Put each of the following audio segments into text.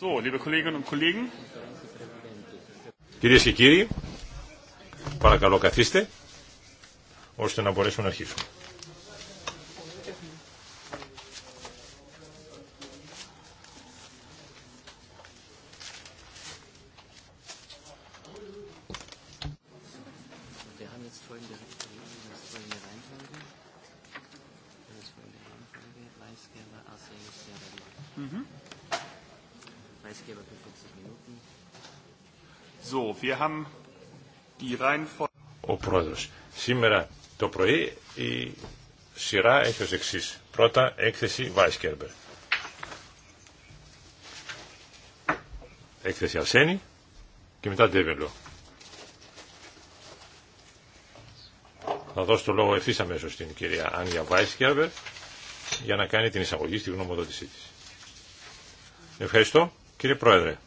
So, liebe Κυρίες και κύριοι, παρακαλώ καθίστε, ώστε να μπορέσουμε να αρχίσουμε. Mm-hmm. Ο Πρόεδρος. Σήμερα το πρωί η σειρά έχει ως εξής. Πρώτα έκθεση Βάισκερμπερ. Έκθεση Αρσένη και μετά Ντέβελο. Θα δώσω το λόγο ευθύ αμέσω στην κυρία Άνια Βάισκερμπερ για να κάνει την εισαγωγή στη γνωμοδότησή της. Ευχαριστώ. Κύριε Πρόεδρε,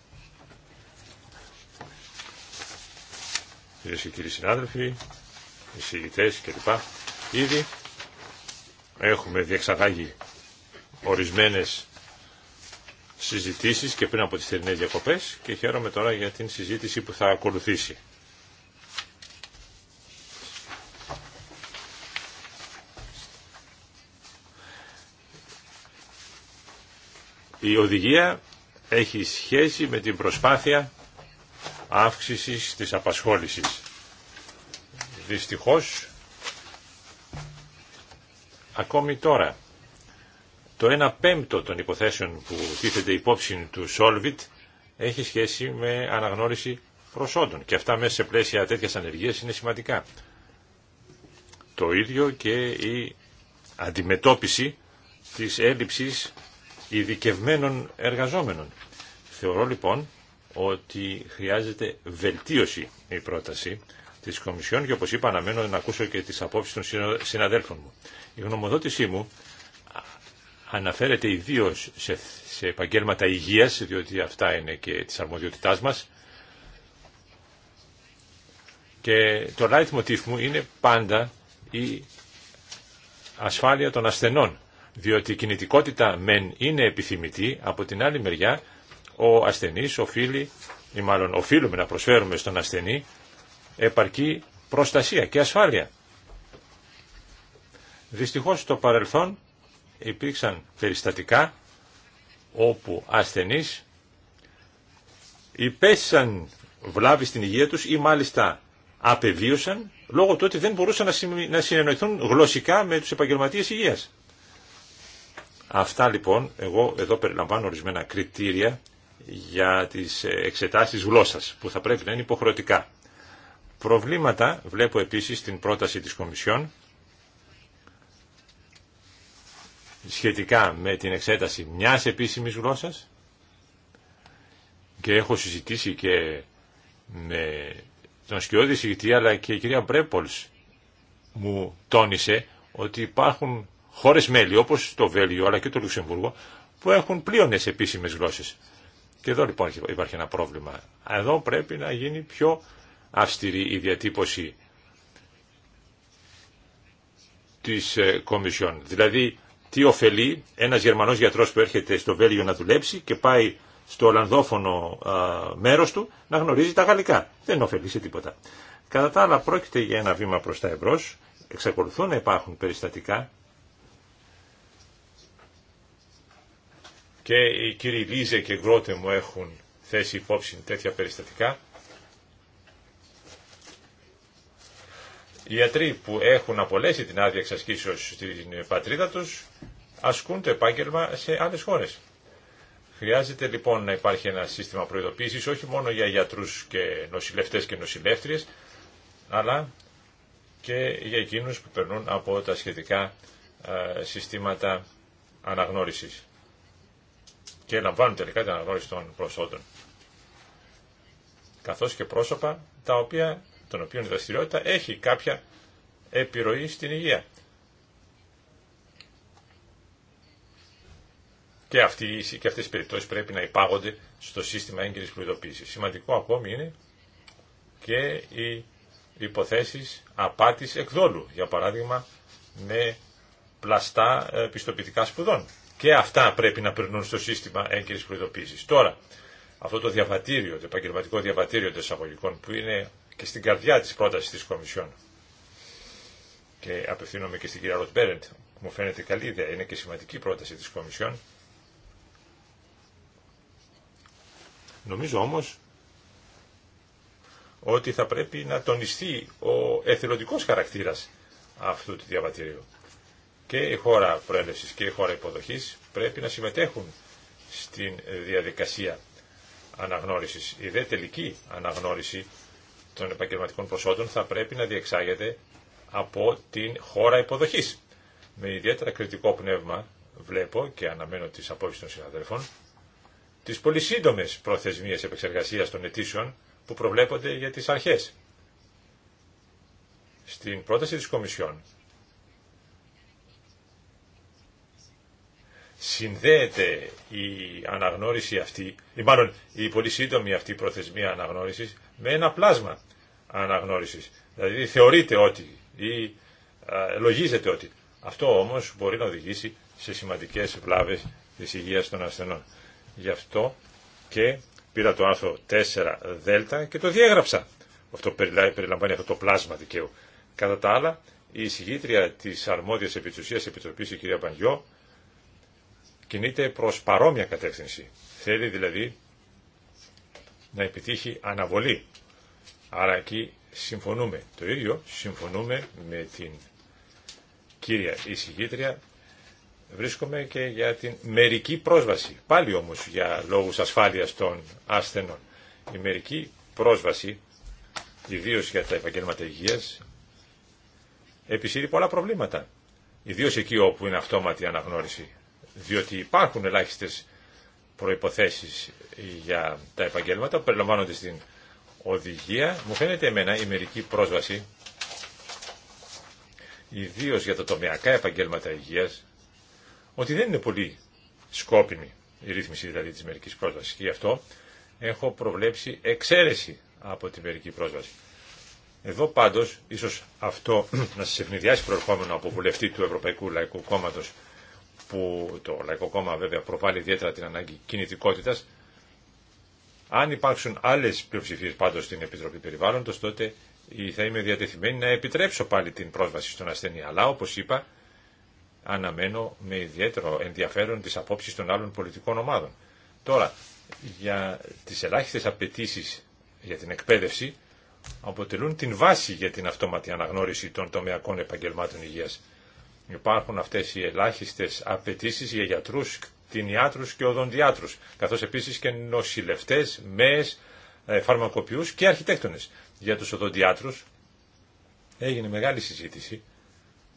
κυρίες και κύριοι συνάδελφοι, εισηγητές κλπ. Ήδη έχουμε διεξαγάγει ορισμένες συζητήσεις και πριν από τις θερινές διακοπές και χαίρομαι τώρα για την συζήτηση που θα ακολουθήσει. Η οδηγία έχει σχέση με την προσπάθεια αύξησης της απασχόλησης. Δυστυχώς, ακόμη τώρα, το 1 πέμπτο των υποθέσεων που τίθεται υπόψη του Solvit έχει σχέση με αναγνώριση προσόντων και αυτά μέσα σε πλαίσια τέτοιας ανεργίας είναι σημαντικά. Το ίδιο και η αντιμετώπιση της έλλειψης ειδικευμένων εργαζόμενων. Θεωρώ λοιπόν ότι χρειάζεται βελτίωση η πρόταση της Κομισιόν και όπως είπα αναμένω να ακούσω και τις απόψεις των συναδέλφων μου. Η γνωμοδότησή μου αναφέρεται ιδίω σε, σε επαγγέλματα υγείας, διότι αυτά είναι και της αρμοδιότητάς μας. Και το light motif μου είναι πάντα η ασφάλεια των ασθενών διότι η κινητικότητα μεν είναι επιθυμητή, από την άλλη μεριά ο ασθενής οφείλει, ή μάλλον οφείλουμε να προσφέρουμε στον ασθενή επαρκή προστασία και ασφάλεια. Δυστυχώς στο παρελθόν υπήρξαν περιστατικά όπου ασθενείς υπέστησαν βλάβη στην υγεία τους ή μάλιστα απεβίωσαν λόγω του ότι δεν μπορούσαν να συνεννοηθούν γλωσσικά με τους επαγγελματίες υγείας. Αυτά λοιπόν, εγώ εδώ περιλαμβάνω ορισμένα κριτήρια για τις εξετάσεις γλώσσας που θα πρέπει να είναι υποχρεωτικά. Προβλήματα βλέπω επίσης στην πρόταση της Κομισιόν σχετικά με την εξέταση μιας επίσημης γλώσσας και έχω συζητήσει και με τον Σκιώδη Συγητή αλλά και η κυρία Μπρέπολς μου τόνισε ότι υπάρχουν χώρες μέλη όπως το Βέλγιο αλλά και το Λουξεμβούργο που έχουν πλήρωνες επίσημες γλώσσες. Και εδώ λοιπόν υπάρχει ένα πρόβλημα. Εδώ πρέπει να γίνει πιο αυστηρή η διατύπωση τη ε, Κομισιόν. Δηλαδή τι ωφελεί ένας Γερμανός γιατρός που έρχεται στο Βέλγιο να δουλέψει και πάει στο Ολλανδόφωνο μέρος του να γνωρίζει τα γαλλικά. Δεν ωφελεί σε τίποτα. Κατά τα άλλα πρόκειται για ένα βήμα προς τα εμπρός. Εξακολουθούν να υπάρχουν περιστατικά και οι κύριοι Λίζε και Γκρότε μου έχουν θέσει υπόψη τέτοια περιστατικά. Οι ιατροί που έχουν απολέσει την άδεια εξασκήσεως στην πατρίδα τους ασκούν το επάγγελμα σε άλλες χώρες. Χρειάζεται λοιπόν να υπάρχει ένα σύστημα προειδοποίησης όχι μόνο για γιατρούς και νοσηλευτές και νοσηλεύτριες, αλλά και για εκείνους που περνούν από τα σχετικά ε, συστήματα αναγνώρισης και λαμβάνουν τελικά την αναγνώριση των προσόντων. Καθώς και πρόσωπα τα οποία, των οποίων η δραστηριότητα έχει κάποια επιρροή στην υγεία. Και, αυτοί, και αυτές οι περιπτώσεις πρέπει να υπάγονται στο σύστημα έγκυρης προειδοποίησης. Σημαντικό ακόμη είναι και οι υποθέσεις απάτης εκδόλου, για παράδειγμα με πλαστά ε, πιστοποιητικά σπουδών και αυτά πρέπει να περνούν στο σύστημα έγκαιρης προειδοποίησης. Τώρα, αυτό το διαβατήριο, το επαγγελματικό διαβατήριο των εισαγωγικών που είναι και στην καρδιά της πρότασης της Κομισιόν και απευθύνομαι και στην κυρία Ροτ Μπέρεντ, μου φαίνεται καλή ιδέα, είναι και σημαντική πρόταση της Κομισιόν. Νομίζω όμως ότι θα πρέπει να τονιστεί ο εθελοντικός χαρακτήρας αυτού του διαβατηρίου και η χώρα προέλευση και η χώρα υποδοχής πρέπει να συμμετέχουν στην διαδικασία αναγνώρισης. Η δε τελική αναγνώριση των επαγγελματικών προσόντων θα πρέπει να διεξάγεται από την χώρα υποδοχής. Με ιδιαίτερα κριτικό πνεύμα βλέπω και αναμένω τις απόψεις των συναδέλφων τις πολύ σύντομε προθεσμίες επεξεργασίας των αιτήσεων που προβλέπονται για τις αρχές. Στην πρόταση της Κομισιόν συνδέεται η αναγνώριση αυτή, ή μάλλον η πολύ σύντομη αυτή προθεσμία αναγνώρισης, με ένα πλάσμα αναγνώρισης. Δηλαδή θεωρείται ότι ή λογίζεται ότι. Αυτό όμως μπορεί να οδηγήσει σε σημαντικές βλάβες της υγεία των ασθενών. Γι' αυτό και πήρα το άρθρο 4 Δέλτα και το διέγραψα. Αυτό περιλαμβάνει αυτό το πλάσμα δικαίου. Κατά τα άλλα, η εισηγήτρια της αρμόδιας επιτουσίας επιτροπής, η κυρία Πανγιώ, κινείται προς παρόμοια κατεύθυνση. Θέλει δηλαδή να επιτύχει αναβολή. Άρα εκεί συμφωνούμε. Το ίδιο συμφωνούμε με την κύρια εισηγήτρια. Βρίσκομαι και για την μερική πρόσβαση. Πάλι όμως για λόγους ασφάλειας των ασθενών. Η μερική πρόσβαση, ιδίως για τα επαγγέλματα υγείας, επισύρει πολλά προβλήματα. Ιδίως εκεί όπου είναι αυτόματη αναγνώριση διότι υπάρχουν ελάχιστες προϋποθέσεις για τα επαγγέλματα που περιλαμβάνονται στην οδηγία. Μου φαίνεται εμένα η μερική πρόσβαση, ιδίω για τα τομεακά επαγγέλματα υγείας, ότι δεν είναι πολύ σκόπιμη η ρύθμιση δηλαδή της μερικής πρόσβασης. Και γι' αυτό έχω προβλέψει εξαίρεση από τη μερική πρόσβαση. Εδώ πάντως, ίσως αυτό να σας ευνηδιάσει προερχόμενο από βουλευτή του Ευρωπαϊκού Λαϊκού Κόμματος, που το Λαϊκό Κόμμα βέβαια προβάλλει ιδιαίτερα την ανάγκη κινητικότητα, αν υπάρξουν άλλε πλειοψηφίε πάντω στην Επιτροπή περιβάλλοντο, τότε θα είμαι διατεθειμένη να επιτρέψω πάλι την πρόσβαση στον ασθενή. Αλλά όπω είπα, αναμένω με ιδιαίτερο ενδιαφέρον τις απόψει των άλλων πολιτικών ομάδων. Τώρα, για τι ελάχιστε απαιτήσει για την εκπαίδευση αποτελούν την βάση για την αυτόματη αναγνώριση των τομεακών επαγγελμάτων υγείας. Υπάρχουν αυτές οι ελάχιστες απαιτήσει για γιατρούς, κτηνιάτρους και οδοντιάτρους, καθώς επίσης και νοσηλευτές, μέες, ε, φαρμακοποιούς και αρχιτέκτονες. Για τους οδοντιάτρους έγινε μεγάλη συζήτηση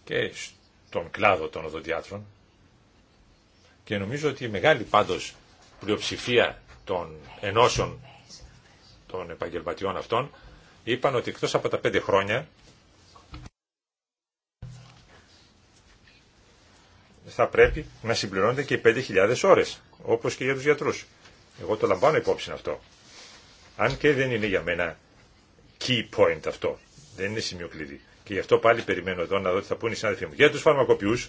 και στον κλάδο των οδοντιάτρων και νομίζω ότι η μεγάλη πάντως πλειοψηφία των ενώσεων των επαγγελματιών αυτών είπαν ότι εκτός από τα πέντε χρόνια θα πρέπει να συμπληρώνονται και οι 5.000 ώρε, όπω και για του γιατρού. Εγώ το λαμβάνω υπόψη αυτό. Αν και δεν είναι για μένα key point αυτό, δεν είναι σημείο κλειδί. Και γι' αυτό πάλι περιμένω εδώ να δω τι θα πούνε οι συνάδελφοί μου για του φαρμακοποιού,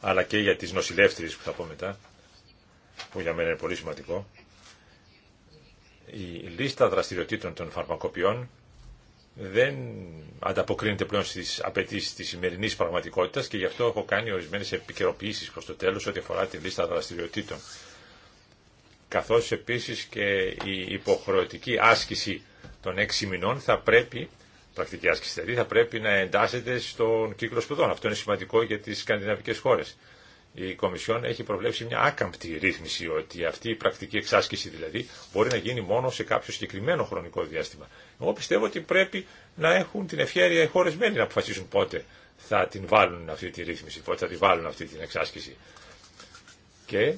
αλλά και για τι νοσηλεύτριε που θα πω μετά, που για μένα είναι πολύ σημαντικό. Η λίστα δραστηριοτήτων των φαρμακοποιών δεν ανταποκρίνεται πλέον στις απαιτήσει τη σημερινή πραγματικότητα και γι' αυτό έχω κάνει ορισμένε επικαιροποιήσει προ το τέλο ό,τι αφορά τη λίστα δραστηριοτήτων. Καθώ επίση και η υποχρεωτική άσκηση των έξι μηνών θα πρέπει, πρακτική άσκηση δηλαδή, θα πρέπει να εντάσσεται στον κύκλο σπουδών. Αυτό είναι σημαντικό για τι σκανδιναβικέ χώρε. Η Κομισιόν έχει προβλέψει μια άκαμπτη ρύθμιση ότι αυτή η πρακτική εξάσκηση δηλαδή μπορεί να γίνει μόνο σε κάποιο συγκεκριμένο χρονικό διάστημα. Εγώ πιστεύω ότι πρέπει να έχουν την ευχαίρεια οι χώρε μέλη να αποφασίσουν πότε θα την βάλουν αυτή τη ρύθμιση, πότε θα την βάλουν αυτή την εξάσκηση. Και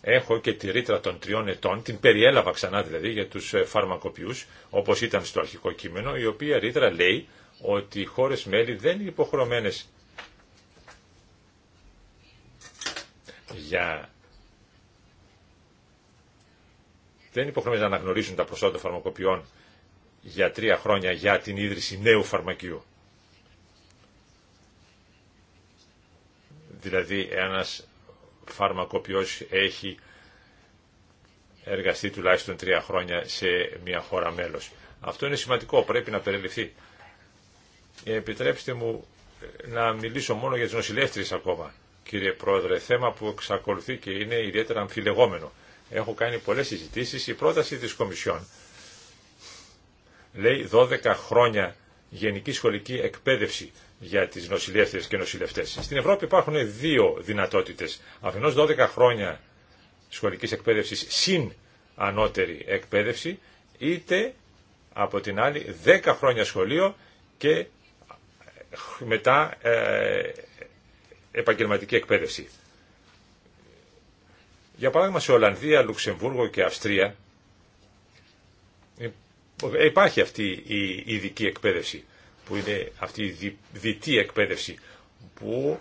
έχω και τη ρήτρα των τριών ετών, την περιέλαβα ξανά δηλαδή για τους ε, φαρμακοποιούς, όπως ήταν στο αρχικό κείμενο, η οποία ρήτρα λέει ότι οι χώρες μέλη δεν είναι υποχρεωμένες για δεν υποχρεωμένε να αναγνωρίσουν τα προσόντα φαρμακοποιών για τρία χρόνια για την ίδρυση νέου φαρμακείου. Δηλαδή ένας φαρμακοποιός έχει εργαστεί τουλάχιστον τρία χρόνια σε μια χώρα μέλος. Αυτό είναι σημαντικό, πρέπει να περιληφθεί. Επιτρέψτε μου να μιλήσω μόνο για τις νοσηλεύτριες ακόμα, κύριε Πρόεδρε, θέμα που εξακολουθεί και είναι ιδιαίτερα αμφιλεγόμενο έχω κάνει πολλές συζητήσεις, η πρόταση της Κομισιόν λέει 12 χρόνια γενική σχολική εκπαίδευση για τις νοσηλεύτερες και νοσηλευτές. Στην Ευρώπη υπάρχουν δύο δυνατότητες. Αφενός 12 χρόνια σχολικής εκπαίδευσης συν ανώτερη εκπαίδευση, είτε από την άλλη 10 χρόνια σχολείο και μετά ε, επαγγελματική εκπαίδευση. Για παράδειγμα σε Ολλανδία, Λουξεμβούργο και Αυστρία ε, υπάρχει αυτή η ειδική εκπαίδευση που είναι αυτή η διτή εκπαίδευση που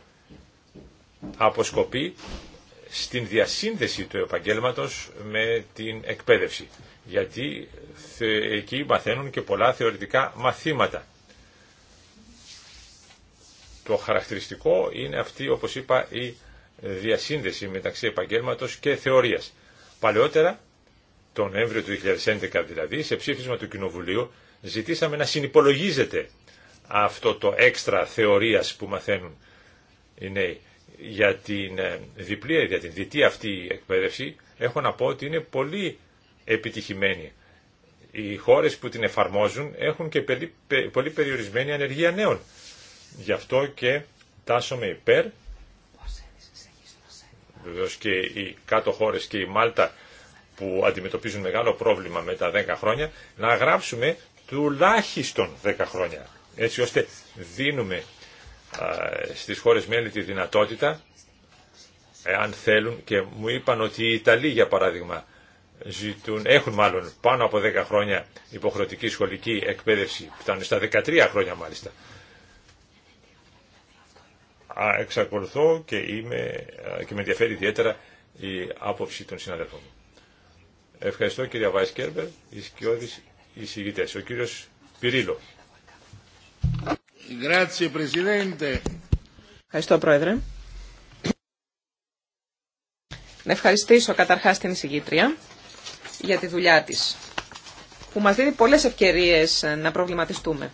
αποσκοπεί στην διασύνδεση του επαγγέλματος με την εκπαίδευση. Γιατί εκεί μαθαίνουν και πολλά θεωρητικά μαθήματα. Το χαρακτηριστικό είναι αυτή, όπως είπα, η διασύνδεση μεταξύ επαγγελματο και θεωρίας. Παλαιότερα, τον Νοέμβριο του 2011 δηλαδή, σε ψήφισμα του Κοινοβουλίου, ζητήσαμε να συνυπολογίζεται αυτό το έξτρα θεωρίας που μαθαίνουν οι νέοι. Για την ε, διπλή, για την διτή αυτή εκπαίδευση, έχω να πω ότι είναι πολύ επιτυχημένη. Οι χώρες που την εφαρμόζουν έχουν και πολύ περιορισμένη ανεργία νέων. Γι' αυτό και τάσομε υπέρ Βεβαίω και οι κάτω χώρε και η Μάλτα που αντιμετωπίζουν μεγάλο πρόβλημα με τα 10 χρόνια, να γράψουμε τουλάχιστον 10 χρόνια. Έτσι ώστε δίνουμε στις χώρες μέλη τη δυνατότητα, εάν θέλουν, και μου είπαν ότι οι Ιταλοί για παράδειγμα ζητούν, έχουν μάλλον πάνω από 10 χρόνια υποχρεωτική σχολική εκπαίδευση, φτάνουν στα 13 χρόνια μάλιστα εξακολουθώ και, είμαι, και με ενδιαφέρει ιδιαίτερα η άποψη των συναδελφών μου. Ευχαριστώ κυρία Βάις Κέρμπερ, οι σκιώδεις εισηγητές. Ο κύριος Πυρίλο. Ευχαριστώ πρόεδρε. Να ευχαριστήσω καταρχάς την εισηγήτρια για τη δουλειά της, που μας δίνει πολλές ευκαιρίες να προβληματιστούμε.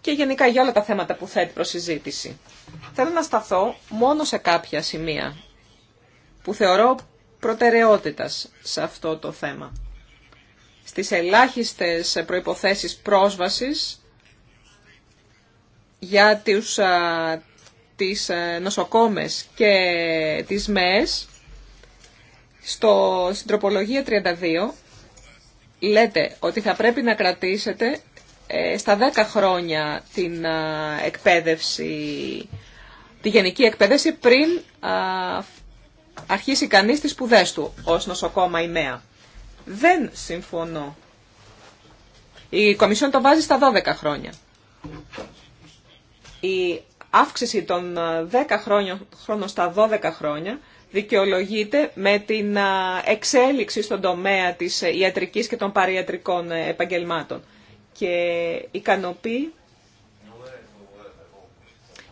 και γενικά για όλα τα θέματα που θέτει προς συζήτηση. Θέλω να σταθώ μόνο σε κάποια σημεία που θεωρώ προτεραιότητας σε αυτό το θέμα. Στις ελάχιστες προϋποθέσεις πρόσβασης για τους, τις νοσοκόμες και τις ΜΕΕΣ, στο, συντροπολογία 32 λέτε ότι θα πρέπει να κρατήσετε ε, στα 10 χρόνια την εκπαίδευση, τη γενική εκπαίδευση πριν αρχίσει κανείς τις σπουδέ του ως νοσοκόμα ημέα. Δεν συμφωνώ. Η Κομισιόν το βάζει στα 12 χρόνια. Η αύξηση των 10 χρόνων, χρόνων στα 12 χρόνια δικαιολογείται με την εξέλιξη στον τομέα της ε, ιατρικής και των παριατρικών ε, επαγγελμάτων και ικανοποιεί.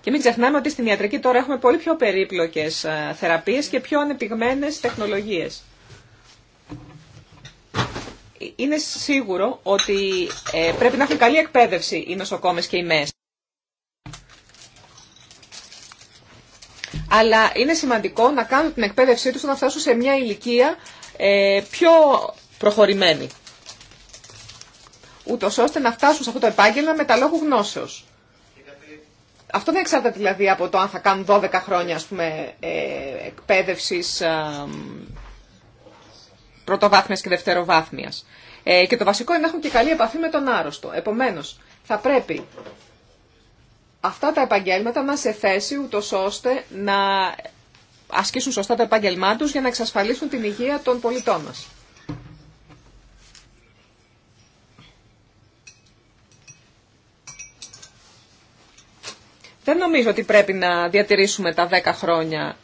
Και μην ξεχνάμε ότι στην ιατρική τώρα έχουμε πολύ πιο περίπλοκες ε, θεραπείες και πιο ανεπιγμένες τεχνολογίες. Ε, είναι σίγουρο ότι ε, πρέπει να έχουν καλή εκπαίδευση οι νοσοκόμες και οι ΜΕΣ. Αλλά είναι σημαντικό να κάνουν την εκπαίδευσή τους να φτάσουν σε μια ηλικία πιο προχωρημένη ούτω ώστε να φτάσουν σε αυτό το επάγγελμα με τα λόγου γνώσεω. Αυτό δεν εξαρτάται δηλαδή από το αν θα κάνουν 12 χρόνια ας πούμε, ε, ε, πρωτοβάθμιας και δευτεροβάθμιας. Ε, και το βασικό είναι να έχουν και καλή επαφή με τον άρρωστο. Επομένως, θα πρέπει αυτά τα επαγγέλματα να σε θέση ούτω ώστε να ασκήσουν σωστά το επάγγελμά τους για να εξασφαλίσουν την υγεία των πολιτών μας. Δεν νομίζω ότι πρέπει να διατηρήσουμε τα 10 χρόνια.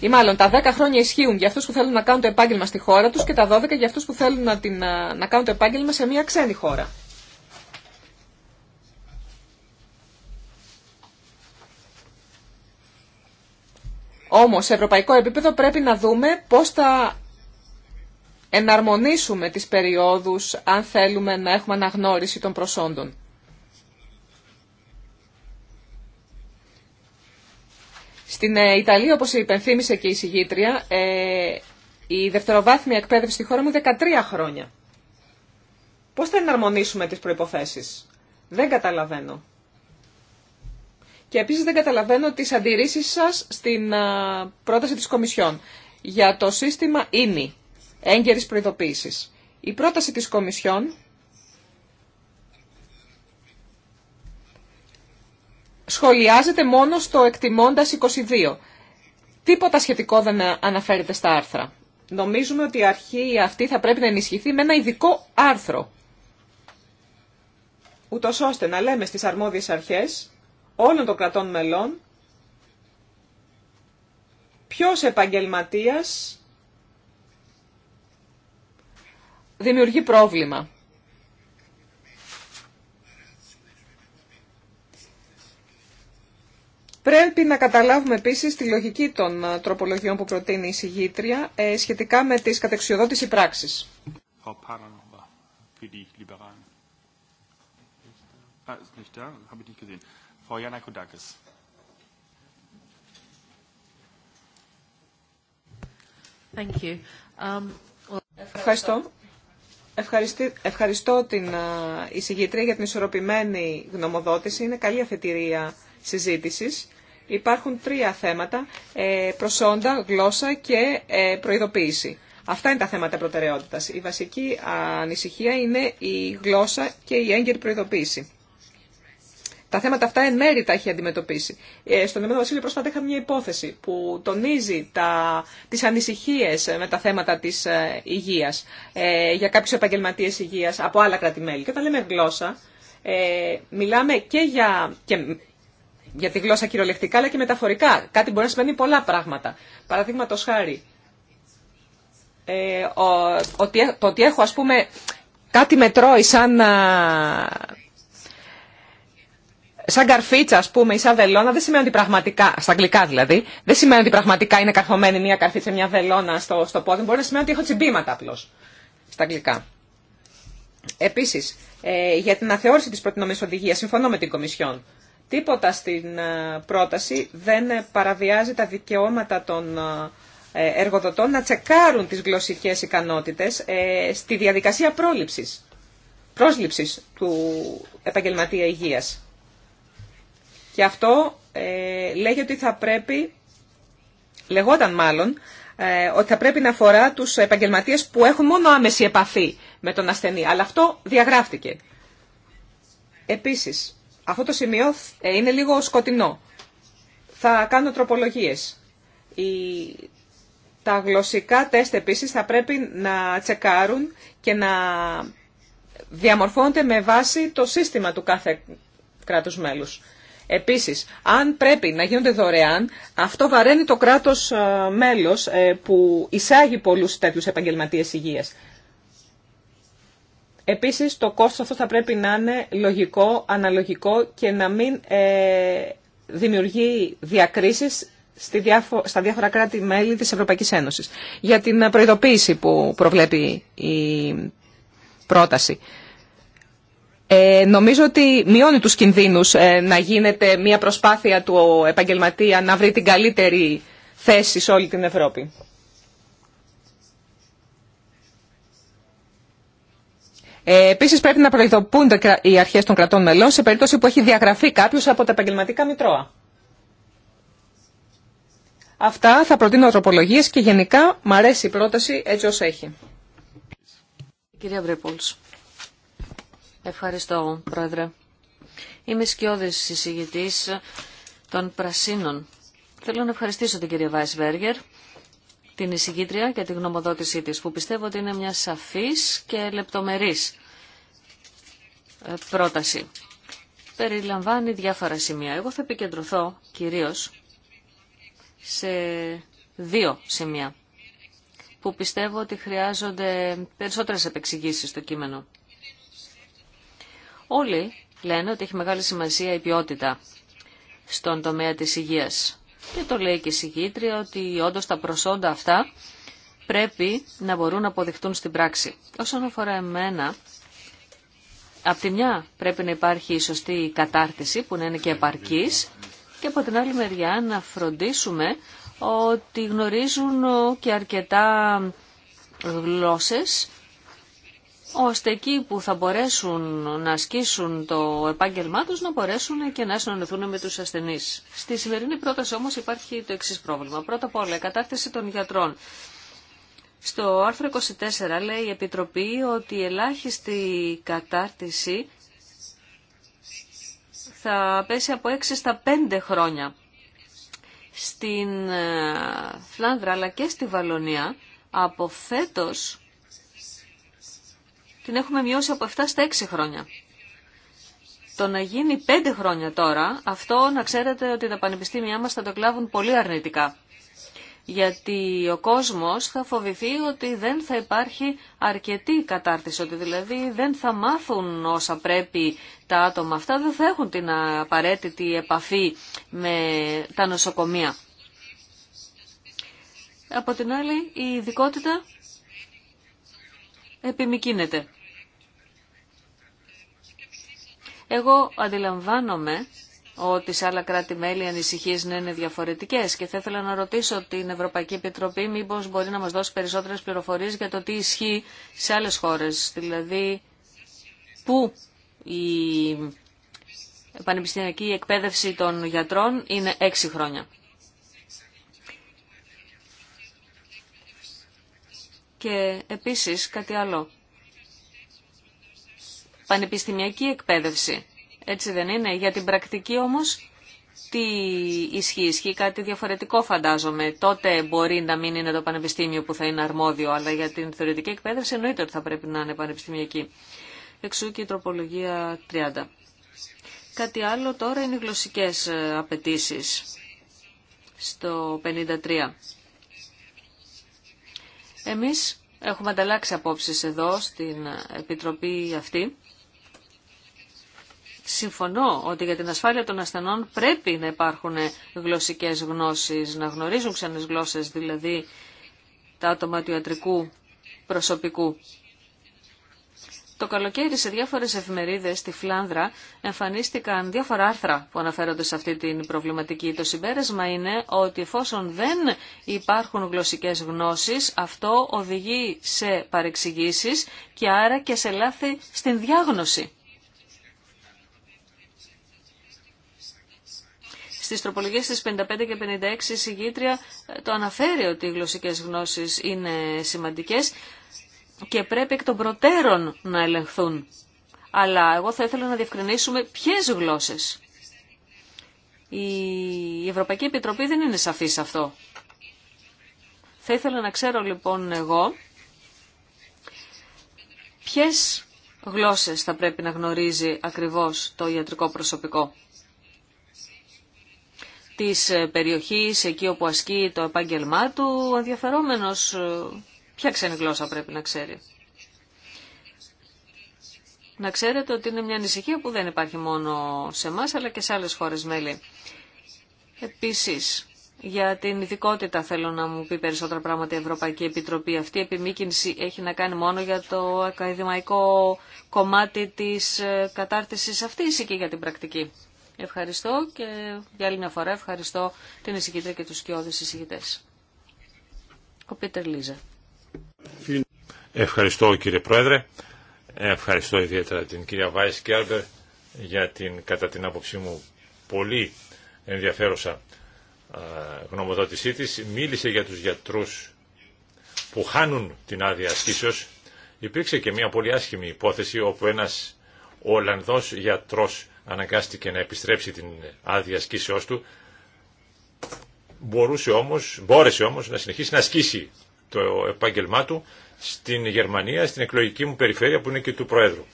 Ή μάλλον τα 10 χρόνια ισχύουν για αυτούς που θέλουν να κάνουν το επάγγελμα στη χώρα τους και τα 12 για αυτούς που θέλουν να, την, να κάνουν το επάγγελμα σε μια ξένη χώρα. Όμως σε ευρωπαϊκό επίπεδο πρέπει να δούμε πώς θα εναρμονίσουμε τις περιόδους αν θέλουμε να έχουμε αναγνώριση των προσόντων. Στην ε, Ιταλία, όπως υπενθύμησε και η συγγήτρια, ε, η δευτεροβάθμια εκπαίδευση στη χώρα μου 13 χρόνια. Πώς θα εναρμονίσουμε τις προϋποθέσεις. Δεν καταλαβαίνω. Και επίσης δεν καταλαβαίνω τις αντιρρήσεις σας στην ε, πρόταση της Κομισιόν για το σύστημα ίνι. E έγκαιρης προειδοποίησης. Η πρόταση της Κομισιόν σχολιάζεται μόνο στο εκτιμώντας 22. Τίποτα σχετικό δεν αναφέρεται στα άρθρα. Νομίζουμε ότι η αρχή αυτή θα πρέπει να ενισχυθεί με ένα ειδικό άρθρο. Ούτω ώστε να λέμε στις αρμόδιες αρχές όλων των κρατών μελών ποιος επαγγελματίας δημιουργεί πρόβλημα. Πρέπει να καταλάβουμε επίσης τη λογική των ε, τροπολογιών που προτείνει η συγγήτρια ε, σχετικά με τις κατεξιοδότηση πράξη. Ah, um, Ευχαριστώ. Ευχαριστώ την εισηγήτρια για την ισορροπημένη γνωμοδότηση. Είναι καλή αφετηρία συζήτησης. Υπάρχουν τρία θέματα, ε, προσόντα, γλώσσα και ε, προειδοποίηση. Αυτά είναι τα θέματα προτεραιότητας. Η βασική ανησυχία είναι η γλώσσα και η έγκαιρη προειδοποίηση. Τα θέματα αυτά εν μέρη τα έχει αντιμετωπίσει. Ε, στον Εμένο Βασίλειο πρόσφατα είχαμε μια υπόθεση που τονίζει τα, τις ανησυχίες ε, με τα θέματα της ε, υγείας ε, για κάποιους επαγγελματίες υγείας από άλλα κράτη-μέλη. Και όταν λέμε γλώσσα, ε, μιλάμε και για, και για τη γλώσσα κυριολεκτικά αλλά και μεταφορικά. Κάτι μπορεί να σημαίνει πολλά πράγματα. Παραδείγματο χάρη, ε, ότι, το ότι έχω ας πούμε κάτι μετρώει σαν σαν καρφίτσα, α πούμε, ή σαν βελόνα, δεν σημαίνει ότι πραγματικά, στα αγγλικά δηλαδή, δεν σημαίνει ότι πραγματικά είναι καρφωμένη μια καρφίτσα, μια βελόνα στο, στο πόδι. Μπορεί να σημαίνει ότι έχω τσιμπήματα απλώ. Στα αγγλικά. Επίση, ε, για την αθεώρηση τη προτινόμενη οδηγία, συμφωνώ με την Κομισιόν. Τίποτα στην ε, πρόταση δεν παραβιάζει τα δικαιώματα των ε, εργοδοτών να τσεκάρουν τις γλωσσικές ικανότητες ε, στη διαδικασία πρόληψης, πρόσληψης του επαγγελματία υγείας. Και αυτό ε, λέγει ότι θα πρέπει, λεγόταν μάλλον, ε, ότι θα πρέπει να αφορά τους επαγγελματίες που έχουν μόνο άμεση επαφή με τον ασθενή. Αλλά αυτό διαγράφτηκε. Επίσης, αυτό το σημείο ε, είναι λίγο σκοτεινό. Θα κάνω τροπολογίες. Η... Τα γλωσσικά τεστ επίσης θα πρέπει να τσεκάρουν και να διαμορφώνονται με βάση το σύστημα του κάθε κράτους μέλους. Επίσης, αν πρέπει να γίνονται δωρεάν, αυτό βαραίνει το κράτος ε, μέλος ε, που εισάγει πολλούς τέτοιους επαγγελματίες υγείας. Επίσης, το κόστος αυτό θα πρέπει να είναι λογικό, αναλογικό και να μην ε, δημιουργεί διακρίσεις στα διάφορα κράτη-μέλη της Ευρωπαϊκής Ένωσης. Για την προειδοποίηση που προβλέπει η πρόταση. Ε, νομίζω ότι μειώνει τους κινδύνους ε, να γίνεται μια προσπάθεια του επαγγελματία να βρει την καλύτερη θέση σε όλη την Ευρώπη. Ε, επίσης πρέπει να προειδοπούνται οι αρχές των κρατών μελών σε περίπτωση που έχει διαγραφεί κάποιος από τα επαγγελματικά μητρώα. Αυτά θα προτείνω τροπολογίες και γενικά μ' αρέσει η πρόταση έτσι ως έχει. Κυρία Βρεπόλς. Ευχαριστώ, Πρόεδρε. Είμαι σκιώδης συζητητής των Πρασίνων. Θέλω να ευχαριστήσω την κυρία Βάισβέργερ, την εισηγήτρια και τη γνωμοδότησή της, που πιστεύω ότι είναι μια σαφής και λεπτομερής ε, πρόταση. Περιλαμβάνει διάφορα σημεία. Εγώ θα επικεντρωθώ κυρίως σε δύο σημεία που πιστεύω ότι χρειάζονται περισσότερες επεξηγήσεις στο κείμενο. Όλοι λένε ότι έχει μεγάλη σημασία η ποιότητα στον τομέα της υγείας. Και το λέει και η συγκήτρια ότι όντω τα προσόντα αυτά πρέπει να μπορούν να αποδειχτούν στην πράξη. Όσον αφορά εμένα, από τη μια πρέπει να υπάρχει η σωστή κατάρτιση που να είναι και επαρκής και από την άλλη μεριά να φροντίσουμε ότι γνωρίζουν και αρκετά γλώσσες ώστε εκεί που θα μπορέσουν να ασκήσουν το επάγγελμά τους να μπορέσουν και να συνονεθούν με τους ασθενείς. Στη σημερινή πρόταση όμως υπάρχει το εξής πρόβλημα. Πρώτα απ' όλα, η κατάρτιση των γιατρών. Στο άρθρο 24 λέει η Επιτροπή ότι η ελάχιστη κατάρτιση θα πέσει από 6 στα 5 χρόνια. Στην ε, Φλάνδρα αλλά και στη Βαλονία από φέτος την έχουμε μειώσει από 7 στα 6 χρόνια. Το να γίνει 5 χρόνια τώρα, αυτό να ξέρετε ότι τα πανεπιστήμια μας θα το κλάβουν πολύ αρνητικά. Γιατί ο κόσμος θα φοβηθεί ότι δεν θα υπάρχει αρκετή κατάρτιση, ότι δηλαδή δεν θα μάθουν όσα πρέπει τα άτομα αυτά, δεν θα έχουν την απαραίτητη επαφή με τα νοσοκομεία. Από την άλλη η ειδικότητα επιμικίνεται. Εγώ αντιλαμβάνομαι ότι σε άλλα κράτη-μέλη οι ανησυχίες να είναι διαφορετικές και θα ήθελα να ρωτήσω την Ευρωπαϊκή Επιτροπή μήπως μπορεί να μας δώσει περισσότερες πληροφορίες για το τι ισχύει σε άλλες χώρες, δηλαδή πού η πανεπιστημιακή εκπαίδευση των γιατρών είναι έξι χρόνια. Και επίσης κάτι άλλο πανεπιστημιακή εκπαίδευση. Έτσι δεν είναι. Για την πρακτική όμως τι ισχύει, ισχύει κάτι διαφορετικό φαντάζομαι. Τότε μπορεί να μην είναι το πανεπιστήμιο που θα είναι αρμόδιο, αλλά για την θεωρητική εκπαίδευση εννοείται ότι θα πρέπει να είναι πανεπιστημιακή. Εξού και η τροπολογία 30. Κάτι άλλο τώρα είναι οι γλωσσικές ε, απαιτήσει στο 53. Εμείς έχουμε ανταλλάξει απόψεις εδώ στην Επιτροπή αυτή Συμφωνώ ότι για την ασφάλεια των ασθενών πρέπει να υπάρχουν γλωσσικές γνώσεις, να γνωρίζουν ξένες γλώσσες, δηλαδή τα άτομα του ιατρικού προσωπικού. Το καλοκαίρι σε διάφορες εφημερίδες στη Φλάνδρα εμφανίστηκαν διάφορα άρθρα που αναφέρονται σε αυτή την προβληματική. Το συμπέρασμα είναι ότι εφόσον δεν υπάρχουν γλωσσικές γνώσεις, αυτό οδηγεί σε παρεξηγήσεις και άρα και σε λάθη στην διάγνωση. Στις τροπολογίες της 55 και 56 η συγγήτρια ε, το αναφέρει ότι οι γλωσσικές γνώσεις είναι σημαντικές και πρέπει εκ των προτέρων να ελεγχθούν. Αλλά εγώ θα ήθελα να διευκρινίσουμε ποιες γλώσσες. Η Ευρωπαϊκή Επιτροπή δεν είναι σαφή σε αυτό. Θα ήθελα να ξέρω λοιπόν εγώ ποιες γλώσσες θα πρέπει να γνωρίζει ακριβώς το ιατρικό προσωπικό της ε, περιοχής, εκεί όπου ασκεί το επάγγελμά του, ο ενδιαφερόμενος ε, ποια ξένη γλώσσα πρέπει να ξέρει. Να ξέρετε ότι είναι μια ανησυχία που δεν υπάρχει μόνο σε εμά, αλλά και σε άλλες χώρες μέλη. Επίσης, για την ειδικότητα θέλω να μου πει περισσότερα πράγματα η Ευρωπαϊκή Επιτροπή. Αυτή η επιμήκυνση έχει να κάνει μόνο για το ακαδημαϊκό κομμάτι της ε, κατάρτισης αυτής ή και για την πρακτική. Ευχαριστώ και για άλλη μια φορά ευχαριστώ την εισηγήτρια και τους σκιώδες εισηγητές. Ο Πίτερ Λίζα. Ευχαριστώ κύριε Πρόεδρε. Ευχαριστώ ιδιαίτερα την κυρία Βάις Κέρμπερ για την κατά την άποψή μου πολύ ενδιαφέρουσα γνωμοδότησή της. Μίλησε για τους γιατρούς που χάνουν την άδεια ασκήσεως. Υπήρξε και μια πολύ άσχημη υπόθεση όπου ένας Ολλανδός γιατρός αναγκάστηκε να επιστρέψει την άδεια ασκήσεώς του, μπορούσε όμως, μπόρεσε όμως να συνεχίσει να ασκήσει το επάγγελμά του στην Γερμανία, στην εκλογική μου περιφέρεια που είναι και του Προέδρου.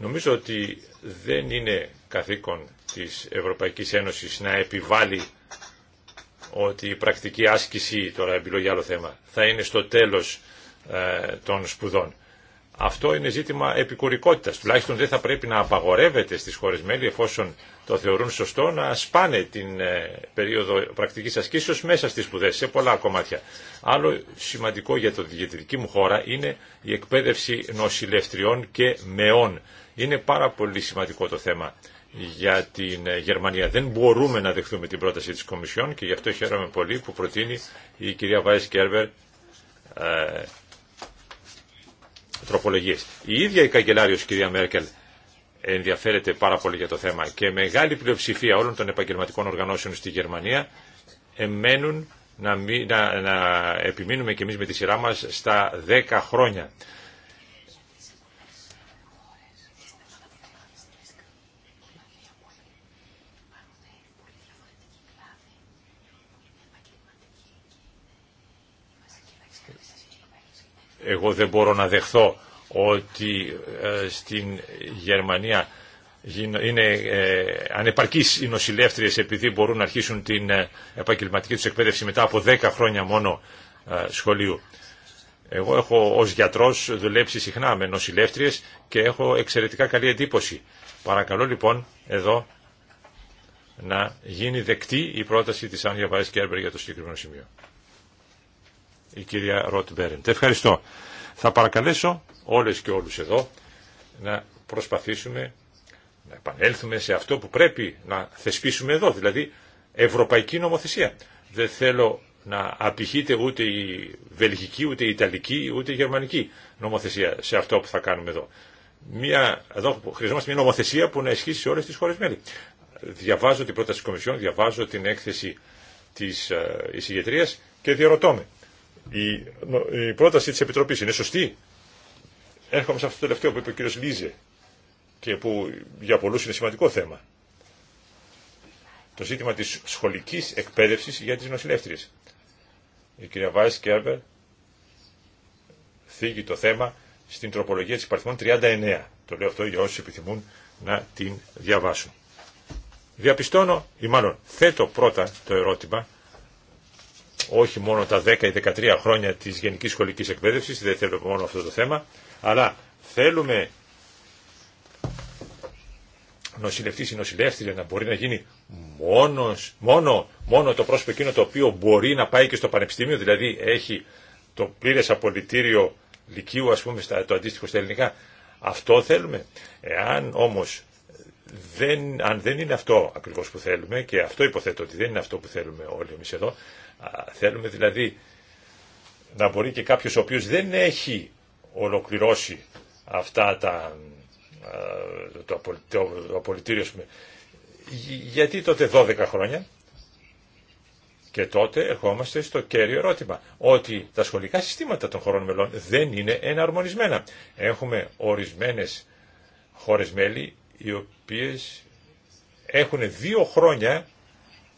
Νομίζω ότι δεν είναι καθήκον της Ευρωπαϊκής Ένωσης να επιβάλλει ότι η πρακτική άσκηση, τώρα επιλογή άλλο θέμα, θα είναι στο τέλος ε, των σπουδών. Αυτό είναι ζήτημα επικουρικότητας. Τουλάχιστον δεν θα πρέπει να απαγορεύεται στις χώρες μέλη εφόσον το θεωρούν σωστό να σπάνε την ε, περίοδο πρακτικής ασκήσεως μέσα στις σπουδέ σε πολλά κομμάτια. Άλλο σημαντικό για το δική μου χώρα είναι η εκπαίδευση νοσηλευτριών και μεών. Είναι πάρα πολύ σημαντικό το θέμα για την ε, Γερμανία. Δεν μπορούμε να δεχθούμε την πρόταση της Κομισιόν και γι' αυτό χαίρομαι πολύ που προτείνει η κυρία Βάις Κέρβερ ε, τροπολογίες. Η ίδια η καγκελάριο κυρία Μέρκελ ενδιαφέρεται πάρα πολύ για το θέμα και μεγάλη πλειοψηφία όλων των επαγγελματικών οργανώσεων στη Γερμανία εμένουν να, να, να επιμείνουμε και εμείς με τη σειρά μα στα 10 χρόνια. Εγώ δεν μπορώ να δεχθώ ότι ε, στην Γερμανία είναι ε, ανεπαρκείς οι νοσηλεύτριες επειδή μπορούν να αρχίσουν την ε, επαγγελματική τους εκπαίδευση μετά από 10 χρόνια μόνο σχολείου. Εγώ έχω ως γιατρός δουλέψει συχνά με νοσηλεύτριες και έχω εξαιρετικά καλή εντύπωση. Παρακαλώ λοιπόν εδώ να γίνει δεκτή η πρόταση της Άνια Βαρές Κέρμπερ για το συγκεκριμένο σημείο η κυρία Ροτ Μπέρεντ. Ευχαριστώ. Θα παρακαλέσω όλες και όλους εδώ να προσπαθήσουμε να επανέλθουμε σε αυτό που πρέπει να θεσπίσουμε εδώ, δηλαδή ευρωπαϊκή νομοθεσία. Δεν θέλω να απηχείται ούτε η βελγική, ούτε η ιταλική, ούτε η γερμανική νομοθεσία σε αυτό που θα κάνουμε εδώ. Μια, εδώ χρειαζόμαστε μια νομοθεσία που να ισχύσει σε όλες τις χώρες μέλη. Διαβάζω την πρόταση της Κομισιόν, διαβάζω την έκθεση της ε, εισηγητρίας και διαρωτώ με η, πρόταση της Επιτροπής είναι σωστή. Έρχομαι σε αυτό το τελευταίο που είπε ο κύριος Λίζε και που για πολλούς είναι σημαντικό θέμα. Το ζήτημα της σχολικής εκπαίδευσης για τις νοσηλεύτριες. Η κυρία Βάις Κέρβερ θίγει το θέμα στην τροπολογία της υπαρθμών 39. Το λέω αυτό για όσους επιθυμούν να την διαβάσουν. Διαπιστώνω, ή μάλλον θέτω πρώτα το ερώτημα όχι μόνο τα 10 ή 13 χρόνια της γενικής σχολικής εκπαίδευσης, δεν θέλουμε μόνο αυτό το θέμα, αλλά θέλουμε νοσηλευτής ή νοσηλεύτρια να μπορεί να γίνει μόνος, μόνο, μόνο το πρόσωπο εκείνο το οποίο μπορεί να πάει και στο πανεπιστήμιο, δηλαδή έχει το πλήρες απολυτήριο λυκείου, ας πούμε, στα, το αντίστοιχο στα ελληνικά. Αυτό θέλουμε. Εάν όμως δεν, αν δεν είναι αυτό ακριβώς που θέλουμε και αυτό υποθέτω ότι δεν είναι αυτό που θέλουμε όλοι εμείς εδώ, Θέλουμε δηλαδή να μπορεί και κάποιος ο οποίος δεν έχει ολοκληρώσει αυτά τα το, το απολυτήριο γιατί τότε 12 χρόνια και τότε ερχόμαστε στο κέριο ερώτημα ότι τα σχολικά συστήματα των χωρών μελών δεν είναι εναρμονισμένα. Έχουμε ορισμένες χώρες μέλη οι οποίες έχουν δύο χρόνια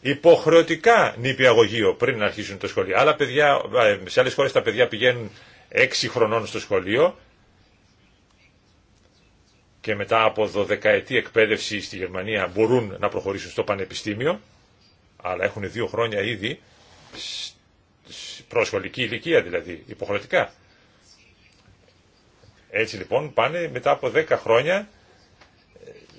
υποχρεωτικά νηπιαγωγείο πριν να αρχίσουν το σχολείο. Άλλα παιδιά, ε, σε άλλες χώρες τα παιδιά πηγαίνουν 6 χρονών στο σχολείο και μετά από δωδεκαετή εκπαίδευση στη Γερμανία μπορούν να προχωρήσουν στο πανεπιστήμιο, αλλά έχουν δύο χρόνια ήδη, προσχολική ηλικία δηλαδή, υποχρεωτικά. Έτσι λοιπόν πάνε μετά από 10 χρόνια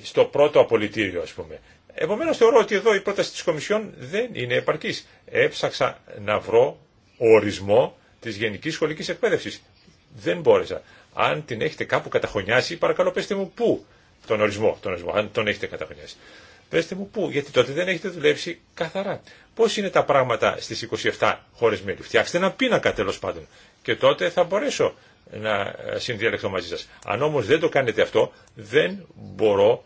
στο πρώτο απολυτήριο ας πούμε. Επομένω θεωρώ ότι εδώ η πρόταση τη Κομισιόν δεν είναι επαρκή. Έψαξα να βρω ορισμό τη γενική σχολική εκπαίδευση. Δεν μπόρεσα. Αν την έχετε κάπου καταχωνιάσει, παρακαλώ πέστε μου πού τον ορισμό, τον αν τον έχετε καταχωνιάσει. Πέστε μου πού, γιατί τότε δεν έχετε δουλέψει καθαρά. Πώ είναι τα πράγματα στι 27 χώρε μέλη. Φτιάξτε ένα πίνακα τέλο πάντων. Και τότε θα μπορέσω να συνδιαλεχθώ μαζί σα. Αν όμω δεν το κάνετε αυτό, δεν μπορώ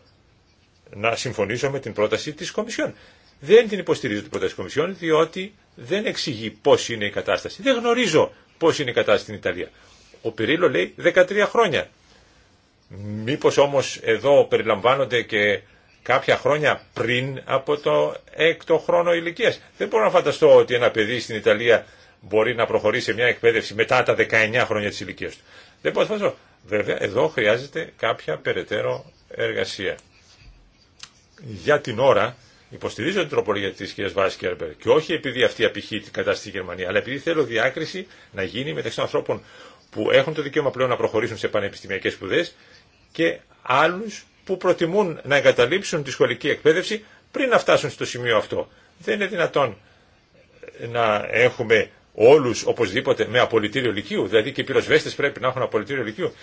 να συμφωνήσω με την πρόταση της Κομισιόν. Δεν την υποστηρίζω την πρόταση της Κομισιόν, διότι δεν εξηγεί πώς είναι η κατάσταση. Δεν γνωρίζω πώς είναι η κατάσταση στην Ιταλία. Ο Πυρίλο λέει 13 χρόνια. Μήπως όμως εδώ περιλαμβάνονται και κάποια χρόνια πριν από το έκτο χρόνο ηλικίας. Δεν μπορώ να φανταστώ ότι ένα παιδί στην Ιταλία μπορεί να προχωρήσει σε μια εκπαίδευση μετά τα 19 χρόνια της ηλικίας του. Δεν μπορώ να φανταστώ. Βέβαια, εδώ χρειάζεται κάποια περαιτέρω εργασία για την ώρα υποστηρίζω την τροπολογία τη κυρία Βάσκερμπερ και όχι επειδή αυτή απηχεί την κατάσταση στη Γερμανία, αλλά επειδή θέλω διάκριση να γίνει μεταξύ των ανθρώπων που έχουν το δικαίωμα πλέον να προχωρήσουν σε πανεπιστημιακές σπουδέ και άλλου που προτιμούν να εγκαταλείψουν τη σχολική εκπαίδευση πριν να φτάσουν στο σημείο αυτό. Δεν είναι δυνατόν να έχουμε όλου οπωσδήποτε με απολυτήριο λυκείου, δηλαδή και οι πυροσβέστε πρέπει να έχουν απολυτήριο λυκείου.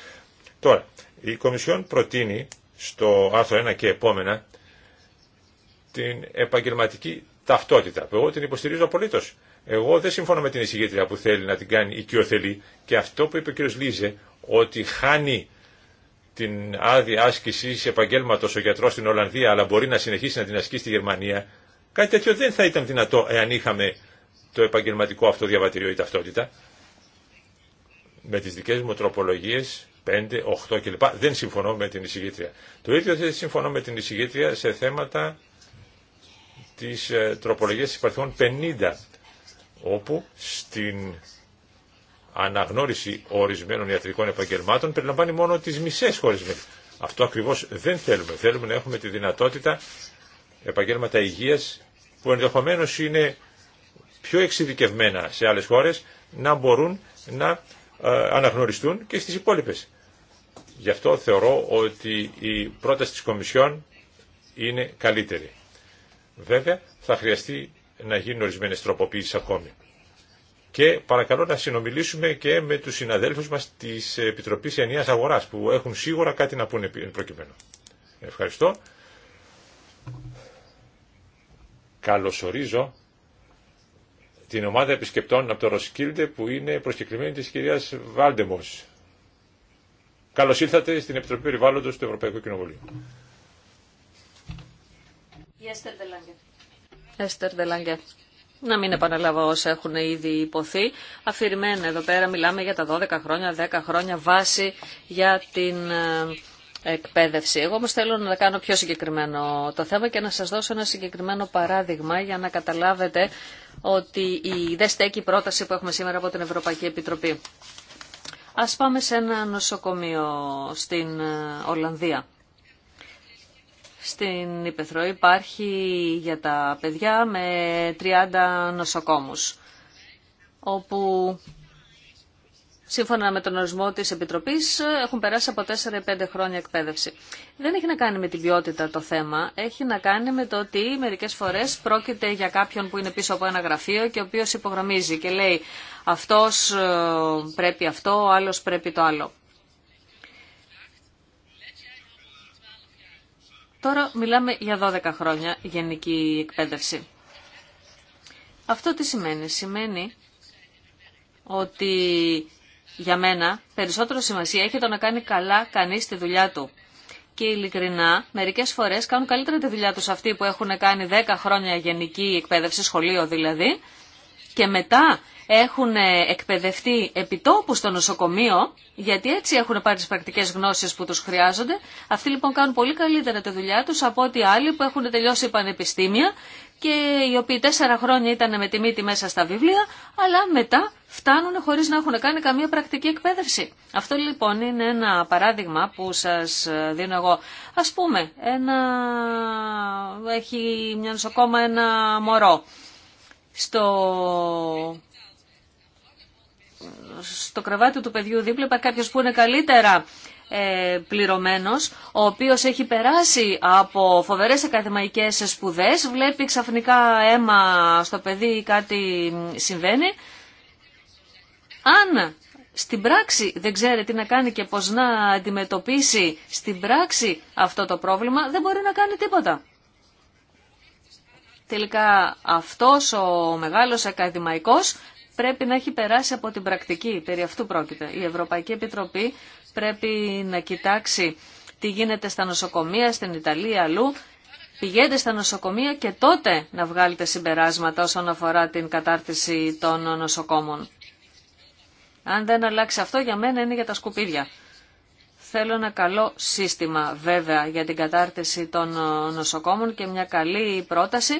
Τώρα, η Κομισιόν προτείνει στο άρθρο 1 και επόμενα την επαγγελματική ταυτότητα. Που εγώ την υποστηρίζω απολύτω. Εγώ δεν συμφωνώ με την εισηγήτρια που θέλει να την κάνει οικειοθελή και αυτό που είπε ο κ. Λίζε ότι χάνει την άδεια άσκηση επαγγέλματο ο γιατρό στην Ολλανδία αλλά μπορεί να συνεχίσει να την ασκεί στη Γερμανία. Κάτι τέτοιο δεν θα ήταν δυνατό εάν είχαμε το επαγγελματικό αυτό διαβατηριό ή ταυτότητα. Με τι δικέ μου τροπολογίε 5, 8 κλπ. Δεν συμφωνώ με την εισηγήτρια. Το ίδιο δεν συμφωνώ με την εισηγήτρια σε θέματα τις ε, τροπολογίες υπαρχών 50, όπου στην αναγνώριση ορισμένων ιατρικών επαγγελμάτων περιλαμβάνει μόνο τις μισές χώρες. Αυτό ακριβώς δεν θέλουμε. Θέλουμε να έχουμε τη δυνατότητα επαγγέλματα υγείας που ενδεχομένως είναι πιο εξειδικευμένα σε άλλες χώρες να μπορούν να ε, αναγνωριστούν και στις υπόλοιπες. Γι' αυτό θεωρώ ότι η πρόταση της Κομισιόν είναι καλύτερη. Βέβαια θα χρειαστεί να γίνουν ορισμένε τροποποίησει ακόμη. Και παρακαλώ να συνομιλήσουμε και με τους συναδέλφους μας της Επιτροπής Ενίας Αγοράς που έχουν σίγουρα κάτι να πούνε προκειμένου. Ευχαριστώ. Καλωσορίζω την ομάδα επισκεπτών από το Ροσκίλντε που είναι προσκεκλημένη της κυρίας Βάλντεμος. Καλώς ήρθατε στην Επιτροπή Περιβάλλοντος του Ευρωπαϊκού Κοινοβουλίου. Έστερ Έστερ Να μην επαναλάβω όσα έχουν ήδη υποθεί. Αφηρημένα εδώ πέρα μιλάμε για τα 12 χρόνια, 10 χρόνια βάση για την ε, εκπαίδευση. Εγώ όμως θέλω να κάνω πιο συγκεκριμένο το θέμα και να σας δώσω ένα συγκεκριμένο παράδειγμα για να καταλάβετε ότι η, δεν στέκει πρόταση που έχουμε σήμερα από την Ευρωπαϊκή Επιτροπή. Ας πάμε σε ένα νοσοκομείο στην ε, Ολλανδία. Στην Υπεθρό υπάρχει για τα παιδιά με 30 νοσοκόμους, όπου σύμφωνα με τον ορισμό της Επιτροπής έχουν περάσει από 4-5 χρόνια εκπαίδευση. Δεν έχει να κάνει με την ποιότητα το θέμα, έχει να κάνει με το ότι μερικές φορές πρόκειται για κάποιον που είναι πίσω από ένα γραφείο και ο οποίος υπογραμμίζει και λέει αυτός ε, πρέπει αυτό, άλλος πρέπει το άλλο. Τώρα μιλάμε για 12 χρόνια γενική εκπαίδευση. Αυτό τι σημαίνει. Σημαίνει ότι για μένα περισσότερο σημασία έχει το να κάνει καλά κανείς τη δουλειά του. Και ειλικρινά, μερικέ φορέ κάνουν καλύτερα τη δουλειά του αυτοί που έχουν κάνει 10 χρόνια γενική εκπαίδευση, σχολείο δηλαδή, και μετά έχουν εκπαιδευτεί επιτόπου στο νοσοκομείο, γιατί έτσι έχουν πάρει τι πρακτικέ γνώσει που του χρειάζονται. Αυτοί λοιπόν κάνουν πολύ καλύτερα τη δουλειά του από ό,τι άλλοι που έχουν τελειώσει πανεπιστήμια και οι οποίοι τέσσερα χρόνια ήταν με τη μύτη μέσα στα βιβλία, αλλά μετά φτάνουν χωρί να έχουν κάνει καμία πρακτική εκπαίδευση. Αυτό λοιπόν είναι ένα παράδειγμα που σα δίνω εγώ. Α πούμε, έχει μια νοσοκόμα ένα μωρό στο στο κρεβάτι του παιδιού δίπλα υπάρχει κάποιο που είναι καλύτερα ε, πληρωμένος, ο οποίος έχει περάσει από φοβερές ακαδημαϊκές σπουδές, βλέπει ξαφνικά αίμα στο παιδί ή κάτι συμβαίνει. Αν στην πράξη δεν ξέρει τι να κάνει και πώς να αντιμετωπίσει στην πράξη αυτό το πρόβλημα, δεν μπορεί να κάνει τίποτα. Τελικά αυτός ο μεγάλος ακαδημαϊκός πρέπει να έχει περάσει από την πρακτική. Περί αυτού πρόκειται. Η Ευρωπαϊκή Επιτροπή πρέπει να κοιτάξει τι γίνεται στα νοσοκομεία, στην Ιταλία, αλλού. Πηγαίνετε στα νοσοκομεία και τότε να βγάλετε συμπεράσματα όσον αφορά την κατάρτιση των νοσοκόμων. Αν δεν αλλάξει αυτό, για μένα είναι για τα σκουπίδια. Θέλω ένα καλό σύστημα βέβαια για την κατάρτιση των ε, νοσοκόμων και μια καλή πρόταση.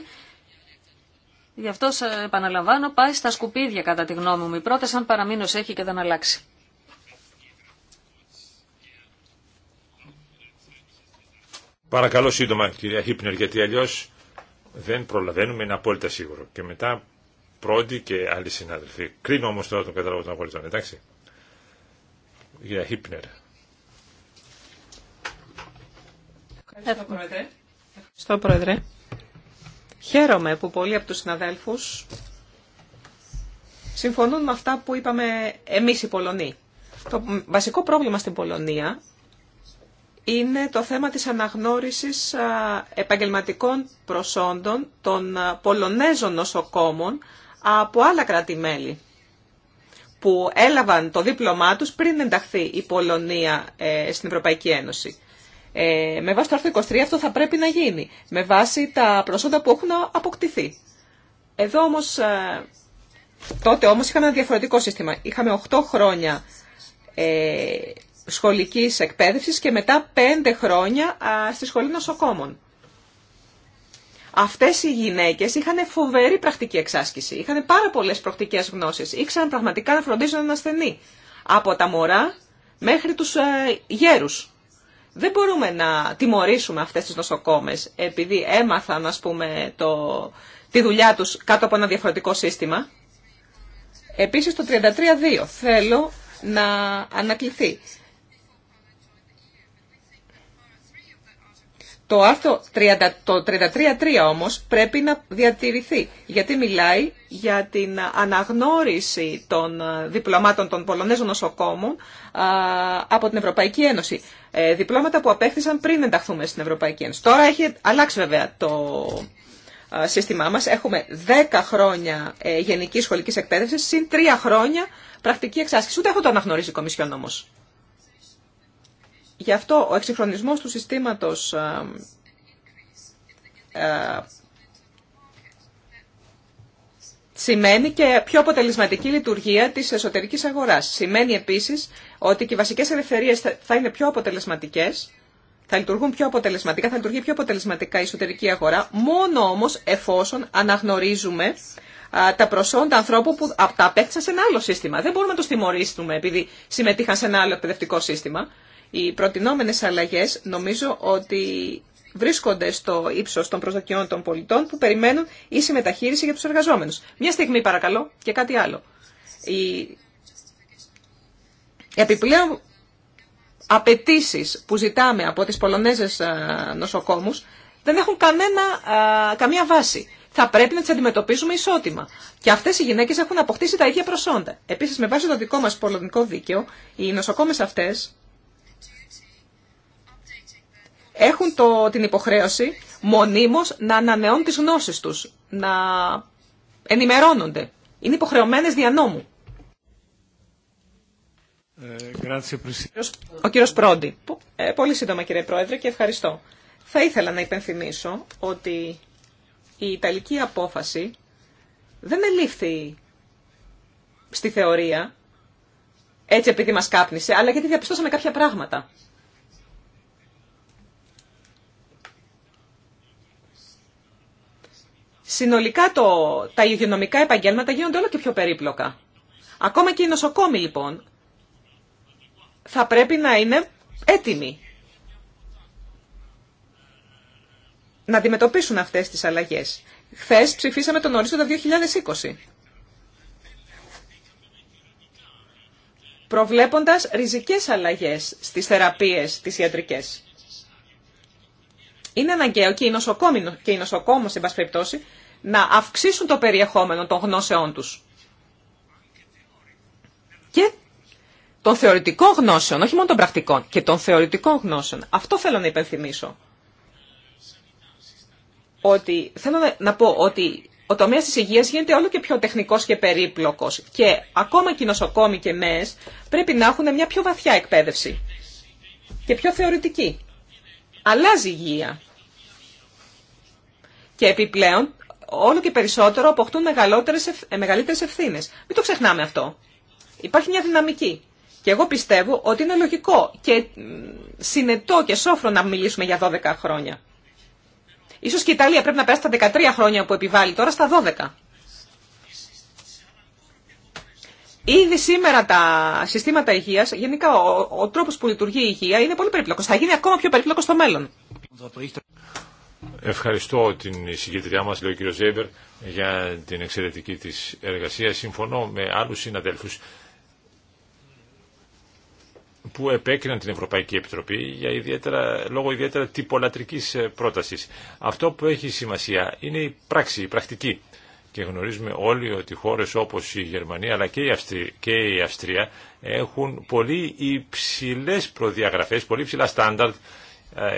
Γι' αυτό επαναλαμβάνω πάει στα σκουπίδια κατά τη γνώμη μου. Η πρόταση αν παραμείνω έχει και δεν αλλάξει. Παρακαλώ σύντομα κυρία Χίπνερ γιατί αλλιώ δεν προλαβαίνουμε, είναι απόλυτα σίγουρο. Και μετά πρώτοι και άλλοι συνάδελφοι. Κρίνω όμω τώρα τον κατάλογο των απολυτών, εντάξει. Κυρία Χίπνερ. Ευχαριστώ, Πρόεδρε. Χαίρομαι που πολλοί από τους συναδέλφους συμφωνούν με αυτά που είπαμε εμείς οι Πολωνοί. Το βασικό πρόβλημα στην Πολωνία είναι το θέμα της αναγνώρισης επαγγελματικών προσόντων των Πολωνέζων νοσοκόμων από άλλα κράτη-μέλη που έλαβαν το δίπλωμά τους πριν ενταχθεί η Πολωνία ε, στην Ευρωπαϊκή Ένωση. Ε, με βάση το άρθρο 23 αυτό θα πρέπει να γίνει, με βάση τα προσόντα που έχουν αποκτηθεί. Εδώ όμως, ε, τότε όμως είχαμε ένα διαφορετικό σύστημα. Είχαμε 8 χρόνια ε, σχολικής εκπαίδευσης και μετά 5 χρόνια στη σχολή νοσοκόμων. Αυτές οι γυναίκες είχαν φοβερή πρακτική εξάσκηση, είχαν πάρα πολλές πρακτικές γνώσεις, ήξεραν πραγματικά να φροντίζουν έναν ασθενή, από τα μωρά μέχρι τους ε, γέρους. Δεν μπορούμε να τιμωρήσουμε αυτές τις νοσοκόμες επειδή έμαθαν, ας πούμε, το, τη δουλειά τους κάτω από ένα διαφορετικό σύστημα. Επίσης το 33.2 θέλω να ανακληθεί. Το άρθρο 30, το 33.3 όμως πρέπει να διατηρηθεί, γιατί μιλάει για την αναγνώριση των ε, διπλωμάτων των Πολωνέζων νοσοκόμων ε, από την Ευρωπαϊκή Ένωση. Ε, διπλώματα που απέκτησαν πριν ενταχθούμε στην Ευρωπαϊκή Ένωση. Τώρα έχει αλλάξει βέβαια το σύστημά μας. Έχουμε 10 χρόνια γενικής σχολικής εκπαίδευσης, συν 3 χρόνια πρακτική εξάσκηση. Ούτε αυτό το αναγνωρίζει η Κομισιόν όμως. Γι' αυτό ο εξυγχρονισμός του συστήματος ε, ε, σημαίνει και πιο αποτελεσματική λειτουργία της εσωτερικής αγοράς. Σημαίνει επίσης ότι και οι βασικές ελευθερίες θα είναι πιο αποτελεσματικές, θα λειτουργούν πιο αποτελεσματικά, θα λειτουργεί πιο αποτελεσματικά η εσωτερική αγορά, μόνο όμως εφόσον αναγνωρίζουμε τα προσόντα ανθρώπου που τα απέκτησαν σε ένα άλλο σύστημα. Δεν μπορούμε να τους τιμωρήσουμε επειδή συμμετείχαν σε ένα άλλο εκπαιδευτικό σύστημα. Οι προτινόμενες αλλαγές νομίζω ότι βρίσκονται στο ύψο των προσδοκιών των πολιτών που περιμένουν ίση μεταχείριση για του εργαζόμενου. Μια στιγμή παρακαλώ και κάτι άλλο. Οι επιπλέον απαιτήσει που ζητάμε από τις Πολωνέζες νοσοκόμους δεν έχουν κανένα, καμία βάση. Θα πρέπει να τι αντιμετωπίζουμε ισότιμα. Και αυτέ οι γυναίκε έχουν αποκτήσει τα ίδια προσόντα. Επίση, με βάση το δικό μα πολωνικό δίκαιο, οι νοσοκόμε αυτέ έχουν το, την υποχρέωση μονίμως να ανανεώνουν τις γνώσεις τους, να ενημερώνονται. Είναι υποχρεωμένες δια νόμου. Ο κύριος Πρόντι. Ε, πολύ σύντομα κύριε Πρόεδρε και ευχαριστώ. Θα ήθελα να υπενθυμίσω ότι η Ιταλική απόφαση δεν ελήφθη στη θεωρία έτσι επειδή μας κάπνισε, αλλά γιατί διαπιστώσαμε κάποια πράγματα. συνολικά το, τα υγειονομικά επαγγέλματα γίνονται όλο και πιο περίπλοκα. Ακόμα και οι νοσοκόμοι λοιπόν θα πρέπει να είναι έτοιμοι να αντιμετωπίσουν αυτές τις αλλαγές. Χθε ψηφίσαμε τον ορίζοντα 2020. προβλέποντας ριζικές αλλαγές στις θεραπείες, τις ιατρικές είναι αναγκαίο και οι νοσοκόμοι και οι νοσοκόμοι, σε περιπτώσει, να αυξήσουν το περιεχόμενο των γνώσεών τους. Και των θεωρητικών γνώσεων, όχι μόνο των πρακτικών, και των θεωρητικών γνώσεων. Αυτό θέλω να υπενθυμίσω. Ότι, θέλω να πω ότι ο τομέας της υγείας γίνεται όλο και πιο τεχνικός και περίπλοκος. Και ακόμα και οι νοσοκόμοι και ΜΕΣ πρέπει να έχουν μια πιο βαθιά εκπαίδευση και πιο θεωρητική αλλάζει η υγεία. Και επιπλέον, όλο και περισσότερο αποκτούν ε, μεγαλύτερες ευθύνες. Μην το ξεχνάμε αυτό. Υπάρχει μια δυναμική. Και εγώ πιστεύω ότι είναι λογικό και συνετό και σόφρο να μιλήσουμε για 12 χρόνια. Ίσως και η Ιταλία πρέπει να περάσει τα 13 χρόνια που επιβάλλει τώρα στα 12. Ήδη σήμερα τα συστήματα υγεία, γενικά ο, ο τρόπο που λειτουργεί η υγεία είναι πολύ περίπλοκο. Θα γίνει ακόμα πιο περίπλοκο στο μέλλον. Ευχαριστώ την συγκεκριά μα, λέει ο κύριο Ζέμπερ, για την εξαιρετική τη εργασία. Συμφωνώ με άλλου συναδέλφου που επέκριναν την Ευρωπαϊκή Επιτροπή για ιδιαίτερα, λόγω ιδιαίτερα τυπολατρικής πρότασης. Αυτό που έχει σημασία είναι η πράξη, η πρακτική και γνωρίζουμε όλοι ότι χώρες όπως η Γερμανία αλλά και η, Αυστρία, και η Αυστρία έχουν πολύ υψηλές προδιαγραφές, πολύ υψηλά στάνταρτ ε,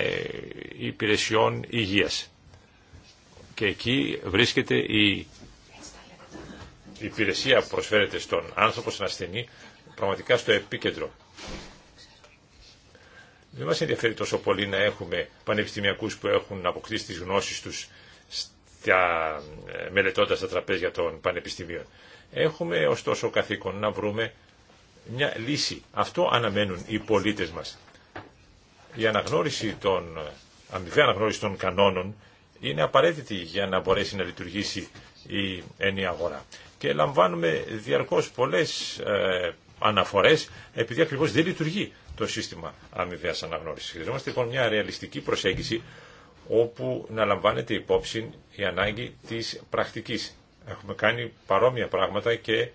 υπηρεσιών υγείας. Και εκεί βρίσκεται η υπηρεσία που προσφέρεται στον άνθρωπο, στην ασθενή, πραγματικά στο επίκεντρο. Δεν μας ενδιαφέρει τόσο πολύ να έχουμε πανεπιστημιακούς που έχουν αποκτήσει τις γνώσεις τους τα, ε, μελετώντας τα τραπέζια των πανεπιστημίων. Έχουμε ωστόσο καθήκον να βρούμε μια λύση. Αυτό αναμένουν οι πολίτες μας. Η αναγνώριση των, ε, αμοιβή αναγνώριση των κανόνων είναι απαραίτητη για να μπορέσει να λειτουργήσει η ενή αγορά. Και λαμβάνουμε διαρκώς πολλές ε, αναφορές επειδή ακριβώς δεν λειτουργεί το σύστημα αμοιβαία αναγνώρισης. Χρειαζόμαστε λοιπόν μια ρεαλιστική προσέγγιση όπου να λαμβάνεται υπόψη η ανάγκη της πρακτικής. Έχουμε κάνει παρόμοια πράγματα και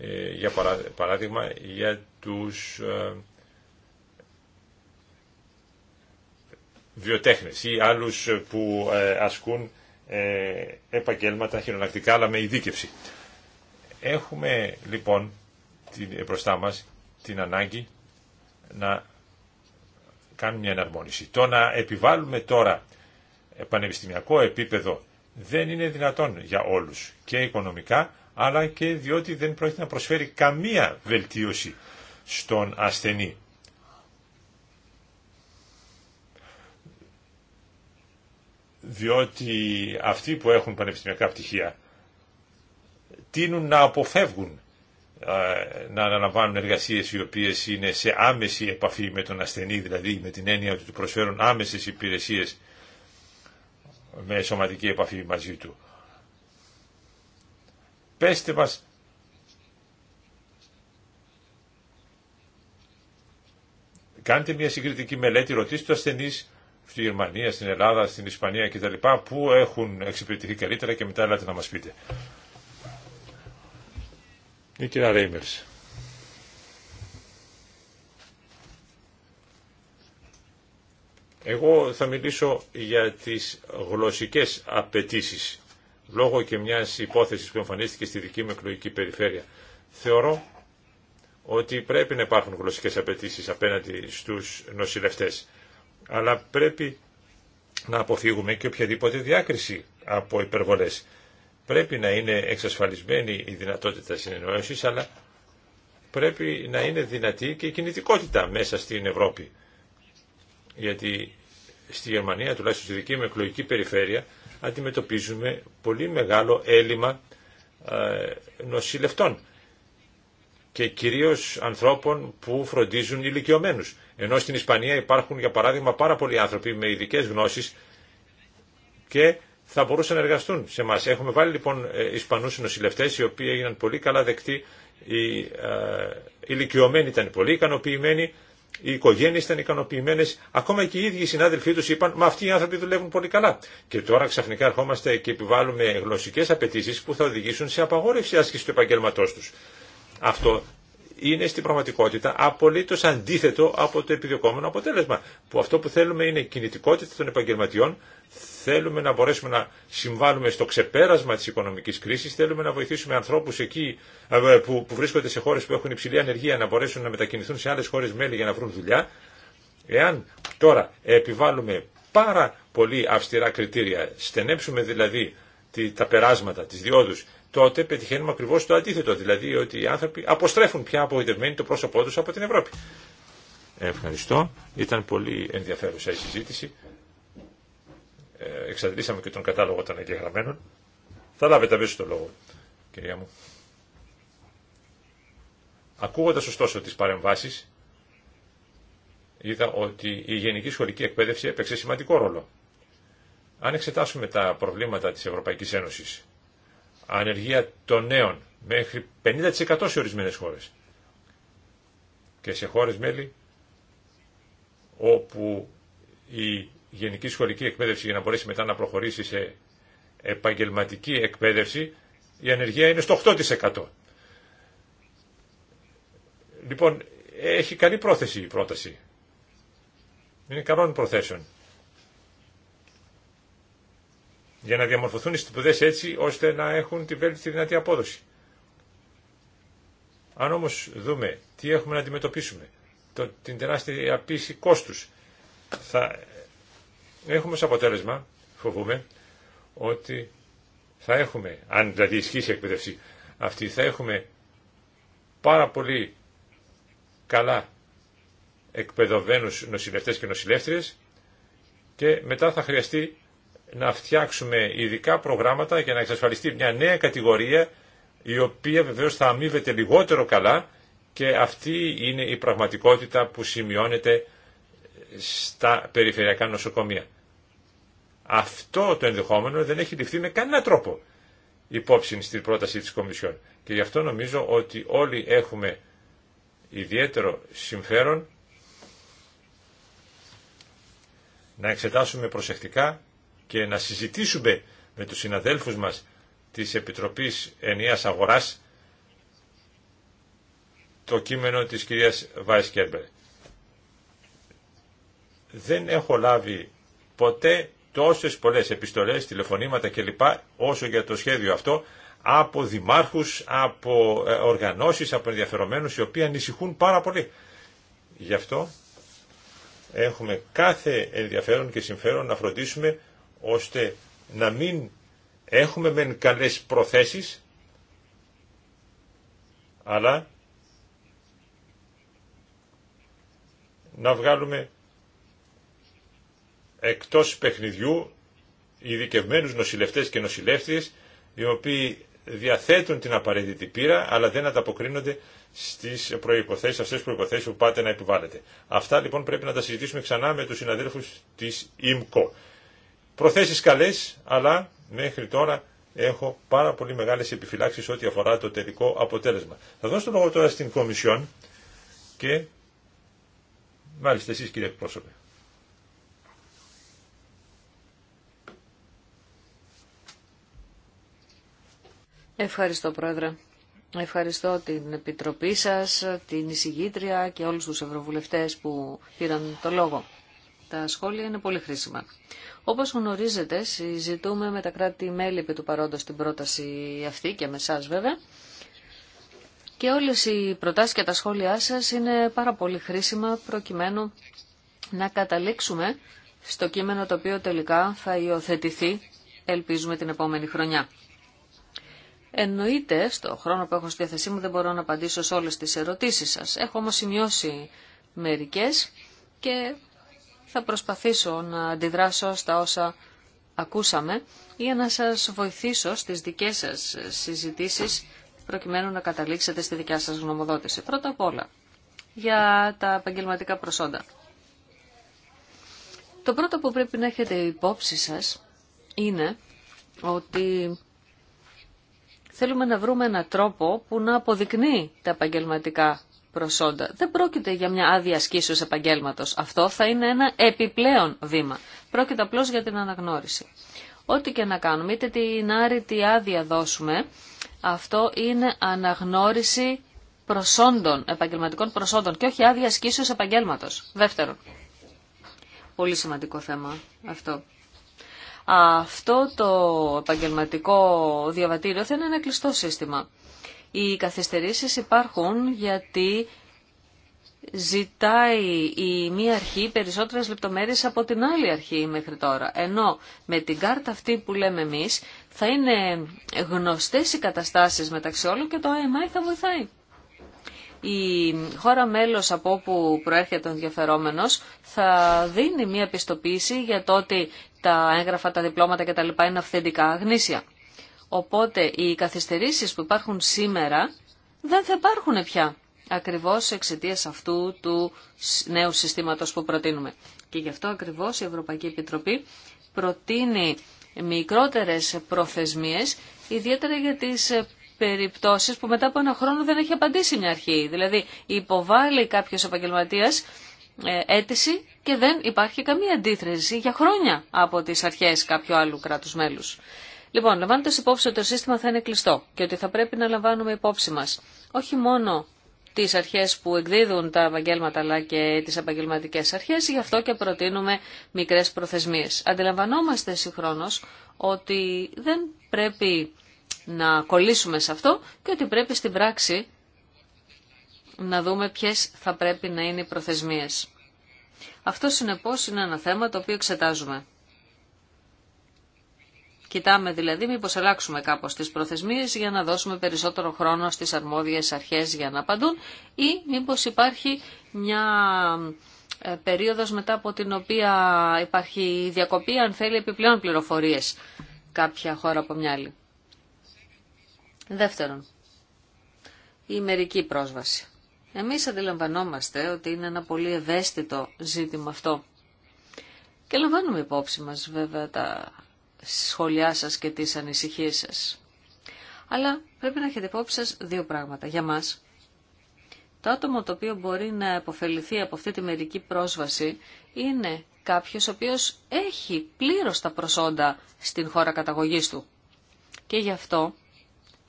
ε, για παράδειγμα για τους ε, βιοτέχνες ή άλλους που ε, ασκούν επαγγέλματα χειρονακτικά αλλά με ειδίκευση. Έχουμε λοιπόν την, μπροστά μας την ανάγκη να κάνουμε μια εναρμόνιση. Το να επιβάλλουμε τώρα πανεπιστημιακό επίπεδο δεν είναι δυνατόν για όλους και οικονομικά αλλά και διότι δεν πρόκειται να προσφέρει καμία βελτίωση στον ασθενή. Διότι αυτοί που έχουν πανεπιστημιακά πτυχία τείνουν να αποφεύγουν ε, να αναλαμβάνουν εργασίες οι οποίες είναι σε άμεση επαφή με τον ασθενή, δηλαδή με την έννοια ότι του προσφέρουν άμεσες υπηρεσίες με σωματική επαφή μαζί του. Πέστε μας κάντε μια συγκριτική μελέτη, ρωτήστε του ασθενεί στη Γερμανία, στην Ελλάδα, στην Ισπανία κτλ. που έχουν εξυπηρετηθεί καλύτερα και μετά έλατε να μα πείτε. Η κυρία Ρέιμερς. Εγώ θα μιλήσω για τις γλωσσικές απαιτήσει λόγω και μιας υπόθεσης που εμφανίστηκε στη δική μου εκλογική περιφέρεια. Θεωρώ ότι πρέπει να υπάρχουν γλωσσικές απαιτήσει απέναντι στους νοσηλευτές, αλλά πρέπει να αποφύγουμε και οποιαδήποτε διάκριση από υπερβολές. Πρέπει να είναι εξασφαλισμένη η δυνατότητα συνεννόησης, αλλά πρέπει να είναι δυνατή και η κινητικότητα μέσα στην Ευρώπη γιατί στη Γερμανία, τουλάχιστον στη δική μου εκλογική περιφέρεια, αντιμετωπίζουμε πολύ μεγάλο έλλειμμα ε, νοσηλευτών και κυρίως ανθρώπων που φροντίζουν ηλικιωμένους. Ενώ στην Ισπανία υπάρχουν, για παράδειγμα, πάρα πολλοί άνθρωποι με ειδικέ γνώσεις και θα μπορούσαν να εργαστούν σε εμά. Έχουμε βάλει λοιπόν ε, Ισπανούς νοσηλευτές οι οποίοι έγιναν πολύ καλά δεκτοί, οι ε, ηλικιωμένοι ήταν πολύ ικανοποιημένοι οι οικογένειε ήταν ικανοποιημένε, ακόμα και οι ίδιοι οι συνάδελφοί του είπαν Μα αυτοί οι άνθρωποι δουλεύουν πολύ καλά. Και τώρα ξαφνικά ερχόμαστε και επιβάλλουμε γλωσσικέ απαιτήσει που θα οδηγήσουν σε απαγόρευση άσκηση του επαγγελματό του. Αυτό είναι στην πραγματικότητα απολύτω αντίθετο από το επιδιωκόμενο αποτέλεσμα. Που αυτό που θέλουμε είναι κινητικότητα των επαγγελματιών, Θέλουμε να μπορέσουμε να συμβάλλουμε στο ξεπέρασμα της οικονομικής κρίσης, θέλουμε να βοηθήσουμε ανθρώπους εκεί ε, που, που βρίσκονται σε χώρες που έχουν υψηλή ανεργία να μπορέσουν να μετακινηθούν σε άλλες χώρες μέλη για να βρουν δουλειά. Εάν τώρα επιβάλλουμε πάρα πολύ αυστηρά κριτήρια, στενέψουμε δηλαδή τα περάσματα, τις διόδους, τότε πετυχαίνουμε ακριβώς το αντίθετο, δηλαδή ότι οι άνθρωποι αποστρέφουν πια απογοητευμένοι το πρόσωπό τους από την Ευρώπη. Ευχαριστώ. Ήταν πολύ ενδιαφέρουσα η συζήτηση. Ε, εξαντλήσαμε και τον κατάλογο των εγγεγραμμένων. Θα λάβετε αμέσω το λόγο, κυρία μου. Ακούγοντα ωστόσο τις παρεμβάσεις, είδα ότι η γενική σχολική εκπαίδευση έπαιξε σημαντικό ρόλο. Αν εξετάσουμε τα προβλήματα της Ευρωπαϊκής Ένωσης, ανεργία των νέων μέχρι 50% σε ορισμένες χώρες και σε χώρες μέλη όπου η γενική σχολική εκπαίδευση για να μπορέσει μετά να προχωρήσει σε επαγγελματική εκπαίδευση, η ανεργία είναι στο 8%. Λοιπόν, έχει καλή πρόθεση η πρόταση. Είναι καλών προθέσεων. Για να διαμορφωθούν οι σπουδέ έτσι ώστε να έχουν τη βέλτιστη δυνατή απόδοση. Αν όμω δούμε τι έχουμε να αντιμετωπίσουμε, το, την τεράστια απίση κόστου, θα Έχουμε ως αποτέλεσμα, φοβούμε, ότι θα έχουμε, αν δηλαδή ισχύσει η εκπαίδευση αυτή, θα έχουμε πάρα πολύ καλά εκπαιδευμένους νοσηλευτές και νοσηλεύτριες και μετά θα χρειαστεί να φτιάξουμε ειδικά προγράμματα για να εξασφαλιστεί μια νέα κατηγορία η οποία βεβαίως θα αμείβεται λιγότερο καλά και αυτή είναι η πραγματικότητα που σημειώνεται στα περιφερειακά νοσοκομεία. Αυτό το ενδεχόμενο δεν έχει ληφθεί με κανένα τρόπο υπόψη στην πρόταση της Κομισιόν. Και γι' αυτό νομίζω ότι όλοι έχουμε ιδιαίτερο συμφέρον να εξετάσουμε προσεκτικά και να συζητήσουμε με τους συναδέλφους μας της Επιτροπής Ενίας Αγοράς το κείμενο της κυρίας Βάις Κέρμπερ. Δεν έχω λάβει ποτέ Τόσε πολλές επιστολές, τηλεφωνήματα κλπ. όσο για το σχέδιο αυτό από δημάρχους, από ε, οργανώσεις, από ενδιαφερομένους οι οποίοι ανησυχούν πάρα πολύ. Γι' αυτό έχουμε κάθε ενδιαφέρον και συμφέρον να φροντίσουμε ώστε να μην έχουμε μεν καλές προθέσεις αλλά να βγάλουμε εκτός παιχνιδιού ειδικευμένους νοσηλευτές και νοσηλεύτριες οι οποίοι διαθέτουν την απαραίτητη πείρα αλλά δεν ανταποκρίνονται στις προϋποθέσεις, αυτές τις προϋποθέσεις που πάτε να επιβάλλετε. Αυτά λοιπόν πρέπει να τα συζητήσουμε ξανά με τους συναδέλφους της ΙΜΚΟ. Προθέσεις καλές αλλά μέχρι τώρα έχω πάρα πολύ μεγάλες επιφυλάξεις ό,τι αφορά το τελικό αποτέλεσμα. Θα δώσω το λόγο τώρα στην Κομισιόν και μάλιστα εσείς κύριε εκπρόσωπε. Ευχαριστώ, Πρόεδρε. Ευχαριστώ την Επιτροπή σας, την εισηγήτρια και όλους τους ευρωβουλευτές που πήραν το λόγο. Τα σχόλια είναι πολύ χρήσιμα. Όπως γνωρίζετε, συζητούμε με τα κράτη-μέλη επί του παρόντος την πρόταση αυτή και με εσάς βέβαια. Και όλες οι προτάσεις και τα σχόλιά σας είναι πάρα πολύ χρήσιμα προκειμένου να καταλήξουμε στο κείμενο το οποίο τελικά θα υιοθετηθεί, ελπίζουμε, την επόμενη χρονιά. Εννοείται, στο χρόνο που έχω στη διάθεσή μου δεν μπορώ να απαντήσω σε όλες τις ερωτήσεις σας. Έχω όμως σημειώσει μερικές και θα προσπαθήσω να αντιδράσω στα όσα ακούσαμε για να σας βοηθήσω στις δικές σας συζητήσεις προκειμένου να καταλήξετε στη δικιά σας γνωμοδότηση. Πρώτα απ' όλα, για τα επαγγελματικά προσόντα. Το πρώτο που πρέπει να έχετε υπόψη σας είναι ότι Θέλουμε να βρούμε έναν τρόπο που να αποδεικνύει τα επαγγελματικά προσόντα. Δεν πρόκειται για μια άδεια ασκήσεως επαγγέλματος. Αυτό θα είναι ένα επιπλέον βήμα. Πρόκειται απλώ για την αναγνώριση. Ό,τι και να κάνουμε, είτε την άρρητη άδεια δώσουμε, αυτό είναι αναγνώριση προσόντων, επαγγελματικών προσόντων και όχι άδεια ασκήσεως επαγγέλματος. Δεύτερον, πολύ σημαντικό θέμα αυτό. Αυτό το επαγγελματικό διαβατήριο θα είναι ένα κλειστό σύστημα. Οι καθυστερήσεις υπάρχουν γιατί ζητάει η μία αρχή περισσότερες λεπτομέρειες από την άλλη αρχή μέχρι τώρα. Ενώ με την κάρτα αυτή που λέμε εμείς θα είναι γνωστές οι καταστάσεις μεταξύ όλων και το IMI θα βοηθάει η χώρα μέλος από όπου προέρχεται ο ενδιαφερόμενος θα δίνει μια πιστοποίηση για το ότι τα έγγραφα, τα διπλώματα κτλ. είναι αυθεντικά αγνήσια. Οπότε οι καθυστερήσεις που υπάρχουν σήμερα δεν θα υπάρχουν πια ακριβώς εξαιτίας αυτού του νέου συστήματος που προτείνουμε. Και γι' αυτό ακριβώς η Ευρωπαϊκή Επιτροπή προτείνει μικρότερες προθεσμίες, ιδιαίτερα για τις περιπτώσεις που μετά από ένα χρόνο δεν έχει απαντήσει μια αρχή. Δηλαδή υποβάλλει κάποιος επαγγελματίας ε, αίτηση και δεν υπάρχει καμία αντίθεση για χρόνια από τι αρχέ κάποιου άλλου κράτου μέλους. Λοιπόν, λαμβάνοντα υπόψη ότι το σύστημα θα είναι κλειστό και ότι θα πρέπει να λαμβάνουμε υπόψη μα όχι μόνο τι αρχέ που εκδίδουν τα επαγγέλματα αλλά και τι επαγγελματικέ αρχέ, γι' αυτό και προτείνουμε μικρέ προθεσμίε. Αντιλαμβανόμαστε συγχρόνω ότι δεν πρέπει να κολλήσουμε σε αυτό και ότι πρέπει στην πράξη να δούμε ποιες θα πρέπει να είναι οι προθεσμίες. Αυτό συνεπώς είναι ένα θέμα το οποίο εξετάζουμε. Κοιτάμε δηλαδή μήπως αλλάξουμε κάπως τις προθεσμίες για να δώσουμε περισσότερο χρόνο στις αρμόδιες αρχές για να απαντούν ή μήπως υπάρχει μια ε, περίοδος μετά από την οποία υπάρχει διακοπή αν θέλει επιπλέον πληροφορίες κάποια χώρα από μια άλλη. Δεύτερον, η μερική πρόσβαση. Εμείς αντιλαμβανόμαστε ότι είναι ένα πολύ ευαίσθητο ζήτημα αυτό. Και λαμβάνουμε υπόψη μας βέβαια τα σχόλιά σας και τις ανησυχίες σας. Αλλά πρέπει να έχετε υπόψη σας δύο πράγματα για μας. Το άτομο το οποίο μπορεί να επωφεληθεί από αυτή τη μερική πρόσβαση είναι κάποιος ο οποίος έχει πλήρως τα προσόντα στην χώρα καταγωγής του. Και γι' αυτό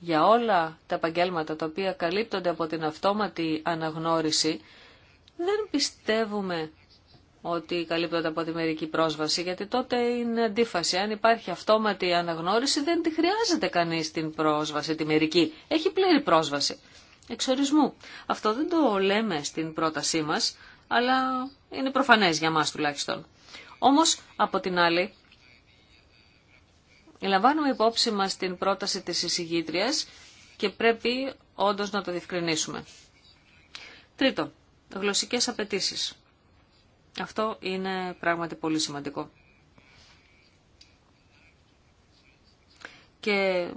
για όλα τα επαγγέλματα τα οποία καλύπτονται από την αυτόματη αναγνώριση, δεν πιστεύουμε ότι καλύπτονται από τη μερική πρόσβαση, γιατί τότε είναι αντίφαση. Αν υπάρχει αυτόματη αναγνώριση, δεν τη χρειάζεται κανείς την πρόσβαση, τη μερική. Έχει πλήρη πρόσβαση. Εξορισμού. Αυτό δεν το λέμε στην πρότασή μας, αλλά είναι προφανές για μας τουλάχιστον. Όμως, από την άλλη, Λαμβάνουμε υπόψη μας την πρόταση της εισηγήτριας και πρέπει όντως να το διευκρινίσουμε. Τρίτο, γλωσσικές απαιτήσεις. Αυτό είναι πράγματι πολύ σημαντικό. Και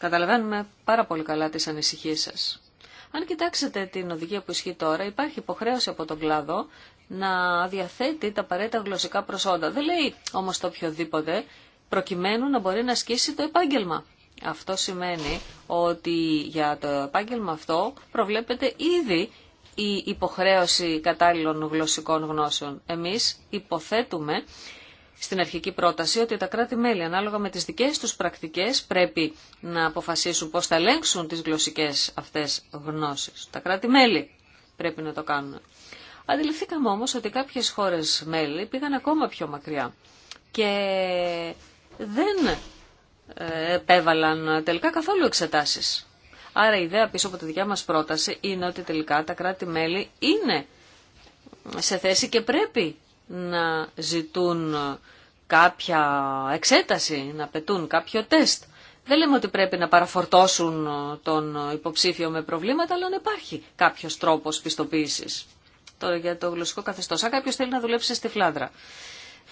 καταλαβαίνουμε πάρα πολύ καλά τις ανησυχίες σας. Αν κοιτάξετε την οδηγία που ισχύει τώρα, υπάρχει υποχρέωση από τον κλάδο να διαθέτει τα απαραίτητα γλωσσικά προσόντα. Δεν λέει όμως το οποιοδήποτε, προκειμένου να μπορεί να ασκήσει το επάγγελμα. Αυτό σημαίνει ότι για το επάγγελμα αυτό προβλέπεται ήδη η υποχρέωση κατάλληλων γλωσσικών γνώσεων. Εμείς υποθέτουμε στην αρχική πρόταση ότι τα κράτη-μέλη ανάλογα με τις δικές τους πρακτικές πρέπει να αποφασίσουν πώς θα ελέγξουν τις γλωσσικές αυτές γνώσεις. Τα κράτη-μέλη πρέπει να το κάνουν. Αντιληφθήκαμε όμως ότι κάποιες χώρες μέλη πήγαν ακόμα πιο μακριά και δεν ε, επέβαλαν τελικά καθόλου εξετάσεις. Άρα η ιδέα πίσω από τη δικιά μας πρόταση είναι ότι τελικά τα κράτη-μέλη είναι σε θέση και πρέπει να ζητούν κάποια εξέταση, να πετούν κάποιο τεστ. Δεν λέμε ότι πρέπει να παραφορτώσουν τον υποψήφιο με προβλήματα, αλλά να υπάρχει κάποιος τρόπος πιστοποίησης. Τώρα για το γλωσσικό καθεστώς. Αν κάποιος θέλει να δουλέψει στη Φλάνδρα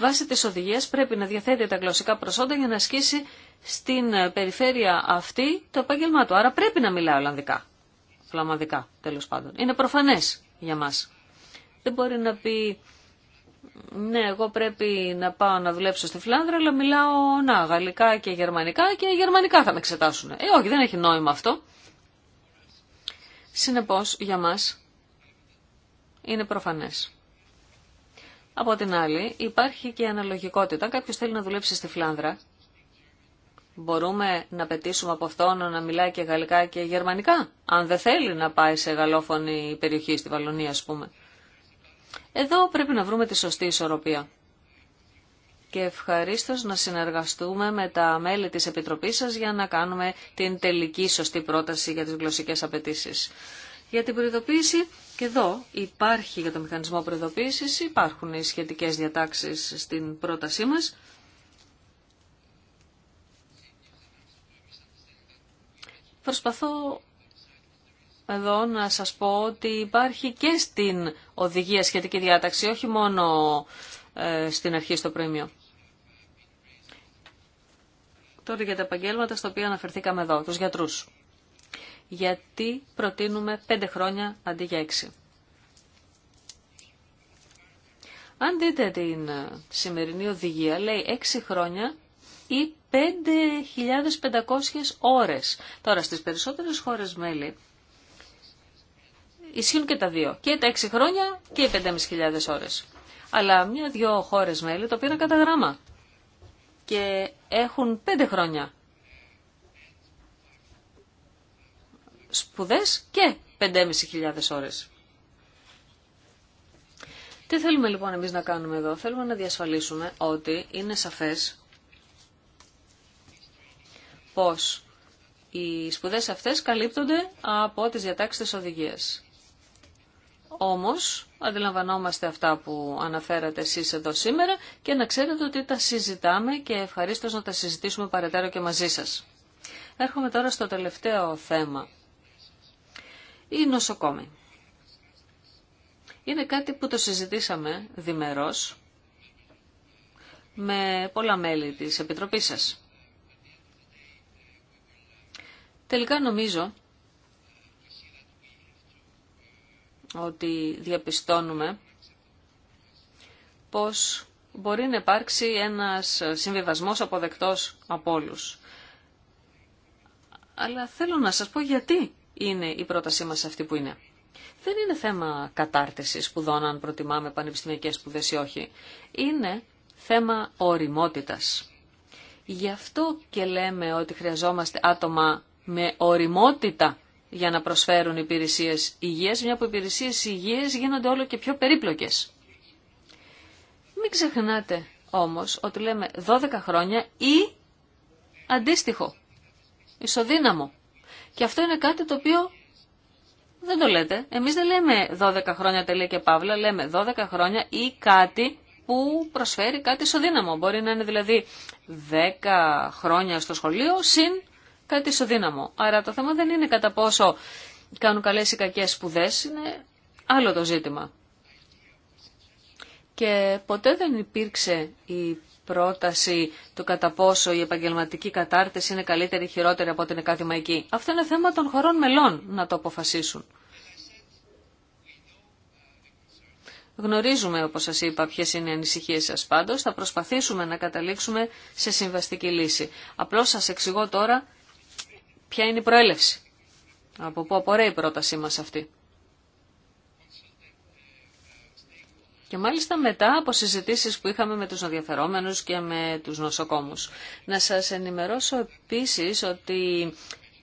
βάσει της οδηγίας πρέπει να διαθέτει τα γλωσσικά προσόντα για να ασκήσει στην ε, περιφέρεια αυτή το επάγγελμά του. Άρα πρέπει να μιλάει Ολλανδικά, Φλαμανδικά τέλος πάντων. Είναι προφανές για μας. Δεν μπορεί να πει, ναι εγώ πρέπει να πάω να δουλέψω στη Φλάνδρα, αλλά μιλάω να, Γαλλικά και Γερμανικά και Γερμανικά θα με εξετάσουν. Ε όχι δεν έχει νόημα αυτό. Συνεπώς για μας είναι προφανές. Από την άλλη, υπάρχει και αναλογικότητα. Αν κάποιος θέλει να δουλέψει στη Φλάνδρα, μπορούμε να πετήσουμε από αυτόν να μιλάει και γαλλικά και γερμανικά, αν δεν θέλει να πάει σε γαλλόφωνη περιοχή, στη Βαλονία ας πούμε. Εδώ πρέπει να βρούμε τη σωστή ισορροπία. Και ευχαρίστω να συνεργαστούμε με τα μέλη της Επιτροπής σας για να κάνουμε την τελική σωστή πρόταση για τις γλωσσικές απαιτήσει. Για την προειδοποίηση και εδώ υπάρχει για το μηχανισμό προειδοποίησης, υπάρχουν οι σχετικές διατάξεις στην πρότασή μας. Προσπαθώ εδώ να σας πω ότι υπάρχει και στην οδηγία σχετική διάταξη, όχι μόνο ε, στην αρχή στο προημίο. Τώρα για τα επαγγέλματα στα οποία αναφερθήκαμε εδώ, τους γιατρούς γιατί προτείνουμε 5 χρόνια αντί για 6. Αν δείτε την ε, σημερινή οδηγία, λέει 6 χρόνια ή 5.500 ώρες. Τώρα, στις περισσότερες χώρες μέλη ισχύουν και τα δύο. Και τα 6 χρόνια και οι 5.500 ώρες. Αλλά μια-δυο χώρες μέλη το πήραν κατά γράμμα και έχουν 5 χρόνια σπουδές και 5.500 ώρες. Τι θέλουμε λοιπόν εμείς να κάνουμε εδώ. Θέλουμε να διασφαλίσουμε ότι είναι σαφές πως οι σπουδές αυτές καλύπτονται από τις διατάξεις της οδηγίας. Όμως, αντιλαμβανόμαστε αυτά που αναφέρατε εσείς εδώ σήμερα και να ξέρετε ότι τα συζητάμε και ευχαρίστως να τα συζητήσουμε παρετέρω και μαζί σας. Έρχομαι τώρα στο τελευταίο θέμα ή νοσοκόμοι. Είναι κάτι που το συζητήσαμε διμερώς με πολλά μέλη της Επιτροπής σας. Τελικά νομίζω ότι διαπιστώνουμε πως μπορεί να υπάρξει ένας συμβιβασμός αποδεκτός από όλους. Αλλά θέλω να σας πω γιατί είναι η πρότασή μας αυτή που είναι. Δεν είναι θέμα κατάρτισης σπουδών, αν προτιμάμε πανεπιστημιακές σπουδές ή όχι. Είναι θέμα οριμότητας. Γι' αυτό και λέμε ότι χρειαζόμαστε άτομα με οριμότητα για να προσφέρουν υπηρεσίες υγείας, μια που υπηρεσίες υγείας γίνονται όλο και πιο περίπλοκες. Μην ξεχνάτε όμως ότι λέμε 12 χρόνια ή αντίστοιχο, ισοδύναμο. Και αυτό είναι κάτι το οποίο δεν το λέτε. Εμείς δεν λέμε 12 χρόνια τελεία και παύλα, λέμε 12 χρόνια ή κάτι που προσφέρει κάτι ισοδύναμο. Μπορεί να είναι δηλαδή 10 χρόνια στο σχολείο συν κάτι ισοδύναμο. Άρα το θέμα δεν είναι κατά πόσο κάνουν καλές ή κακές σπουδές, είναι άλλο το ζήτημα. Και ποτέ δεν υπήρξε η πρόταση του κατά πόσο η επαγγελματική κατάρτιση είναι καλύτερη ή χειρότερη από την ακαδημαϊκή. Αυτό είναι θέμα των χωρών μελών να το αποφασίσουν. Γνωρίζουμε, όπως σας είπα, ποιες είναι οι ανησυχίες σας πάντως. Θα προσπαθήσουμε να καταλήξουμε σε συμβαστική λύση. Απλώς σας εξηγώ τώρα ποια είναι η προέλευση. Από πού απορρέει η πρότασή μας αυτή. Και μάλιστα μετά από συζητήσεις που είχαμε με τους ενδιαφερόμενους και με τους νοσοκόμους. Να σας ενημερώσω επίσης ότι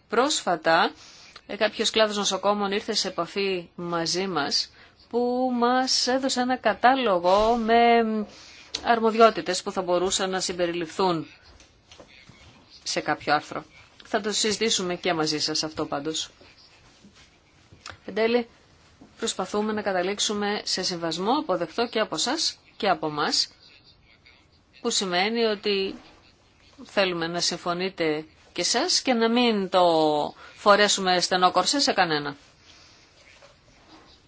πρόσφατα ε, κάποιος κλάδος νοσοκόμων ήρθε σε επαφή μαζί μας που μας έδωσε ένα κατάλογο με αρμοδιότητες που θα μπορούσαν να συμπεριληφθούν σε κάποιο άρθρο. Θα το συζητήσουμε και μαζί σας αυτό πάντως. Εν προσπαθούμε να καταλήξουμε σε συμβασμό αποδεκτό και από σας και από μας που σημαίνει ότι θέλουμε να συμφωνείτε και σας και να μην το φορέσουμε στενό κορσέ σε κανένα.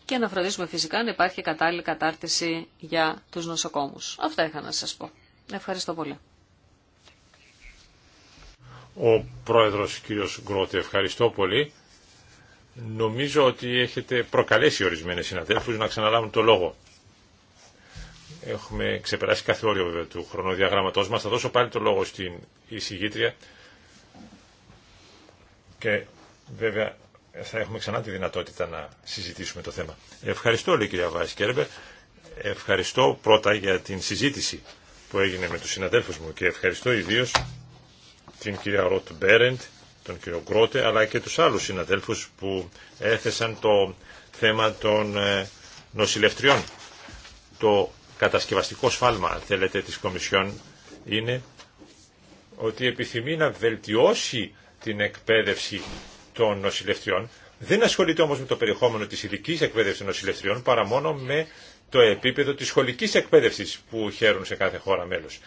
Και να φροντίσουμε φυσικά να υπάρχει κατάλληλη κατάρτιση για τους νοσοκόμους. Αυτά είχα να σας πω. Ευχαριστώ πολύ. Ο πρόεδρος κ. Γκρότη, ευχαριστώ πολύ. Νομίζω ότι έχετε προκαλέσει ορισμένες συναδέλφους να ξαναλάβουν το λόγο. Έχουμε ξεπεράσει κάθε όριο βέβαια του χρονοδιαγράμματός μας. Θα δώσω πάλι το λόγο στην εισηγήτρια και βέβαια θα έχουμε ξανά τη δυνατότητα να συζητήσουμε το θέμα. Ευχαριστώ λέει κυρία Βάης Κέρμπερ. Ευχαριστώ πρώτα για την συζήτηση που έγινε με τους συναδέλφους μου και ευχαριστώ ιδίως την κυρία Ροτ Μπέρεντ τον κύριο Γκρότε, αλλά και τους άλλους συναδέλφους που έθεσαν το θέμα των ε, νοσηλευτριών. Το κατασκευαστικό σφάλμα, θέλετε, της Κομισιόν είναι ότι επιθυμεί να βελτιώσει την εκπαίδευση των νοσηλευτριών. Δεν ασχολείται όμως με το περιεχόμενο της ειδική εκπαίδευσης των νοσηλευτριών, παρά μόνο με το επίπεδο της σχολικής εκπαίδευσης που χαίρουν σε κάθε χώρα μέλος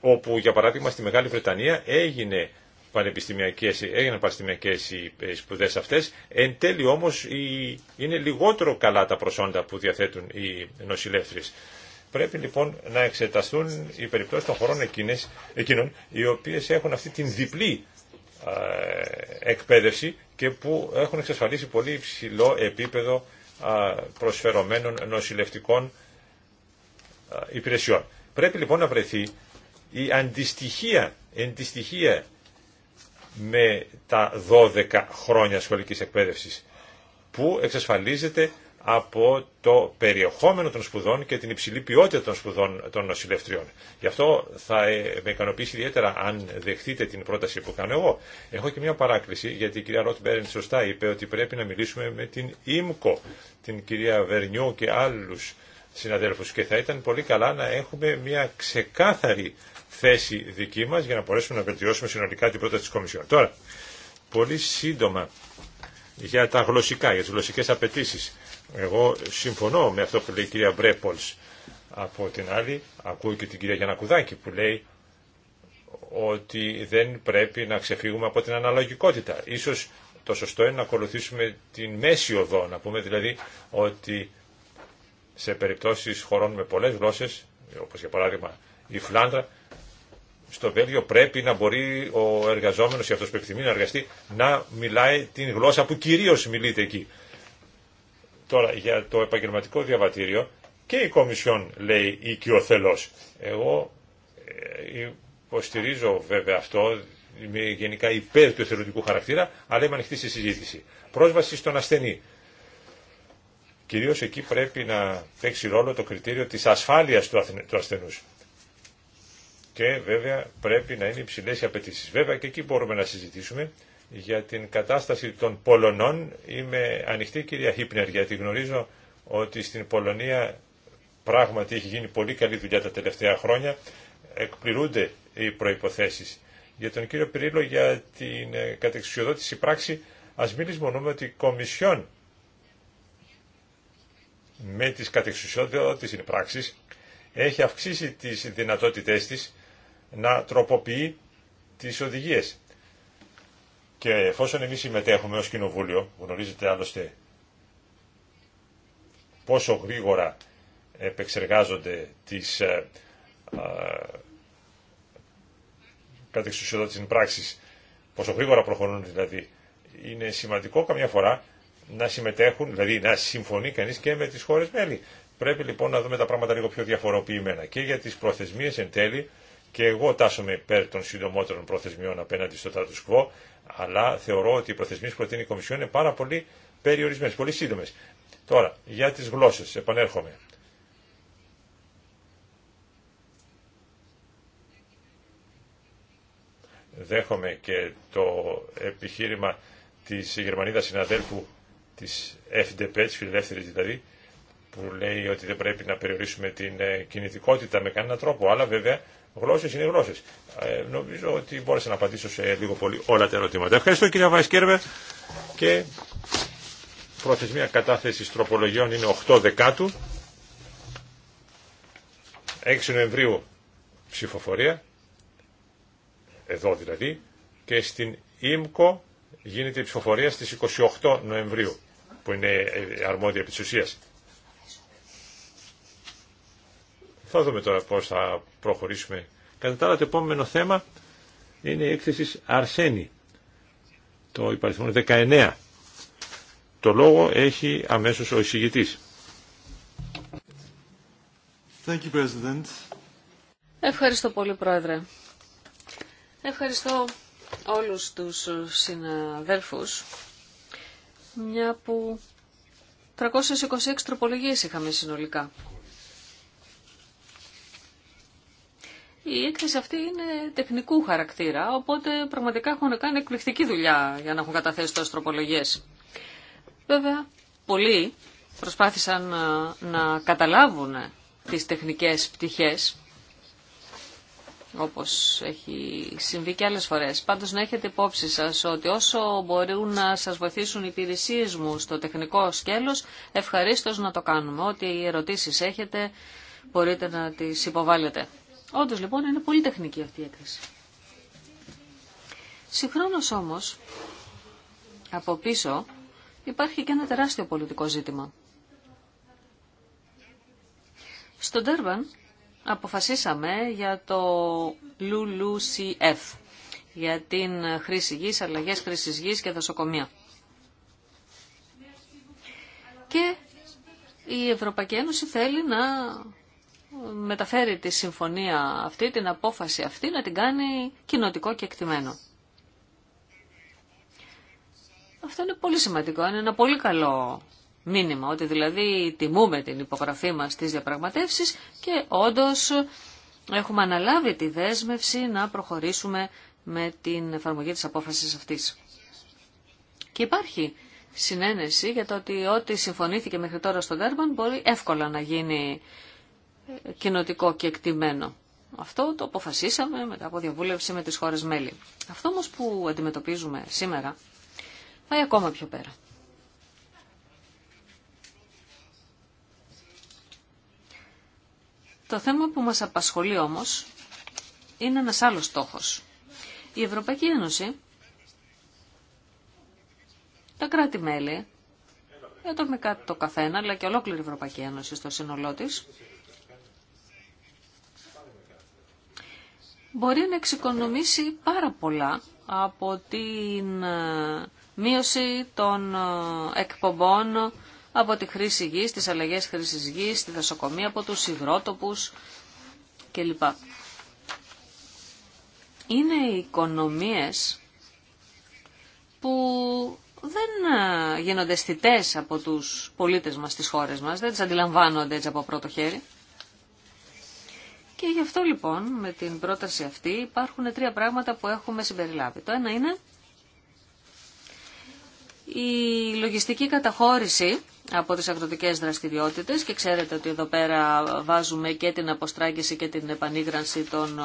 όπου για παράδειγμα στη Μεγάλη Βρετανία έγινε πανεπιστημιακές, έγιναν πανεπιστημιακές οι ε, σπουδές αυτές, εν τέλει όμως είναι λιγότερο καλά τα προσόντα που διαθέτουν οι νοσηλεύτριες. Πρέπει λοιπόν να εξεταστούν οι περιπτώσεις των χωρών εκείνες, εκείνων οι οποίες έχουν αυτή την διπλή ε, εκπαίδευση και που έχουν εξασφαλίσει πολύ υψηλό επίπεδο προσφερωμένων νοσηλευτικών υπηρεσιών. Πρέπει λοιπόν να βρεθεί η αντιστοιχία, αντιστοιχία με τα 12 χρόνια σχολικής εκπαίδευσης που εξασφαλίζεται από το περιεχόμενο των σπουδών και την υψηλή ποιότητα των σπουδών των νοσηλευτριών. Γι' αυτό θα ε, με ικανοποιήσει ιδιαίτερα αν δεχτείτε την πρόταση που κάνω εγώ. Έχω και μια παράκληση, γιατί η κυρία Ροτ Μπέρεν σωστά είπε ότι πρέπει να μιλήσουμε με την ΙΜΚΟ, την κυρία Βερνιού και άλλους συναδέλφους και θα ήταν πολύ καλά να έχουμε μια ξεκάθαρη θέση δική μας για να μπορέσουμε να βελτιώσουμε συνολικά την πρόταση της Κομισιόν. Τώρα, πολύ σύντομα για τα γλωσσικά, για τις γλωσσικές απαιτήσει. Εγώ συμφωνώ με αυτό που λέει η κυρία Μπρέπολς. Από την άλλη, ακούω και την κυρία Γιανακουδάκη που λέει ότι δεν πρέπει να ξεφύγουμε από την αναλογικότητα. Ίσως το σωστό είναι να ακολουθήσουμε την μέση οδό, να πούμε δηλαδή ότι σε περιπτώσεις χωρών με πολλές γλώσσες, όπως για παράδειγμα η Φλάνδρα, στο Βέλγιο πρέπει να μπορεί ο εργαζόμενος ή αυτό που επιθυμεί να εργαστεί να μιλάει την γλώσσα που κυρίω μιλείται εκεί. Τώρα για το επαγγελματικό διαβατήριο και η Κομισιόν λέει οικειοθελώ. Εγώ ε, υποστηρίζω βέβαια αυτό, είμαι γενικά υπέρ του εθελοντικού χαρακτήρα, αλλά είμαι ανοιχτή στη συζήτηση. Πρόσβαση στον ασθενή. Κυρίω εκεί πρέπει να παίξει ρόλο το κριτήριο τη ασφάλεια του ασθενού και βέβαια πρέπει να είναι υψηλέ οι απαιτήσει. Βέβαια και εκεί μπορούμε να συζητήσουμε για την κατάσταση των Πολωνών. Είμαι ανοιχτή κυρία Χίπνερ γιατί γνωρίζω ότι στην Πολωνία πράγματι έχει γίνει πολύ καλή δουλειά τα τελευταία χρόνια. Εκπληρούνται οι προϋποθέσεις. Για τον κύριο Πυρίλο για την ε, κατεξουσιοδότηση πράξη ας μην ότι η Κομισιόν με τις κατεξουσιοδότηση πράξης έχει αυξήσει τις δυνατότητές της να τροποποιεί τις οδηγίες. Και εφόσον εμείς συμμετέχουμε ως Κοινοβούλιο, γνωρίζετε άλλωστε πόσο γρήγορα επεξεργάζονται τις ε, ε πράξη, πόσο γρήγορα προχωρούν δηλαδή, είναι σημαντικό καμιά φορά να συμμετέχουν, δηλαδή να συμφωνεί κανείς και με τις χώρες μέλη. Πρέπει λοιπόν να δούμε τα πράγματα λίγο πιο διαφοροποιημένα και για τις προθεσμίες εν τέλει και εγώ τάσομαι υπέρ των συντομότερων προθεσμιών απέναντι στο status αλλά θεωρώ ότι οι προθεσμίε που προτείνει η Κομισιόν είναι πάρα πολύ περιορισμένε, πολύ σύντομε. Τώρα, για τι γλώσσε, επανέρχομαι. Δέχομαι και το επιχείρημα της Γερμανίδας συναδέλφου της FDP, της φιλελεύθερης δηλαδή, που λέει ότι δεν πρέπει να περιορίσουμε την ε, κινητικότητα με κανέναν τρόπο. Αλλά βέβαια Γλώσσες είναι γλώσσες. Ε, νομίζω ότι μπόρεσα να απαντήσω σε λίγο πολύ όλα τα ερωτήματα. Ευχαριστώ κύριε Βαϊσκέρβερ και προθεσμία κατάθεση τροπολογιών είναι 8 Δεκάτου. 6 Νοεμβρίου ψηφοφορία, εδώ δηλαδή, και στην ΙΜΚΟ γίνεται η ψηφοφορία στις 28 Νοεμβρίου, που είναι αρμόδια επί της ουσίας. Θα δούμε τώρα πώς θα προχωρήσουμε. Κατά τα άλλα το επόμενο θέμα είναι η έκθεση Αρσένη, το υπαριθμό 19. Το λόγο έχει αμέσως ο εισηγητής. Thank you, Ευχαριστώ πολύ, Πρόεδρε. Ευχαριστώ όλους τους συναδέλφους, μια που 326 τροπολογίες είχαμε συνολικά. Η έκθεση αυτή είναι τεχνικού χαρακτήρα, οπότε πραγματικά έχουν κάνει εκπληκτική δουλειά για να έχουν καταθέσει τόσες τροπολογίες. Βέβαια, πολλοί προσπάθησαν ε, να καταλάβουν ε, τις τεχνικές πτυχές, όπως έχει συμβεί και άλλες φορές. Πάντως να έχετε υπόψη σας ότι όσο μπορούν να σας βοηθήσουν οι υπηρεσίες μου στο τεχνικό σκέλος, ευχαρίστως να το κάνουμε. Ό,τι ερωτήσεις έχετε μπορείτε να τις υποβάλλετε. Όντω λοιπόν είναι πολύ τεχνική αυτή η έκθεση. Συγχρόνω όμως, από πίσω υπάρχει και ένα τεράστιο πολιτικό ζήτημα. Στον Ντέρβαν αποφασίσαμε για το LULUCF, για την χρήση γης, αλλαγές χρήσης γης και δοσοκομεία. Και η Ευρωπαϊκή Ένωση θέλει να μεταφέρει τη συμφωνία αυτή, την απόφαση αυτή, να την κάνει κοινοτικό και εκτιμένο. Αυτό είναι πολύ σημαντικό, είναι ένα πολύ καλό μήνυμα, ότι δηλαδή τιμούμε την υπογραφή μας στις διαπραγματεύσεις και όντως έχουμε αναλάβει τη δέσμευση να προχωρήσουμε με την εφαρμογή της απόφασης αυτής. Και υπάρχει συνένεση για το ότι ό,τι συμφωνήθηκε μέχρι τώρα στο Τέρμαν μπορεί εύκολα να γίνει κοινοτικό και εκτιμένο. Αυτό το αποφασίσαμε μετά από διαβούλευση με τις χώρες μέλη. Αυτό όμως που αντιμετωπίζουμε σήμερα πάει ακόμα πιο πέρα. Το θέμα που μας απασχολεί όμως είναι ένας άλλος στόχος. Η Ευρωπαϊκή Ένωση, τα κράτη-μέλη, δεν το καθένα, αλλά και ολόκληρη η Ευρωπαϊκή Ένωση στο σύνολό της, μπορεί να εξοικονομήσει πάρα πολλά από την ε, μείωση των ε, εκπομπών από τη χρήση γης, τις αλλαγές χρήσης γης, τη δασοκομεία, από τους υγρότοπους κλπ. Είναι οι οικονομίες που δεν ε, γίνονται αισθητέ από τους πολίτες μας στις χώρες μας, δεν τις αντιλαμβάνονται έτσι από πρώτο χέρι. Και γι' αυτό λοιπόν με την πρόταση αυτή υπάρχουν τρία πράγματα που έχουμε συμπεριλάβει. Το ένα είναι η λογιστική καταχώρηση από τις αγροτικές δραστηριότητες και ξέρετε ότι εδώ πέρα βάζουμε και την αποστράγγιση και την επανήγρανση των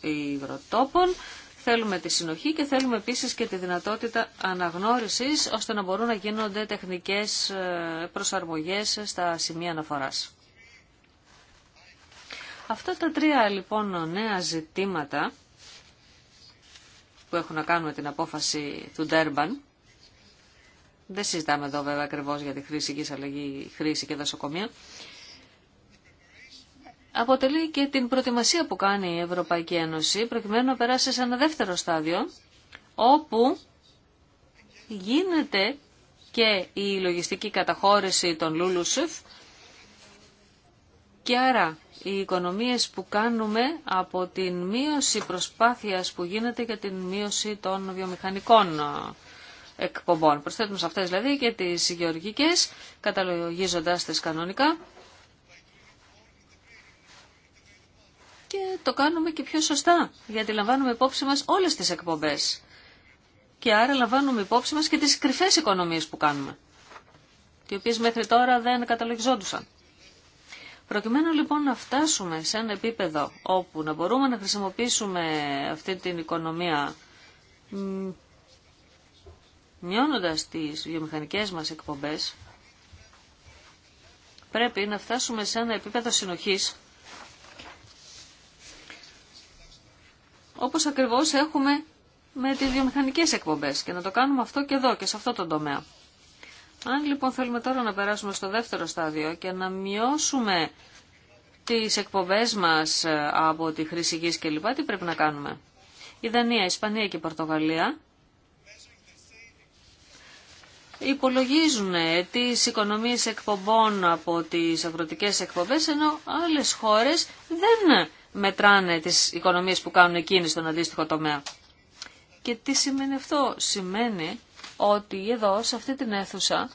ε, υγροτόπων. Θέλουμε τη συνοχή και θέλουμε επίσης και τη δυνατότητα αναγνώρισης ώστε να μπορούν να γίνονται τεχνικές ε, προσαρμογές στα σημεία αναφοράς. Αυτά τα τρία λοιπόν νέα ζητήματα που έχουν να κάνουν την απόφαση του Ντέρμπαν, δεν συζητάμε εδώ βέβαια ακριβώ για τη χρήση γης αλλαγή, χρήση και δασοκομεία, αποτελεί και την προετοιμασία που κάνει η Ευρωπαϊκή Ένωση προκειμένου να περάσει σε ένα δεύτερο στάδιο όπου γίνεται και η λογιστική καταχώρηση των Λούλουσεφ και άρα οι οικονομίες που κάνουμε από την μείωση προσπάθειας που γίνεται για την μείωση των βιομηχανικών ε, εκπομπών. Προσθέτουμε σε αυτές δηλαδή και τις γεωργικές, καταλογίζοντας τις κανονικά. Και το κάνουμε και πιο σωστά, γιατί λαμβάνουμε υπόψη μας όλες τις εκπομπές. Και άρα λαμβάνουμε υπόψη μας και τις κρυφές οικονομίες που κάνουμε, οι οποίες μέχρι τώρα δεν καταλογιζόντουσαν. Προκειμένου λοιπόν να φτάσουμε σε ένα επίπεδο όπου να μπορούμε να χρησιμοποιήσουμε αυτή την οικονομία μειώνοντας τις βιομηχανικές μας εκπομπές, πρέπει να φτάσουμε σε ένα επίπεδο συνοχής, όπως ακριβώς έχουμε με τις βιομηχανικές εκπομπές και να το κάνουμε αυτό και εδώ και σε αυτό το τομέα. Αν λοιπόν θέλουμε τώρα να περάσουμε στο δεύτερο στάδιο και να μειώσουμε τις εκπομπές μας ε, από τη χρήση γης κλπ, τι πρέπει να κάνουμε. Η Δανία, η Ισπανία και η Πορτογαλία υπολογίζουν ε, τις οικονομίες εκπομπών από τις αγροτικές εκπομπές, ενώ άλλες χώρες δεν μετράνε τις οικονομίες που κάνουν εκείνοι στον αντίστοιχο τομέα. Και τι σημαίνει αυτό. Σημαίνει ότι εδώ, σε αυτή την αίθουσα,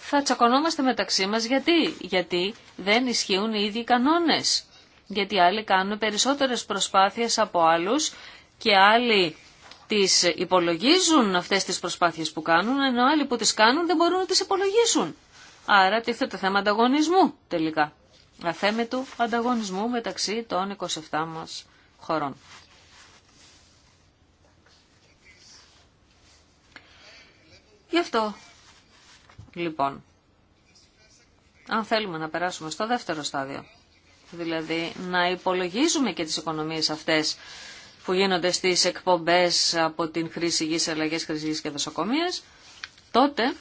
θα τσακωνόμαστε μεταξύ μας. Γιατί? Γιατί δεν ισχύουν οι ίδιοι κανόνες. Γιατί άλλοι κάνουν περισσότερες προσπάθειες από άλλους και άλλοι τις υπολογίζουν αυτές τις προσπάθειες που κάνουν, ενώ άλλοι που τις κάνουν δεν μπορούν να τις υπολογίσουν. Άρα τίθεται θέμα ανταγωνισμού τελικά. του ανταγωνισμού μεταξύ των 27 μας χωρών. Γι' αυτό, λοιπόν, αν θέλουμε να περάσουμε στο δεύτερο στάδιο, δηλαδή να υπολογίζουμε και τις οικονομίες αυτές που γίνονται στις εκπομπές από την χρήση γης, αλλαγές χρήση και δοσοκομείας, τότε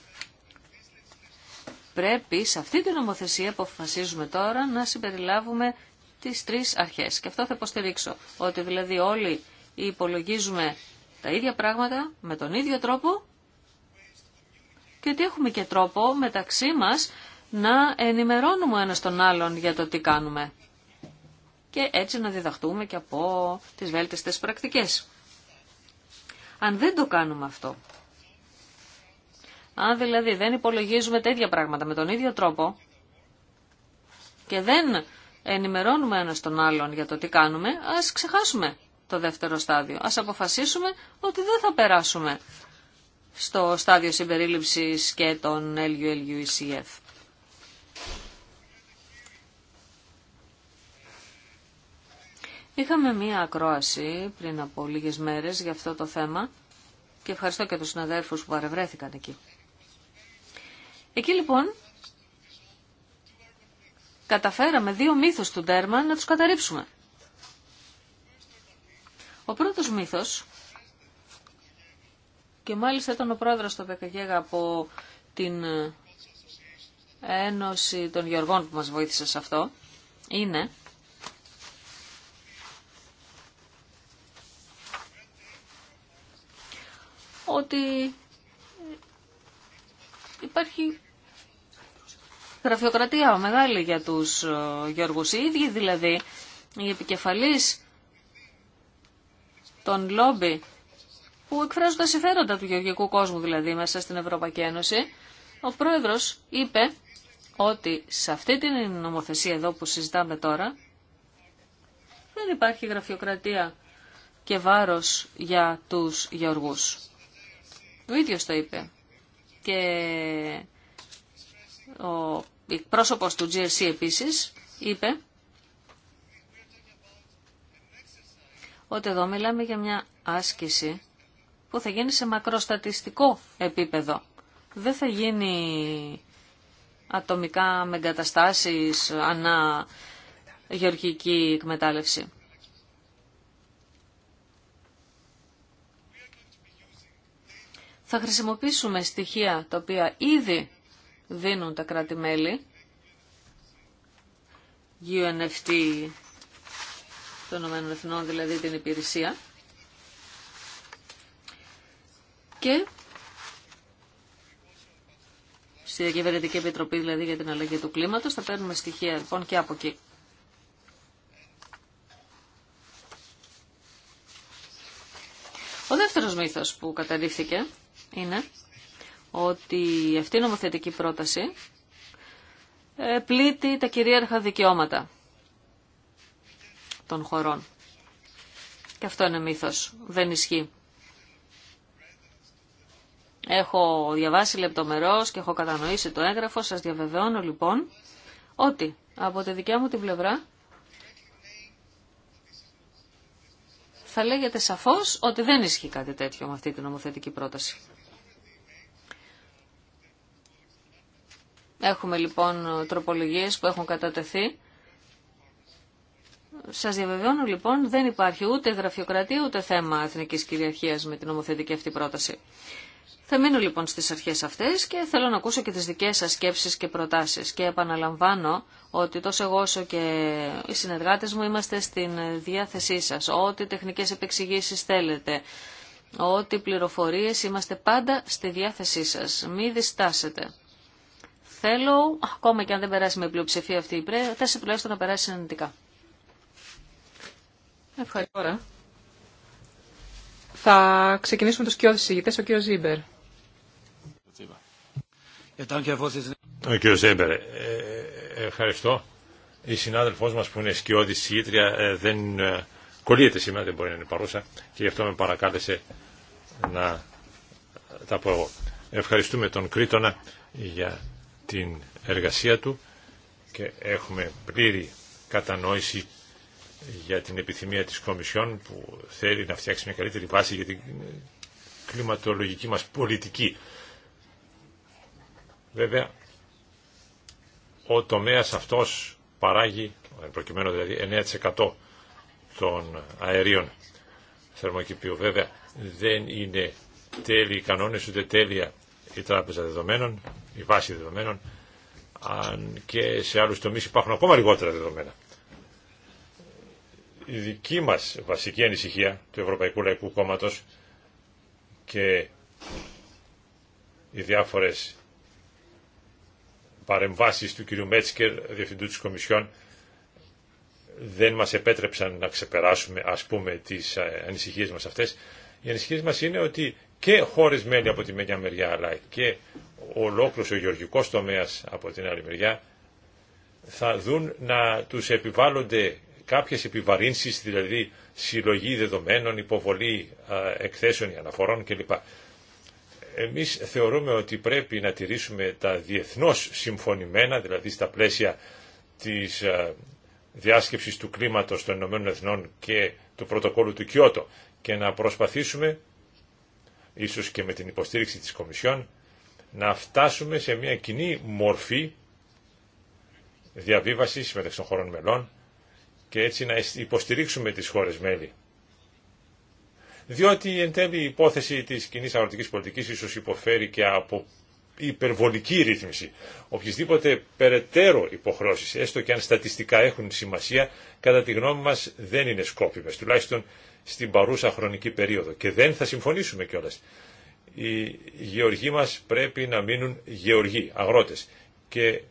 πρέπει σε αυτή την νομοθεσία που αποφασίζουμε τώρα να συμπεριλάβουμε τις τρεις αρχές. Και αυτό θα υποστηρίξω, ότι δηλαδή όλοι υπολογίζουμε τα ίδια πράγματα με τον ίδιο τρόπο και ότι έχουμε και τρόπο μεταξύ μας να ενημερώνουμε ένα τον άλλον για το τι κάνουμε και έτσι να διδαχτούμε και από τις βέλτιστες πρακτικές. Αν δεν το κάνουμε αυτό, αν δηλαδή δεν υπολογίζουμε τέτοια πράγματα με τον ίδιο τρόπο και δεν ενημερώνουμε ένα τον άλλον για το τι κάνουμε, ας ξεχάσουμε το δεύτερο στάδιο. Ας αποφασίσουμε ότι δεν θα περάσουμε στο στάδιο συμπερίληψης και των LULUCF. E Είχαμε μία ακρόαση πριν από λίγες μέρες για αυτό το θέμα και ευχαριστώ και τους συναδέλφους που παρευρέθηκαν εκεί. Εκεί λοιπόν καταφέραμε δύο μύθους του Ντέρμαν να τους καταρρύψουμε. Ο πρώτος μύθος και μάλιστα ήταν ο πρόεδρος του Πεκαγέγα από την Ένωση των Γεωργών που μας βοήθησε σε αυτό. Είναι ότι υπάρχει γραφειοκρατία μεγάλη για τους ε, Γιώργους. Οι ίδιοι δηλαδή, οι επικεφαλής των λόμπι που εκφράζουν τα συμφέροντα του γεωργικού κόσμου δηλαδή μέσα στην Ευρωπαϊκή Ένωση, ο πρόεδρος είπε ότι σε αυτή την νομοθεσία εδώ που συζητάμε τώρα δεν υπάρχει γραφειοκρατία και βάρος για τους γεωργούς. Ο ίδιο το είπε. Και ο πρόσωπος του GRC επίσης είπε ότι εδώ μιλάμε για μια άσκηση που θα γίνει σε μακροστατιστικό επίπεδο. Δεν θα γίνει ατομικά με εγκαταστάσεις ανά γεωργική εκμετάλλευση. Θα χρησιμοποιήσουμε στοιχεία τα οποία ήδη δίνουν τα κράτη-μέλη, UNFT των ΗΕ, δηλαδή την υπηρεσία, και στη Κυβερνητική Επιτροπή δηλαδή για την αλλαγή του κλίματος. Θα παίρνουμε στοιχεία λοιπόν και από εκεί. Ο δεύτερος μύθος που καταλήφθηκε είναι ότι αυτή η νομοθετική πρόταση ε, πλήττει τα κυρίαρχα δικαιώματα των χωρών. Και αυτό είναι μύθος. Δεν ισχύει. Έχω διαβάσει λεπτομερώς και έχω κατανοήσει το έγγραφο. Σας διαβεβαιώνω λοιπόν ότι από τη δικιά μου την πλευρά θα λέγεται σαφώς ότι δεν ισχύει κάτι τέτοιο με αυτή την νομοθετική πρόταση. Έχουμε λοιπόν τροπολογίες που έχουν κατατεθεί. Σας διαβεβαιώνω λοιπόν δεν υπάρχει ούτε γραφειοκρατία ούτε θέμα εθνικής κυριαρχίας με την νομοθετική αυτή πρόταση. Θα μείνω λοιπόν στις αρχές αυτές και θέλω να ακούσω και τις δικές σας σκέψεις και προτάσεις. Και επαναλαμβάνω ότι τόσο εγώ όσο και οι συνεργάτες μου είμαστε στην διάθεσή σας. Ό,τι τεχνικές επεξηγήσεις θέλετε, ό,τι πληροφορίες είμαστε πάντα στη διάθεσή σας. Μη διστάσετε. Θέλω, ακόμα και αν δεν περάσει με πλειοψηφία αυτή η πρόταση, τουλάχιστον να περάσει συναντικά. Ευχαριστώ. Θα ξεκινήσουμε τους κοιόδης συζητητές, ο κύριος Ζίμπερ. Ε, ε, Ο Ζέμπερ, ε, ευχαριστώ. Η συνάδελφό μας που είναι σκιώδη ε, δεν ε, σήμερα, δεν μπορεί να είναι παρούσα και γι' αυτό με παρακάλεσε να τα πω εγώ. Ευχαριστούμε τον Κρήτονα για την εργασία του και έχουμε πλήρη κατανόηση για την επιθυμία της Κομισιόν που θέλει να φτιάξει μια καλύτερη βάση για την κλιματολογική μας πολιτική. Βέβαια, ο τομέας αυτός παράγει, προκειμένου δηλαδή, 9% των αερίων θερμοκηπίου. Βέβαια, δεν είναι τέλειοι οι κανόνες, ούτε τέλεια η τράπεζα δεδομένων, η βάση δεδομένων, αν και σε άλλους τομείς υπάρχουν ακόμα λιγότερα δεδομένα. Η δική μας βασική ανησυχία του Ευρωπαϊκού Λαϊκού Κόμματος και οι διάφορες παρεμβάσεις του κ. Μέτσκερ, Διευθυντού της Κομισιόν, δεν μας επέτρεψαν να ξεπεράσουμε, ας πούμε, τις ε, ανησυχίες μας αυτές. Οι ανησυχίες μας είναι ότι και χώρες μέλη από τη μια μεριά, αλλά και ολόκληρο ο γεωργικός τομέας από την άλλη μεριά, θα δουν να τους επιβάλλονται κάποιες επιβαρύνσεις, δηλαδή συλλογή δεδομένων, υποβολή ε, εκθέσεων ή αναφορών κλπ. Εμείς θεωρούμε ότι πρέπει να τηρήσουμε τα διεθνώς συμφωνημένα, δηλαδή στα πλαίσια της ε, διάσκεψης του κλίματος των Ηνωμένων Εθνών και του πρωτοκόλου του Κιώτο και να προσπαθήσουμε, ίσως και με την υποστήριξη της Κομισιόν, να φτάσουμε σε μια κοινή μορφή διαβίβασης μεταξύ των χωρών μελών και έτσι να υποστηρίξουμε τις χώρες μέλη διότι εν τέλει η υπόθεση της κοινή αγροτική πολιτικής ίσω υποφέρει και από υπερβολική ρύθμιση. Οποιεδήποτε περαιτέρω υποχρώσεις, έστω και αν στατιστικά έχουν σημασία, κατά τη γνώμη μας δεν είναι σκόπιμε, τουλάχιστον στην παρούσα χρονική περίοδο. Και δεν θα συμφωνήσουμε κιόλα. Οι γεωργοί μα πρέπει να μείνουν γεωργοί, αγρότε. και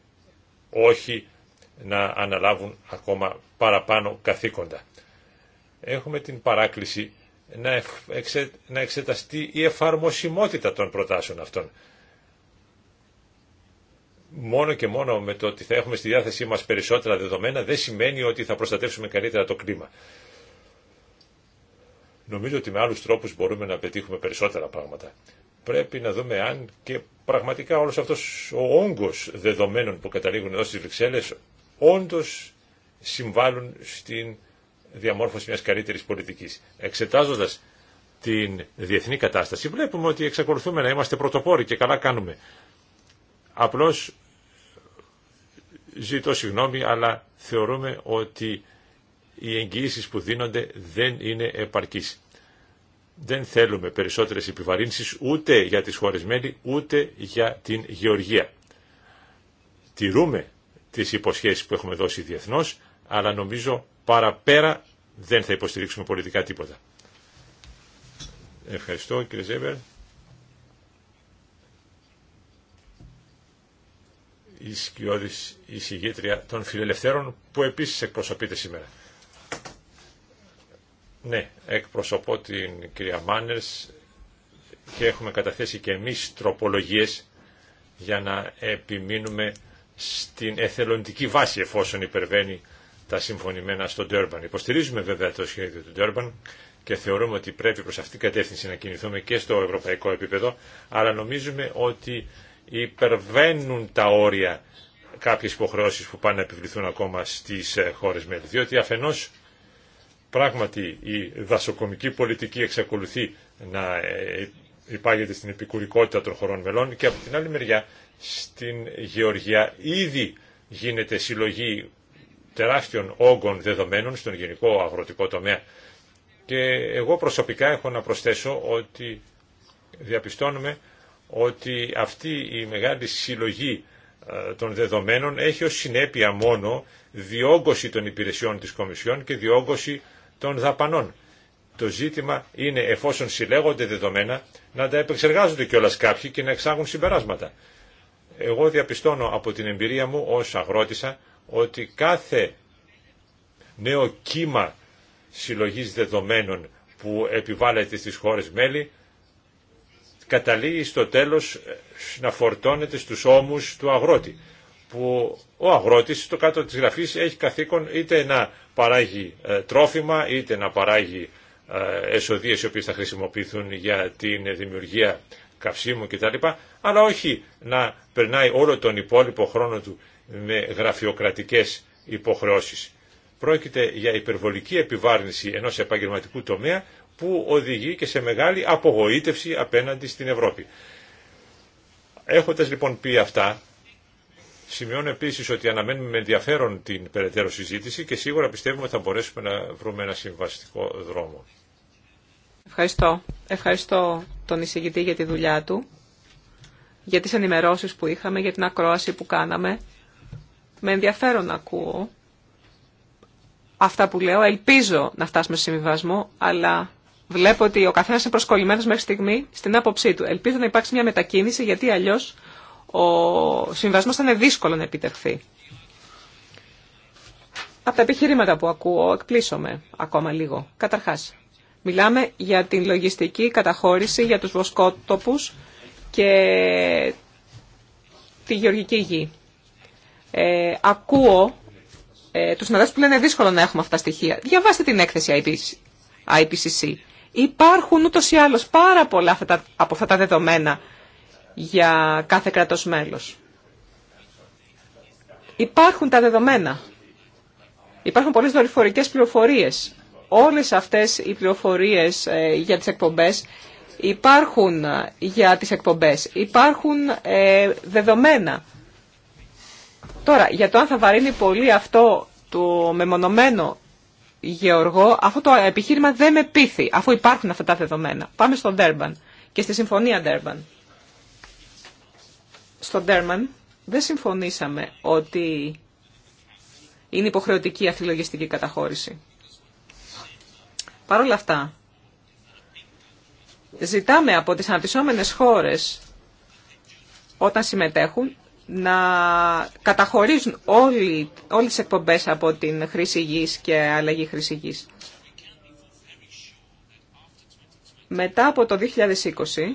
όχι να αναλάβουν ακόμα παραπάνω καθήκοντα. Έχουμε την παράκληση να εξεταστεί η εφαρμοσιμότητα των προτάσεων αυτών. Μόνο και μόνο με το ότι θα έχουμε στη διάθεσή μας περισσότερα δεδομένα δεν σημαίνει ότι θα προστατεύσουμε καλύτερα το κλίμα. Νομίζω ότι με άλλους τρόπους μπορούμε να πετύχουμε περισσότερα πράγματα. Πρέπει να δούμε αν και πραγματικά όλος αυτός ο όγκος δεδομένων που καταλήγουν εδώ στις Βρυξέλλες όντως συμβάλλουν στην διαμόρφωση μιας καλύτερης πολιτικής. Εξετάζοντας την διεθνή κατάσταση βλέπουμε ότι εξακολουθούμε να είμαστε πρωτοπόροι και καλά κάνουμε. Απλώς ζητώ συγγνώμη αλλά θεωρούμε ότι οι εγγυήσει που δίνονται δεν είναι επαρκείς. Δεν θέλουμε περισσότερες επιβαρύνσεις ούτε για τις χώρες μέλη ούτε για την γεωργία. Τηρούμε τις υποσχέσεις που έχουμε δώσει διεθνώς αλλά νομίζω παραπέρα δεν θα υποστηρίξουμε πολιτικά τίποτα. Ευχαριστώ κύριε Ζέμπερ. η σκιώδης εισηγήτρια των φιλελευθέρων που επίσης εκπροσωπείται σήμερα. Ναι, εκπροσωπώ την κυρία Μάνερς και έχουμε καταθέσει και εμείς τροπολογίες για να επιμείνουμε στην εθελοντική βάση εφόσον υπερβαίνει τα συμφωνημένα στο Τέρμπαν. Υποστηρίζουμε βέβαια το σχέδιο του Ντέρμπαν και θεωρούμε ότι πρέπει προς αυτήν την κατεύθυνση να κινηθούμε και στο ευρωπαϊκό επίπεδο, αλλά νομίζουμε ότι υπερβαίνουν τα όρια κάποιες υποχρεώσεις που πάνε να επιβληθούν ακόμα στις ε, χώρες μέλη. Διότι αφενός πράγματι η δασοκομική πολιτική εξακολουθεί να ε, υπάγεται στην επικουρικότητα των χωρών μελών και από την άλλη μεριά στην Γεωργία ήδη γίνεται συλλογή τεράστιων όγκων δεδομένων στον γενικό αγροτικό τομέα. Και εγώ προσωπικά έχω να προσθέσω ότι διαπιστώνουμε ότι αυτή η μεγάλη συλλογή ε, των δεδομένων έχει ως συνέπεια μόνο διόγκωση των υπηρεσιών της Κομισιόν και διόγκωση των δαπανών. Το ζήτημα είναι εφόσον συλλέγονται δεδομένα να τα επεξεργάζονται κιόλα κάποιοι και να εξάγουν συμπεράσματα. Εγώ διαπιστώνω από την εμπειρία μου ως αγρότησα ότι κάθε νέο κύμα συλλογής δεδομένων που επιβάλλεται στις χώρες μέλη καταλήγει στο τέλος ε, να φορτώνεται στους ώμους του αγρότη που ο αγρότης στο κάτω της γραφής έχει καθήκον είτε να παράγει ε, τρόφιμα είτε να παράγει εσοδίες οι οποίες θα χρησιμοποιηθούν για την δημιουργία καυσίμου κτλ. Αλλά όχι να περνάει όλο τον υπόλοιπο χρόνο του με γραφειοκρατικές υποχρεώσεις. Πρόκειται για υπερβολική επιβάρυνση ενός επαγγελματικού τομέα που οδηγεί και σε μεγάλη απογοήτευση απέναντι στην Ευρώπη. Έχοντας λοιπόν πει αυτά, σημειώνω επίσης ότι αναμένουμε με ενδιαφέρον την περαιτέρω συζήτηση και σίγουρα πιστεύουμε ότι θα μπορέσουμε να βρούμε ένα συμβαστικό δρόμο. Ευχαριστώ. Ευχαριστώ τον εισηγητή για τη δουλειά του, για τις ενημερώσεις που είχαμε, για την ακρόαση που κάναμε. Με ενδιαφέρον ακούω αυτά που λέω. Ελπίζω να φτάσουμε σε συμβιβασμό, αλλά βλέπω ότι ο καθένα είναι προσκολλημένο μέχρι στιγμή στην άποψή του. Ελπίζω να υπάρξει μια μετακίνηση, γιατί αλλιώ ο συμβιβασμό θα είναι δύσκολο να επιτευχθεί. Από τα επιχειρήματα που ακούω, εκπλήσωμαι ακόμα λίγο. Καταρχά, μιλάμε για την λογιστική καταχώρηση για του βοσκότοπου και τη γεωργική γη. Ε, ακούω ε, τους συναδέλφους που λένε δύσκολο να έχουμε αυτά τα στοιχεία. Διαβάστε την έκθεση IPCC. Υπάρχουν ούτως ή άλλως πάρα πολλά από αυτά τα δεδομένα για κάθε κρατός μέλος. Υπάρχουν τα δεδομένα. Υπάρχουν πολλές δορυφορικές πληροφορίες. Όλες αυτές οι πληροφορίες ε, για τις εκπομπές υπάρχουν ε, για τις εκπομπές. Υπάρχουν ε, δεδομένα Τώρα, για το αν θα βαρύνει πολύ αυτό το μεμονωμένο γεωργό, αυτό το επιχείρημα δεν με πείθει, αφού υπάρχουν αυτά τα δεδομένα. Πάμε στον Ντέρμπαν και στη συμφωνία Ντέρμπαν. Στον Ντέρμπαν δεν συμφωνήσαμε ότι είναι υποχρεωτική αυτή η λογιστική καταχώρηση. Παρ' όλα αυτά, ζητάμε από τις αναπτυσσόμενες χώρες όταν συμμετέχουν να καταχωρίζουν όλοι, όλες τις εκπομπές από την χρήση γης και αλλαγή χρήση γης. Μετά από το 2020,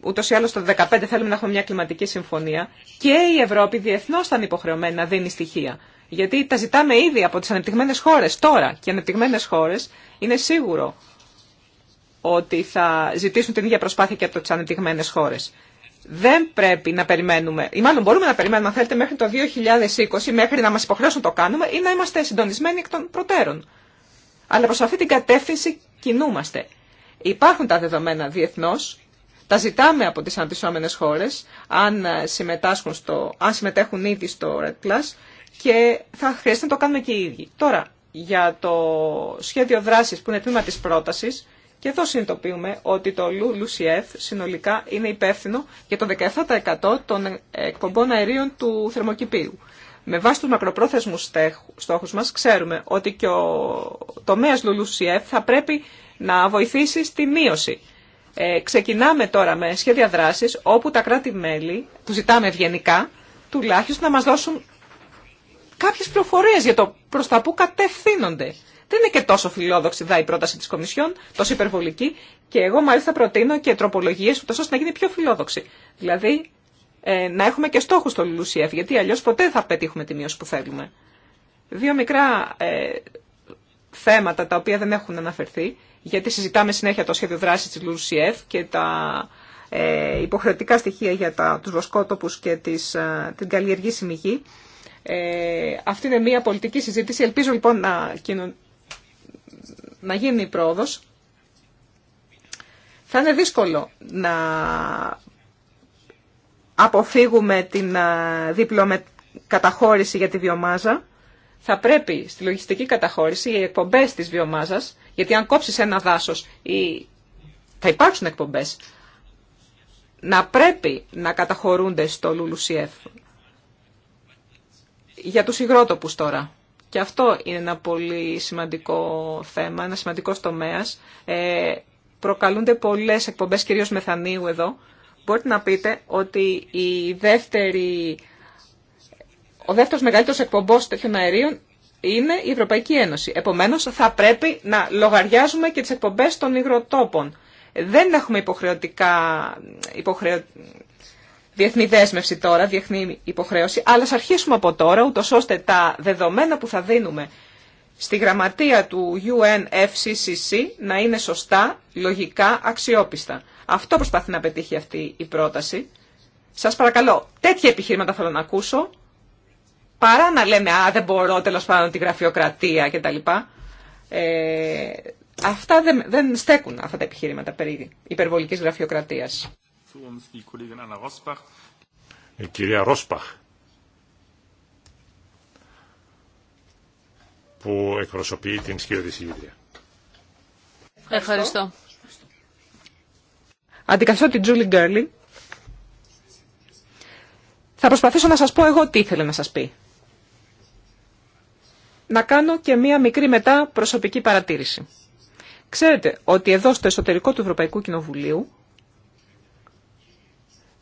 ούτως ή άλλως το 2015 θέλουμε να έχουμε μια κλιματική συμφωνία και η Ευρώπη διεθνώς θα υποχρεωμένη να δίνει στοιχεία. Γιατί τα ζητάμε ήδη από τις ανεπτυγμένες χώρες τώρα και οι ανεπτυγμένες χώρες είναι σίγουρο ότι θα ζητήσουν την ίδια προσπάθεια και από τις ανεπτυγμένες χώρες δεν πρέπει να περιμένουμε, ή μάλλον μπορούμε να περιμένουμε, αν θέλετε, μέχρι το 2020, μέχρι να μας υποχρεώσουν το κάνουμε, ή να είμαστε συντονισμένοι εκ των προτέρων. Αλλά προ αυτή την κατεύθυνση κινούμαστε. Υπάρχουν τα δεδομένα διεθνώς, τα ζητάμε από τις αντισώμενες χώρες, αν, ε, συμμετάσχουν στο, συμμετέχουν ήδη στο Red Plus, και θα χρειαστεί να το κάνουμε και οι ίδιοι. Τώρα, για το σχέδιο δράση που είναι τμήμα τη πρόταση. Και εδώ συνειδητοποιούμε ότι το λουλουσιέφ συνολικά είναι υπεύθυνο για το 17% των ε, εκπομπών αερίων του θερμοκηπίου. Με βάση τους μακροπρόθεσμους στόχους μας ξέρουμε ότι και ο τομέας LULUCF θα πρέπει να βοηθήσει στη μείωση. Ε, ξεκινάμε τώρα με σχέδια δράσης όπου τα κράτη-μέλη, του ζητάμε ευγενικά, τουλάχιστον να μας δώσουν κάποιες προφορίες για το προς τα που κατευθύνονται δεν είναι και τόσο φιλόδοξη δά η πρόταση τη Κομισιόν, τόσο υπερβολική. Και εγώ μάλιστα προτείνω και τροπολογίε ούτω ώστε να γίνει πιο φιλόδοξη. Δηλαδή ε, να έχουμε και στόχου στο Λουσιεφ, γιατί αλλιώ ποτέ θα πετύχουμε τη μείωση που θέλουμε. Δύο μικρά ε, θέματα τα οποία δεν έχουν αναφερθεί, γιατί συζητάμε συνέχεια το σχέδιο δράση τη Λουλουσιεφ και τα ε, υποχρεωτικά στοιχεία για του τους και τις, ε, την καλλιεργήσιμη γη. Ε, αυτή είναι μια πολιτική συζήτηση. Ελπίζω λοιπόν να, να γίνει η πρόοδος, θα είναι δύσκολο να αποφύγουμε την διπλωμε... καταχώρηση για τη βιομάζα. Θα πρέπει στη λογιστική καταχώρηση οι εκπομπές της βιομάζας, γιατί αν κόψεις ένα δάσος θα υπάρξουν εκπομπές, να πρέπει να καταχωρούνται στο LULUCF. Για τους υγρότοπους τώρα. Και αυτό είναι ένα πολύ σημαντικό θέμα, ένα σημαντικό τομέα. Ε, προκαλούνται πολλέ εκπομπέ, κυρίω μεθανίου εδώ. Μπορείτε να πείτε ότι η δεύτερη, ο δεύτερος μεγαλύτερο εκπομπός τέτοιων αερίων είναι η Ευρωπαϊκή Ένωση. Επομένως θα πρέπει να λογαριάζουμε και τις εκπομπές των υγροτόπων. Δεν έχουμε υποχρεωτικά, υποχρεω διεθνή δέσμευση τώρα, διεθνή υποχρέωση, αλλά ας αρχίσουμε από τώρα, ούτω ώστε τα δεδομένα που θα δίνουμε στη γραμματεία του UNFCCC να είναι σωστά, λογικά, αξιόπιστα. Αυτό προσπαθεί να πετύχει αυτή η πρόταση. Σας παρακαλώ, τέτοια επιχείρηματα θέλω να ακούσω, παρά να λέμε «Α, δεν μπορώ, τέλο πάντων, τη γραφειοκρατία» κτλ. Ε, αυτά δεν, δεν στέκουν, αυτά τα επιχείρηματα περί υπερβολικής γραφειοκρατίας. Η äh, κυρία Ρόσπαχ, που εκπροσωπεί την της Ιούδια. Ευχαριστώ. Αντικαθιστώ την Τζούλη Γκέρλι. Θα προσπαθήσω να σας πω εγώ τι ήθελε να σας πει. Να κάνω και μία μικρή μετά προσωπική παρατήρηση. Ξέρετε ότι εδώ στο εσωτερικό του Ευρωπαϊκού Κοινοβουλίου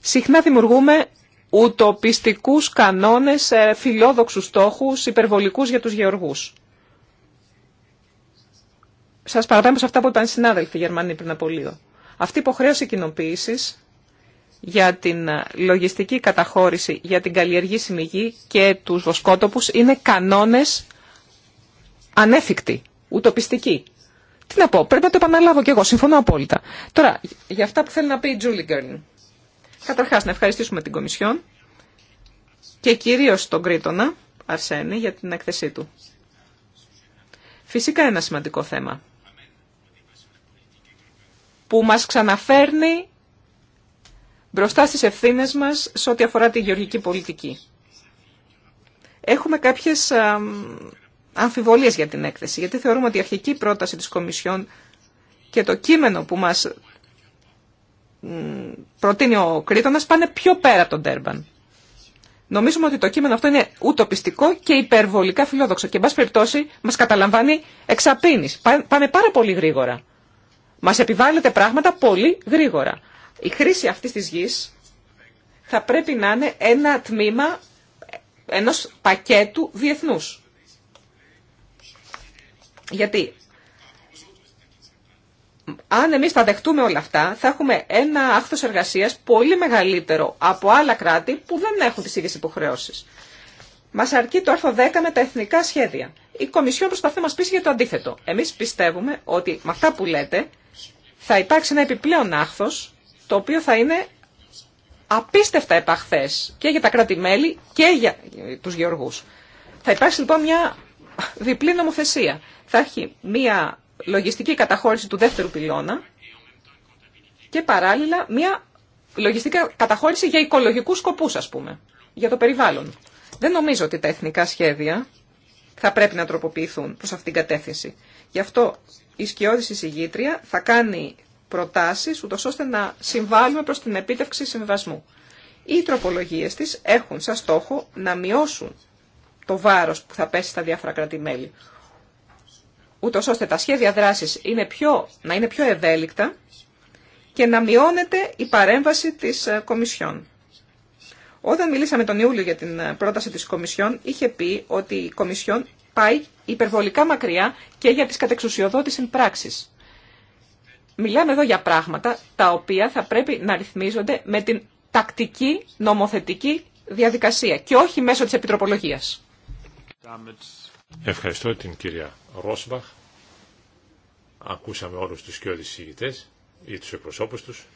συχνά δημιουργούμε ουτοπιστικούς κανόνες, ε, φιλόδοξους στόχους, υπερβολικούς για τους γεωργούς. Σας παραπέμπω σε αυτά που είπαν συνάδελφοι Γερμανοί πριν από λίγο. Αυτή η υποχρέωση κοινοποίηση για την λογιστική καταχώρηση, για την καλλιεργήσιμη γη και τους βοσκότοπους είναι κανόνες ανέφικτοι, ουτοπιστικοί. Τι να πω, πρέπει να το επαναλάβω κι εγώ, συμφωνώ απόλυτα. Τώρα, για αυτά που θέλει να πει η Τζούλι Καταρχάς, να ευχαριστήσουμε την Κομισιόν και κυρίω τον Κρήτονα Αρσένη για την έκθεσή του. Φυσικά ένα σημαντικό θέμα που μας ξαναφέρνει μπροστά στις ευθύνες μας σε ό,τι αφορά τη γεωργική πολιτική. Έχουμε κάποιες αμφιβολίες για την έκθεση, γιατί θεωρούμε ότι η αρχική πρόταση της Κομισιόν και το κείμενο που μας προτείνει ο Κρήτονας πάνε πιο πέρα από τον Τέρμπαν. Νομίζουμε ότι το κείμενο αυτό είναι ουτοπιστικό και υπερβολικά φιλόδοξο και, εν πάση περιπτώσει, μα καταλαμβάνει εξαπίνη. Πάμε πάρα πολύ γρήγορα. Μα επιβάλλεται πράγματα πολύ γρήγορα. Η χρήση αυτή τη γη θα πρέπει να είναι ένα τμήμα ενός πακέτου διεθνούς. Γιατί αν εμεί τα δεχτούμε όλα αυτά, θα έχουμε ένα άχθος εργασία πολύ μεγαλύτερο από άλλα κράτη που δεν έχουν τι ίδιε υποχρεώσει. Μα αρκεί το άρθρο 10 με τα εθνικά σχέδια. Η Κομισιόν προσπαθεί να μας πείσει για το αντίθετο. Εμεί πιστεύουμε ότι με αυτά που λέτε θα υπάρξει ένα επιπλέον άχθος, το οποίο θα είναι απίστευτα επαχθε. και για τα κράτη-μέλη και για του γεωργού. Θα υπάρξει λοιπόν μια διπλή νομοθεσία. Θα έχει μια λογιστική καταχώρηση του δεύτερου πυλώνα και παράλληλα μια λογιστική καταχώρηση για οικολογικούς σκοπούς, ας πούμε, για το περιβάλλον. Δεν νομίζω ότι τα εθνικά σχέδια θα πρέπει να τροποποιηθούν προς αυτήν την κατεύθυνση. Γι' αυτό η σκιώδης συγγήτρια θα κάνει προτάσεις, ούτως ώστε να συμβάλλουμε προς την επίτευξη συμβασμού. Οι τροπολογίες της έχουν σαν στόχο να μειώσουν το βάρος που θα πέσει στα διαφορα ούτω ώστε τα σχέδια δράσης να είναι πιο ευέλικτα και να μειώνεται η παρέμβαση της ε, Κομισιόν. Όταν μιλήσαμε τον Ιούλιο για την ε, πρόταση της Κομισιόν, είχε πει ότι η Κομισιόν πάει υπερβολικά μακριά και για τις κατεξουσιοδότησει πράξεις. Μιλάμε εδώ για πράγματα τα οποία θα πρέπει να ρυθμίζονται με την τακτική νομοθετική διαδικασία και όχι μέσω της επιτροπολογίας. Ευχαριστώ την κυρία Ρόσμπαχ. Ακούσαμε όλους τους κοιόδης συγητές ή τους εκπροσώπους τους.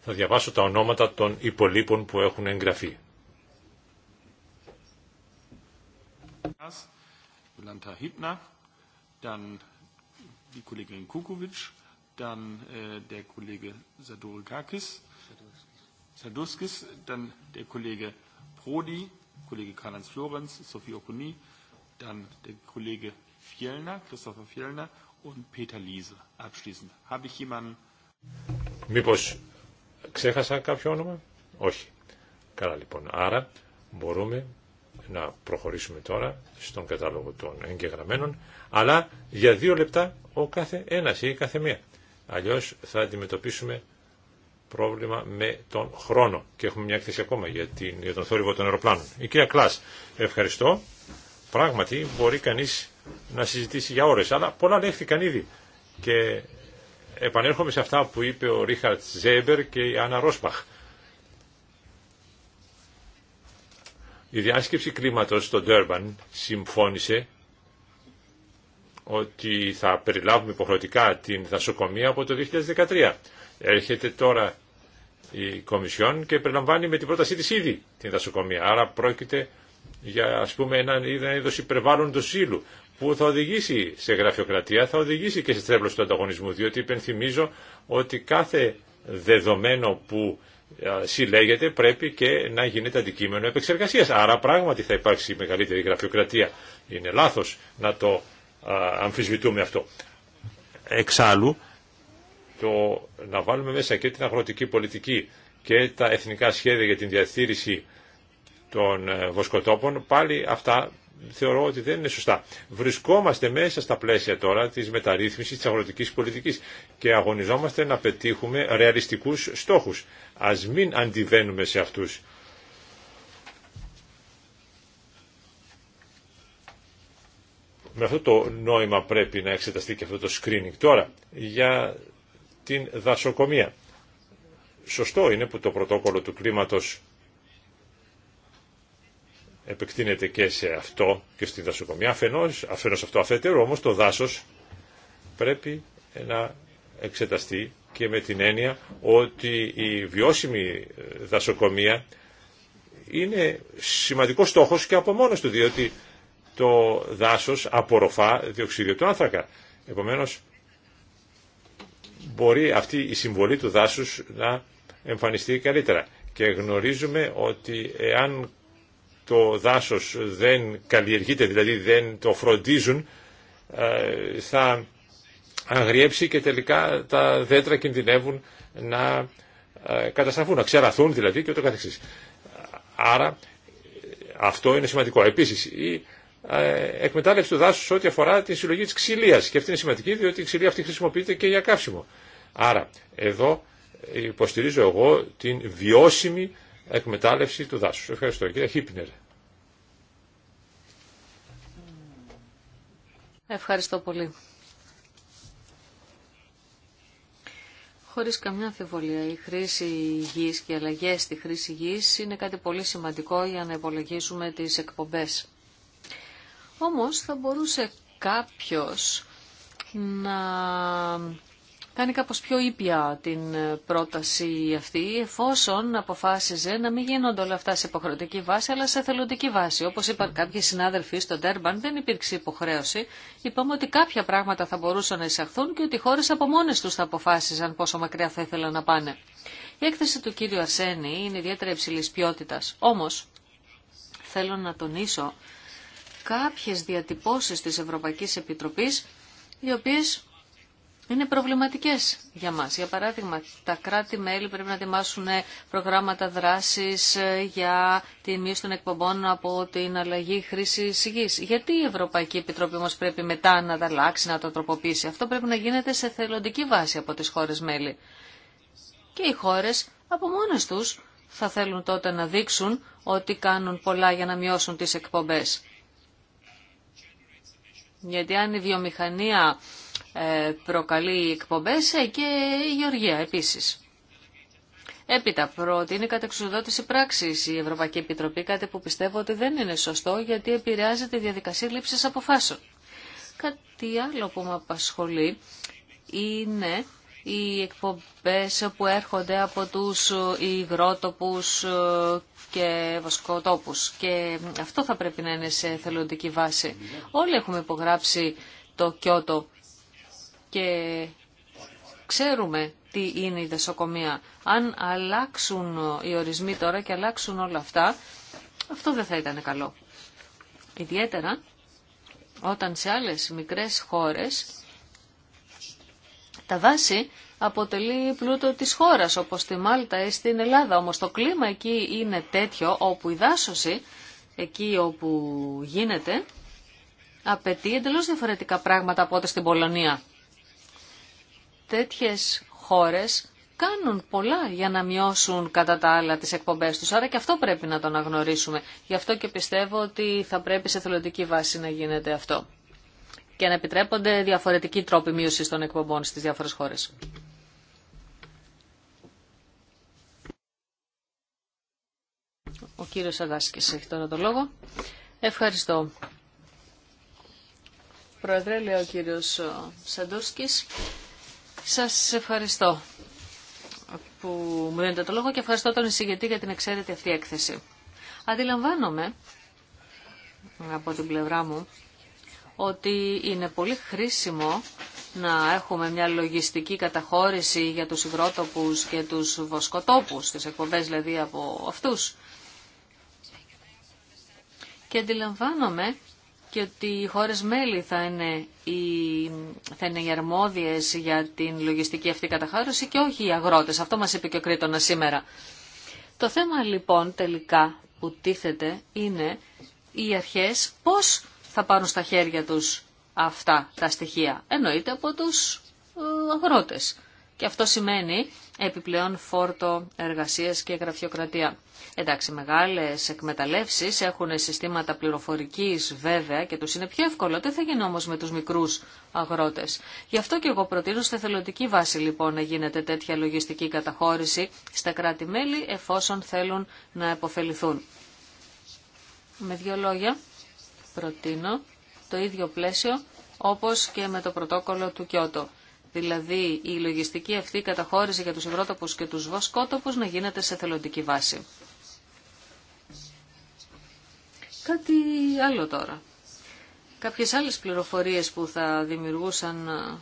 Θα διαβάσω τα ονόματα των υπολείπων που έχουν εγγραφεί. Jolanta Χίπνα, dann die Kollegin Kukovic, dann äh, der Kollege Sadurikakis, Sadurskis, dann der Kollege Prodi, Kollege Μήπως ξέχασα κάποιο όνομα? Όχι. Καλά λοιπόν. Άρα μπορούμε να προχωρήσουμε τώρα στον κατάλογο των εγγεγραμμένων, αλλά για δύο λεπτά ο κάθε ένας ή η κάθε μία. Αλλιώς θα αντιμετωπίσουμε πρόβλημα με τον χρόνο. Και έχουμε μια έκθεση ακόμα για, την, τον θόρυβο των αεροπλάνων. Η κυρία Κλάς, ευχαριστώ. Πράγματι μπορεί κανείς να συζητήσει για ώρες, αλλά πολλά λέχθηκαν ήδη. Και επανέρχομαι σε αυτά που είπε ο Ρίχαρτ Ζέμπερ και η Άννα Ρόσπαχ. Η διάσκεψη κλίματος στο Ντέρμπαν συμφώνησε ότι θα περιλάβουμε υποχρεωτικά την δασοκομεία από το 2013. Έρχεται τώρα η Κομισιόν και περιλαμβάνει με την πρότασή τη ήδη την δασοκομεία. Άρα πρόκειται για ας πούμε ένα είδος υπερβάλλοντος ζήλου που θα οδηγήσει σε γραφειοκρατία, θα οδηγήσει και σε στρέβλωση του ανταγωνισμού, διότι υπενθυμίζω ότι κάθε δεδομένο που συλλέγεται πρέπει και να γίνεται αντικείμενο επεξεργασίας. Άρα πράγματι θα υπάρξει μεγαλύτερη γραφειοκρατία. Είναι λάθο να το αμφισβητούμε αυτό. Εξάλλου, το να βάλουμε μέσα και την αγροτική πολιτική και τα εθνικά σχέδια για την διατήρηση των ε, βοσκοτόπων, πάλι αυτά θεωρώ ότι δεν είναι σωστά. Βρισκόμαστε μέσα στα πλαίσια τώρα της μεταρρύθμισης της αγροτικής πολιτικής και αγωνιζόμαστε να πετύχουμε ρεαλιστικούς στόχους. Ας μην αντιβαίνουμε σε αυτούς. Με αυτό το νόημα πρέπει να εξεταστεί και αυτό το screening. Τώρα, για την δασοκομεία. Σωστό είναι που το πρωτόκολλο του κλίματος επεκτείνεται και σε αυτό και στην δασοκομεία. Αφενός, αφενός αυτό αφέτερο, όμως το δάσος πρέπει να εξεταστεί και με την έννοια ότι η βιώσιμη ε, δασοκομεία είναι σημαντικός στόχος και από μόνος του, διότι το δάσος απορροφά διοξίδιο του άνθρακα. Επομένως, μπορεί αυτή η συμβολή του δάσους να εμφανιστεί καλύτερα. Και γνωρίζουμε ότι εάν το δάσος δεν καλλιεργείται, δηλαδή δεν το φροντίζουν, ε, θα αγριέψει και τελικά τα δέντρα κινδυνεύουν να ε, καταστραφούν, να ξεραθούν δηλαδή και ούτω καθεξής. Άρα αυτό είναι σημαντικό. Επίσης ε, εκμετάλλευση του δάσου ό,τι αφορά τη συλλογή τη ξυλία. Και αυτή είναι σημαντική, διότι η ξυλία αυτή χρησιμοποιείται και για καύσιμο. Άρα, εδώ υποστηρίζω εγώ την βιώσιμη εκμετάλλευση του δάσου. Ευχαριστώ, κύριε Χίπνερ. Ευχαριστώ πολύ. Χωρίς καμιά αμφιβολία, η χρήση γης και οι αλλαγές στη χρήση γης είναι κάτι πολύ σημαντικό για να υπολογίσουμε τις εκπομπές. Όμως θα μπορούσε κάποιος να κάνει κάπως πιο ήπια την πρόταση αυτή, εφόσον αποφάσιζε να μην γίνονται όλα αυτά σε υποχρεωτική βάση, αλλά σε θελοντική βάση. Όπως είπαν κάποιοι συνάδελφοι στο Ντέρμπαν, δεν υπήρξε υποχρέωση. Είπαμε ότι κάποια πράγματα θα μπορούσαν να εισαχθούν και ότι οι χώρες από μόνες τους θα αποφάσιζαν πόσο μακριά θα ήθελαν να πάνε. Η έκθεση του κύριου Αρσένη είναι ιδιαίτερα υψηλής ποιότητας. Όμως, θέλω να τονίσω κάποιες διατυπώσεις της Ευρωπαϊκής Επιτροπής, οι οποίες είναι προβληματικές για μας. Για παράδειγμα, τα κράτη-μέλη πρέπει να ετοιμάσουν προγράμματα δράσης ε, για τη μείωση των εκπομπών από την αλλαγή χρήση γης. Γιατί η Ευρωπαϊκή Επιτροπή όμως πρέπει μετά να τα αλλάξει, να τα τροποποιήσει. Αυτό πρέπει να γίνεται σε θελοντική βάση από τις χώρες-μέλη. Και οι χώρες από μόνες τους θα θέλουν τότε να δείξουν ότι κάνουν πολλά για να μειώσουν τις εκπομπές. Γιατί αν η βιομηχανία ε, προκαλεί εκπομπές ε, και η γεωργία επίσης. Έπειτα, προτείνει κατά εξουδότηση πράξη η Ευρωπαϊκή Επιτροπή, κάτι που πιστεύω ότι δεν είναι σωστό γιατί επηρεάζει τη διαδικασία λήψη αποφάσεων. Κάτι άλλο που με απασχολεί είναι οι εκπομπές που έρχονται από τους υγρότοπους ε, και βοσκοτόπους. Και αυτό θα πρέπει να είναι σε θελοντική βάση. Όλοι έχουμε υπογράψει το Κιώτο και ξέρουμε τι είναι η δεσοκομεία. Αν αλλάξουν οι ορισμοί τώρα και αλλάξουν όλα αυτά, αυτό δεν θα ήταν καλό. Ιδιαίτερα όταν σε άλλες μικρές χώρες τα δάση αποτελεί πλούτο της χώρας, όπως στη Μάλτα ή στην Ελλάδα. Όμως το κλίμα εκεί είναι τέτοιο, όπου η δάσωση, εκεί όπου γίνεται, απαιτεί εντελώς διαφορετικά πράγματα από ό,τι στην Πολωνία. Τέτοιες χώρες κάνουν πολλά για να μειώσουν κατά τα άλλα τις εκπομπές τους. Άρα και αυτό πρέπει να το αναγνωρίσουμε. Γι' αυτό και πιστεύω ότι θα πρέπει σε θελοντική βάση να γίνεται αυτό και να επιτρέπονται διαφορετικοί τρόποι μείωσης των εκπομπών στις διάφορες χώρες. Ο κύριος Αδάσκης έχει τώρα το λόγο. Ευχαριστώ. Πρόεδρε, λέει ο κύριος ε, Σαντούρσκης. Σας ευχαριστώ που μου δίνετε το λόγο και ευχαριστώ τον εισηγητή για την εξαίρετη αυτή έκθεση. Αντιλαμβάνομαι από την πλευρά μου ότι είναι πολύ χρήσιμο να έχουμε μια λογιστική καταχώρηση για τους υγρότοπους και τους βοσκοτόπους, τις εκπομπές δηλαδή από αυτούς. Και αντιλαμβάνομαι και ότι οι χώρες μέλη θα είναι οι, θα είναι οι αρμόδιες για την λογιστική αυτή καταχώρηση και όχι οι αγρότες. Αυτό μας είπε και ο Κρήτονα σήμερα. Το θέμα λοιπόν τελικά που τίθεται είναι οι αρχές πώς θα πάρουν στα χέρια τους αυτά τα στοιχεία. Εννοείται από τους ε, αγρότες. Και αυτό σημαίνει επιπλέον φόρτο εργασίας και γραφειοκρατία. Εντάξει, μεγάλες εκμεταλλεύσεις έχουν συστήματα πληροφορικής βέβαια και τους είναι πιο εύκολο. Τι θα γίνει όμως με τους μικρούς αγρότες. Γι' αυτό και εγώ προτείνω στη θελοντική βάση λοιπόν να γίνεται τέτοια λογιστική καταχώρηση στα κράτη-μέλη εφόσον θέλουν να επωφεληθούν. Με δύο λόγια προτείνω το ίδιο πλαίσιο όπως και με το πρωτόκολλο του Κιώτο. Δηλαδή η λογιστική αυτή καταχώρηση για τους ευρωτόπους και τους βοσκότοπους να γίνεται σε θελοντική βάση. Κάτι άλλο τώρα. Κάποιες άλλες πληροφορίες που θα δημιουργούσαν ε,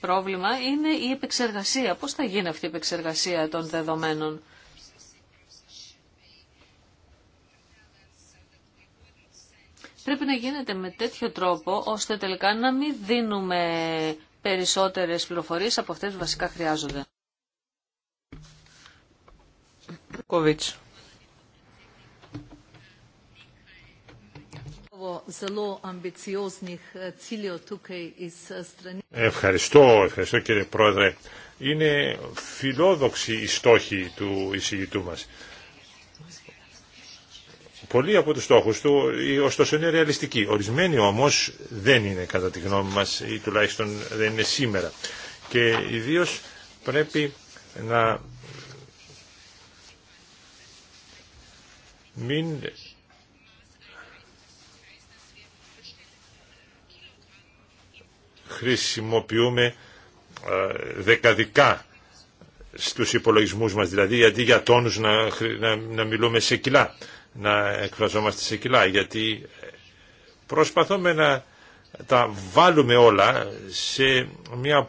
πρόβλημα είναι η επεξεργασία. Πώς θα γίνει αυτή η επεξεργασία των δεδομένων. πρέπει να γίνεται με τέτοιο τρόπο ώστε τελικά να μην δίνουμε περισσότερες πληροφορίες από αυτές που βασικά χρειάζονται. Κοβίτς. Ευχαριστώ, ευχαριστώ κύριε Πρόεδρε. Είναι φιλόδοξη η στόχη του εισηγητού μας. Πολλοί από τους στόχους του ωστόσο είναι ρεαλιστικοί. Ορισμένοι όμως δεν είναι κατά τη γνώμη μας ή τουλάχιστον δεν είναι σήμερα. Και ιδίω πρέπει να μην χρησιμοποιούμε ε, δεκαδικά στους υπολογισμούς μας, δηλαδή αντί για τόνους να, να μιλούμε σε κιλά να εκφραζόμαστε σε κιλά γιατί προσπαθούμε να τα βάλουμε όλα σε μια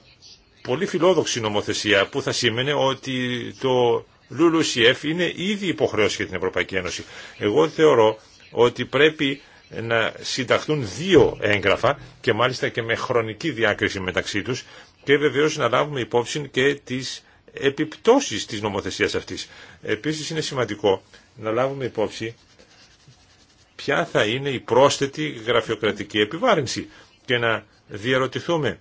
πολύ φιλόδοξη νομοθεσία που θα σήμαινε ότι το LULUCF είναι ήδη υποχρέωση για την Ευρωπαϊκή Ένωση. Εγώ θεωρώ ότι πρέπει να συνταχθούν δύο έγγραφα και μάλιστα και με χρονική διάκριση μεταξύ τους και βεβαίως να λάβουμε υπόψη και τις επιπτώσεις της νομοθεσίας αυτής. Επίσης είναι σημαντικό να λάβουμε υπόψη ποια θα είναι η πρόσθετη γραφειοκρατική επιβάρυνση και να διαρωτηθούμε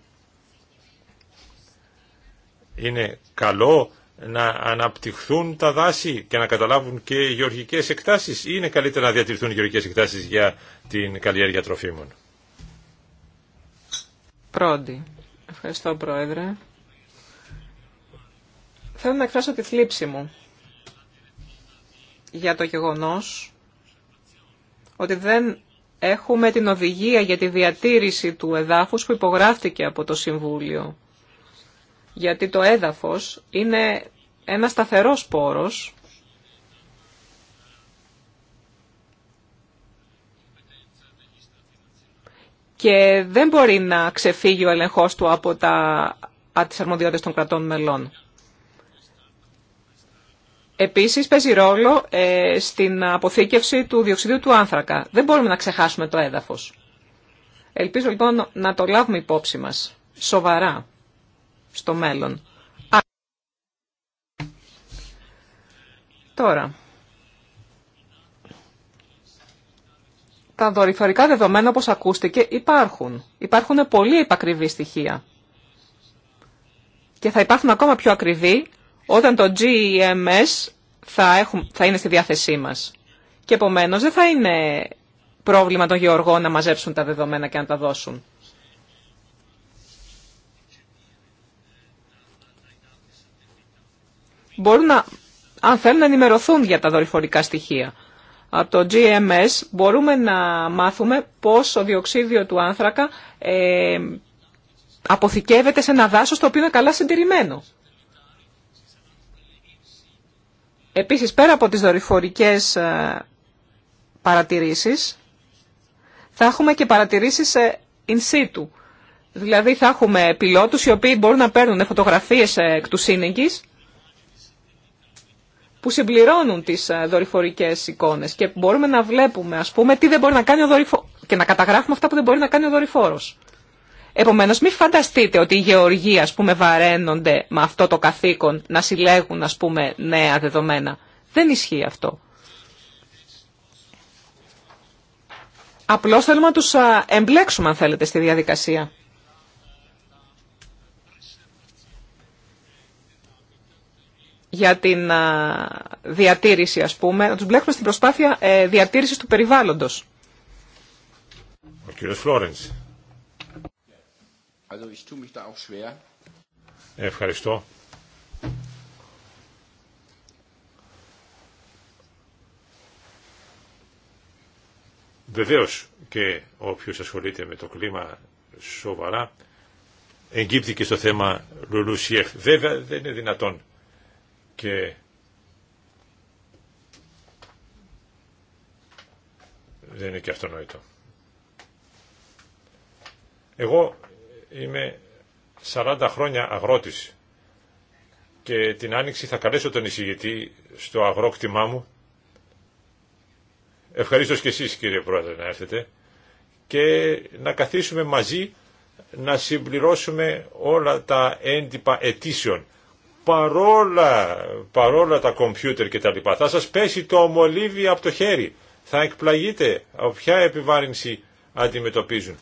είναι καλό να αναπτυχθούν τα δάση και να καταλάβουν και οι γεωργικές εκτάσεις ή είναι καλύτερα να διατηρηθούν οι γεωργικές εκτάσεις για την καλλιέργεια τροφίμων. Πρώτη. Ευχαριστώ Πρόεδρε. Θέλω να εκφράσω τη θλίψη μου για το γεγονός ότι δεν έχουμε την οδηγία για τη διατήρηση του εδάφους που υπογράφτηκε από το Συμβούλιο. Γιατί το έδαφος είναι ένα σταθερός πόρος και δεν μπορεί να ξεφύγει ο ελεγχός του από τα τις αρμοδιότητες των κρατών μελών. Επίσης παίζει ρόλο ε, στην αποθήκευση του διοξιδίου του άνθρακα. Δεν μπορούμε να ξεχάσουμε το έδαφος. Ελπίζω λοιπόν να το λάβουμε υπόψη μας σοβαρά στο μέλλον. Τώρα, τα δορυφορικά δεδομένα όπως ακούστηκε υπάρχουν. Υπάρχουν πολύ επακριβή στοιχεία. Και θα υπάρχουν ακόμα πιο ακριβή όταν το GMS e θα, έχουν, θα είναι στη διάθεσή μας. Και επομένως δεν θα είναι πρόβλημα των γεωργών να μαζέψουν τα δεδομένα και να τα δώσουν. Μπορούν να, αν θέλουν να ενημερωθούν για τα δορυφορικά στοιχεία. Από το GMS e μπορούμε να μάθουμε πώς ο διοξίδιο του άνθρακα ε, αποθηκεύεται σε ένα δάσος το οποίο είναι καλά συντηρημένο. Επίσης, πέρα από τις δορυφορικές ε, παρατηρήσεις, θα έχουμε και παρατηρήσεις ε, in situ. Δηλαδή θα έχουμε πιλότους οι οποίοι μπορούν να παίρνουν φωτογραφίες ε, εκ του σύνεγγης που συμπληρώνουν τις δορυφορικές εικόνες και μπορούμε να βλέπουμε ας πούμε τι δεν μπορεί να κάνει ο δορυφο... και να καταγράφουμε αυτά που δεν μπορεί να κάνει ο δορυφόρος. Επομένως, μην φανταστείτε ότι οι γεωργοί, ας πούμε, βαραίνονται με αυτό το καθήκον να συλλέγουν, ας πούμε, νέα δεδομένα. Δεν ισχύει αυτό. Απλώς θέλουμε να τους εμπλέξουμε, αν θέλετε, στη διαδικασία. για την διατήρηση, ας πούμε, να τους μπλέξουμε στην προσπάθεια ε, διατήρησης του περιβάλλοντος. Ο Also ich tue mich da auch schwer. Ευχαριστώ. Βεβαίω και όποιο ασχολείται με το κλίμα σοβαρά εγκύπτει και στο θέμα Λουλουσιεφ. Βέβαια δεν είναι δυνατόν και δεν είναι και αυτονόητο. Εγώ Είμαι 40 χρόνια αγρότης και την Άνοιξη θα καλέσω τον εισηγητή στο αγρόκτημά μου. Ευχαριστώ και εσείς κύριε Πρόεδρε να έρθετε και να καθίσουμε μαζί να συμπληρώσουμε όλα τα έντυπα αιτήσεων παρόλα, παρόλα τα κομπιούτερ και τα λοιπά. Θα σας πέσει το ομολύβι από το χέρι. Θα εκπλαγείτε από ποια επιβάρυνση αντιμετωπίζουν.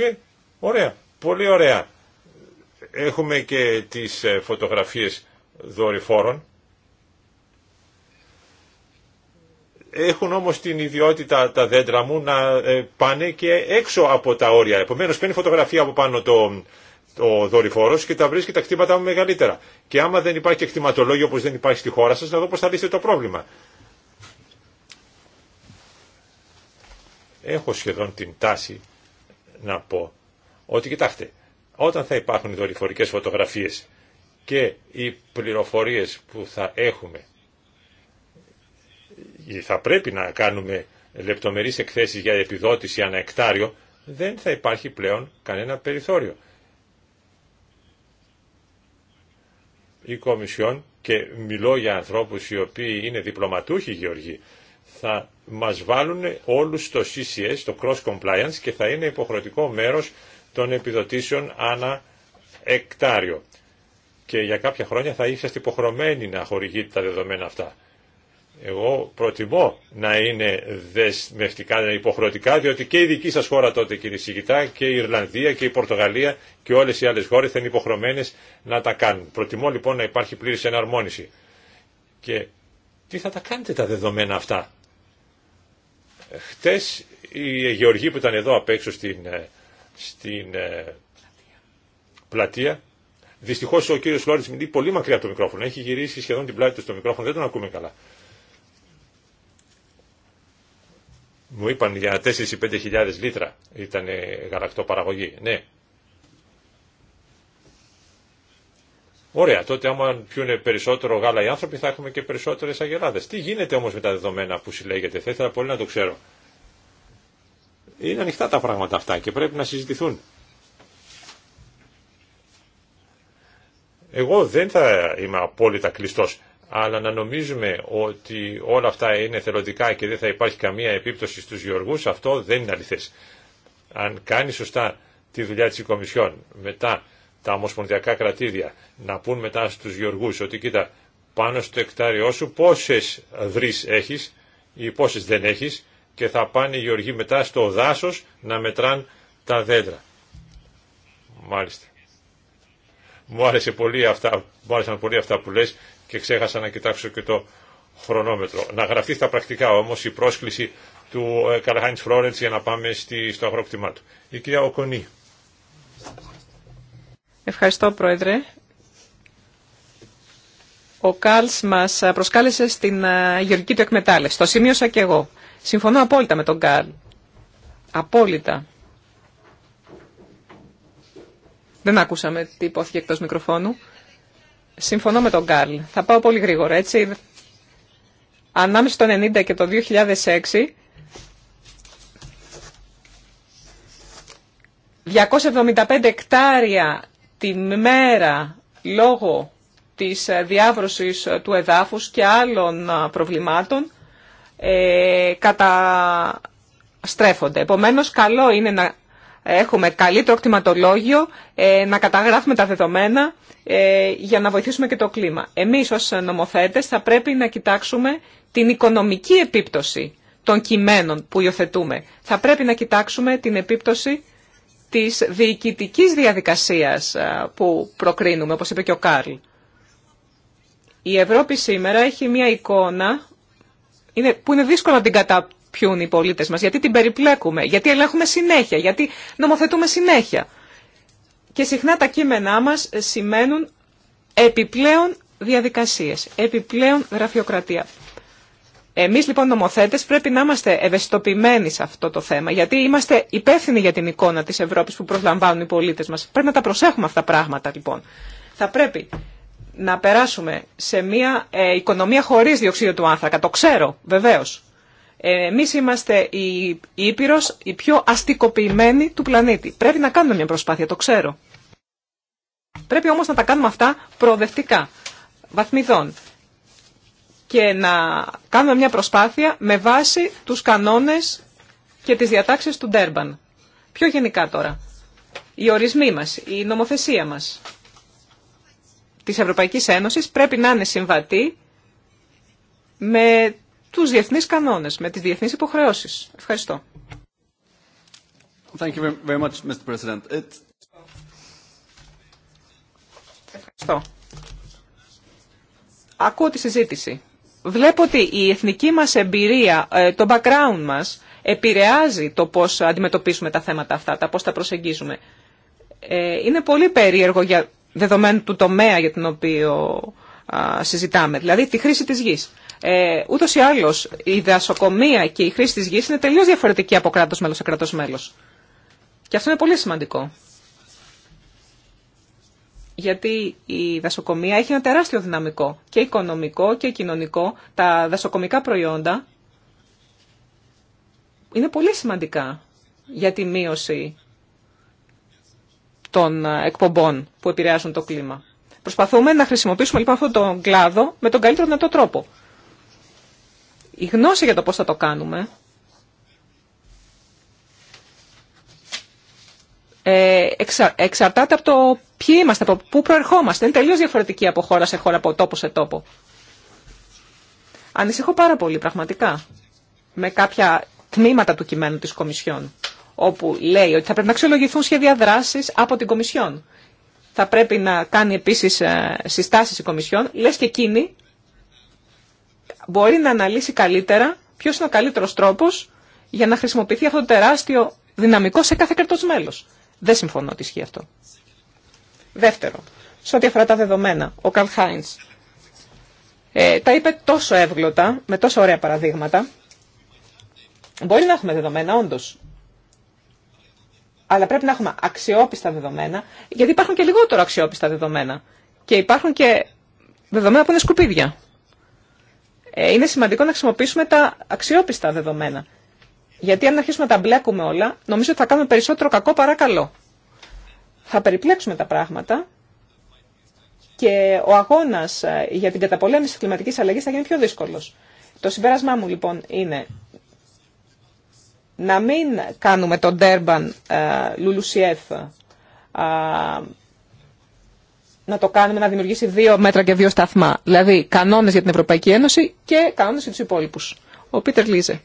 Και ωραία, πολύ ωραία. Έχουμε και τις ε, φωτογραφίες δορυφόρων. Έχουν όμως την ιδιότητα τα δέντρα μου να ε, πάνε και έξω από τα όρια. Επομένως παίρνει φωτογραφία από πάνω το, το δορυφόρος και τα βρίσκει τα κτήματά μου μεγαλύτερα. Και άμα δεν υπάρχει εκτιματολόγιο όπως δεν υπάρχει στη χώρα σας, να δω πώς θα λύσετε το πρόβλημα. Έχω σχεδόν την τάση να πω ότι κοιτάξτε, όταν θα υπάρχουν οι δορυφορικές φωτογραφίες και οι πληροφορίες που θα έχουμε, ή θα πρέπει να κάνουμε λεπτομερείς εκθέσεις για επιδότηση ανά εκτάριο, δεν θα υπάρχει πλέον κανένα περιθώριο. Η Κομισιόν, και μιλώ για ανθρώπους οι οποίοι είναι διπλωματούχοι γεωργοί, θα μας βάλουν όλους στο CCS, το Cross Compliance και θα είναι υποχρεωτικό μέρος των επιδοτήσεων ανά εκτάριο. Και για κάποια χρόνια θα είσαστε υποχρεωμένοι να χορηγείτε τα δεδομένα αυτά. Εγώ προτιμώ να είναι δεσμευτικά, να είναι υποχρεωτικά, διότι και η δική σας χώρα τότε κύριε Σιγητά και η Ιρλανδία και η Πορτογαλία και όλες οι άλλες χώρες θα είναι υποχρεωμένες να τα κάνουν. Προτιμώ λοιπόν να υπάρχει πλήρης εναρμόνιση. Και τι θα τα κάνετε τα δεδομένα αυτά. Χτες η Γεωργή που ήταν εδώ απ' έξω στην, ε, στην ε, πλατεία, δυστυχώς ο κύριος Λόρις μιλεί πολύ μακριά από το μικρόφωνο, έχει γυρίσει σχεδόν την πλάτη του στο μικρόφωνο, δεν τον ακούμε καλά. Μου είπαν για 4-5 χιλιάδες λίτρα ήταν γαλακτό παραγωγή. Ναι, Ωραία, τότε άμα πιούνε περισσότερο γάλα οι άνθρωποι θα έχουμε και περισσότερες αγελάδες. Τι γίνεται όμως με τα δεδομένα που συλλέγεται, θα ήθελα πολύ να το ξέρω. Είναι ανοιχτά τα πράγματα αυτά και πρέπει να συζητηθούν. Εγώ δεν θα είμαι απόλυτα κλειστός, αλλά να νομίζουμε ότι όλα αυτά είναι θελοντικά και δεν θα υπάρχει καμία επίπτωση στους γεωργούς, αυτό δεν είναι αληθές. Αν κάνει σωστά τη δουλειά της Κομισιόν, μετά τα ομοσπονδιακά κρατήδια να πούν μετά στους γεωργούς ότι κοίτα πάνω στο εκτάριό σου πόσες έχεις ή πόσες δεν έχεις και θα πάνε οι γεωργοί μετά στο δάσος να μετράν τα δέντρα. Μάλιστα. Μου, άρεσε πολύ αυτά, μου άρεσαν πολύ αυτά που λες και ξέχασα να κοιτάξω και το χρονόμετρο. Να γραφτεί στα πρακτικά όμως η πρόσκληση του ε, Καρχάιντ Φλόρεντς για να πάμε στο αγρόκτημά του. Η κυρία Οκονή. Ευχαριστώ, Πρόεδρε. Ο Κάλς μας ε, προσκάλεσε στην ε, γεωργική του εκμετάλλευση. Το σημείωσα και εγώ. Συμφωνώ απόλυτα με τον Κάλ. Απόλυτα. Δεν ακούσαμε τι υπόθηκε εκτό μικροφώνου. Συμφωνώ με τον Καρλ. Θα πάω πολύ γρήγορα, έτσι. Ανάμεσα στο 90 και το 2006, 275 εκτάρια τη μέρα λόγω της ε, διάβρωσης ε, του εδάφους και άλλων ε, προβλημάτων ε, καταστρέφονται. Επομένως, καλό είναι να έχουμε καλύτερο κτηματολόγιο, να καταγράφουμε τα δεδομένα για να βοηθήσουμε και το κλίμα. Εμείς ως νομοθέτες θα πρέπει να κοιτάξουμε την οικονομική επίπτωση των κειμένων που υιοθετούμε. Θα πρέπει να κοιτάξουμε την επίπτωση της διοικητικής διαδικασίας που προκρίνουμε, όπως είπε και ο Κάρλ. Η Ευρώπη σήμερα έχει μια εικόνα που είναι δύσκολο να την καταπιούν οι πολίτες μας, γιατί την περιπλέκουμε, γιατί ελέγχουμε συνέχεια, γιατί νομοθετούμε συνέχεια. Και συχνά τα κείμενά μας σημαίνουν επιπλέον διαδικασίες, επιπλέον γραφειοκρατία. Εμείς λοιπόν νομοθέτες πρέπει να είμαστε ευαισθητοποιημένοι σε αυτό το θέμα, γιατί είμαστε υπεύθυνοι για την εικόνα της Ευρώπης που προσλαμβάνουν οι πολίτες μας. Πρέπει να τα προσέχουμε αυτά τα πράγματα λοιπόν. Θα πρέπει να περάσουμε σε μια ε, οικονομία χωρίς διοξείδιο του άνθρακα. Το ξέρω βεβαίως. Ε, εμείς είμαστε η, Ήπειρος, η πιο αστικοποιημένη του πλανήτη. Πρέπει να κάνουμε μια προσπάθεια, το ξέρω. Πρέπει όμως να τα κάνουμε αυτά προοδευτικά, βαθμιδών και να κάνουμε μια προσπάθεια με βάση τους κανόνες και τις διατάξεις του Ντέρμπαν. Πιο γενικά τώρα, οι ορισμοί μας, η νομοθεσία μας της Ευρωπαϊκής Ένωσης πρέπει να είναι συμβατή με τους διεθνείς κανόνες, με τις διεθνείς υποχρεώσεις. Ευχαριστώ. Thank you very much, Mr. President. Ευχαριστώ. Ακούω τη συζήτηση βλέπω ότι η εθνική μας εμπειρία, ε, το background μας, επηρεάζει το πώς αντιμετωπίσουμε τα θέματα αυτά, τα πώς τα προσεγγίζουμε. Ε, είναι πολύ περίεργο για δεδομένου του τομέα για τον οποίο συζητάμε, δηλαδή τη χρήση της γης. Ε, ούτως ή άλλως η δασοκομεία και η χρήση της γης είναι τελείως διαφορετική από κράτο μέλο σε κράτο μέλος. Και αυτό είναι πολύ σημαντικό γιατί η δασοκομεία έχει ένα τεράστιο δυναμικό και οικονομικό και κοινωνικό. Τα δασοκομικά προϊόντα είναι πολύ σημαντικά για τη μείωση των εκπομπών που επηρεάζουν το κλίμα. Προσπαθούμε να χρησιμοποιήσουμε λοιπόν αυτόν τον κλάδο με τον καλύτερο δυνατό τρόπο. Η γνώση για το πώς θα το κάνουμε Ε, εξα, εξαρτάται από το ποιοι είμαστε, από πού προερχόμαστε. Είναι τελείως διαφορετική από χώρα σε χώρα, από τόπο σε τόπο. Ανησυχώ πάρα πολύ πραγματικά με κάποια τμήματα του κειμένου της Κομισιόν, όπου λέει ότι θα πρέπει να αξιολογηθούν σχέδια δράσης από την Κομισιόν. Θα πρέπει να κάνει επίσης ε, συστάσεις η Κομισιόν, λες και εκείνη μπορεί να αναλύσει καλύτερα ποιος είναι ο καλύτερος τρόπος για να χρησιμοποιηθεί αυτό το τεράστιο δυναμικό σε κάθε κρατός μέλος. Δεν συμφωνώ ότι ισχύει αυτό. Δεύτερο, σε ό,τι αφορά τα δεδομένα, ο Καρλ Χάινς ε, τα είπε τόσο εύγλωτα, με τόσο ωραία παραδείγματα. Μπορεί να έχουμε δεδομένα, όντω. Αλλά πρέπει να έχουμε αξιόπιστα δεδομένα, γιατί υπάρχουν και λιγότερο αξιόπιστα δεδομένα. Και υπάρχουν και δεδομένα που είναι σκουπίδια. Ε, είναι σημαντικό να χρησιμοποιήσουμε τα αξιόπιστα δεδομένα. Γιατί αν αρχίσουμε να τα μπλέκουμε όλα, νομίζω ότι θα κάνουμε περισσότερο κακό παρά καλό. Θα περιπλέξουμε τα πράγματα και ο αγώνας ε, για την καταπολέμηση τη κλιματική αλλαγή θα γίνει πιο δύσκολος. Το συμπέρασμά μου λοιπόν είναι να μην κάνουμε τον Τέρμπαν ε, Λουλουσιέφ ε, να το κάνουμε να δημιουργήσει δύο μέτρα και δύο σταθμά. Δηλαδή κανόνες για την Ευρωπαϊκή Ένωση και κανόνες για τους υπόλοιπους. Ο Πίτερ Λίζε.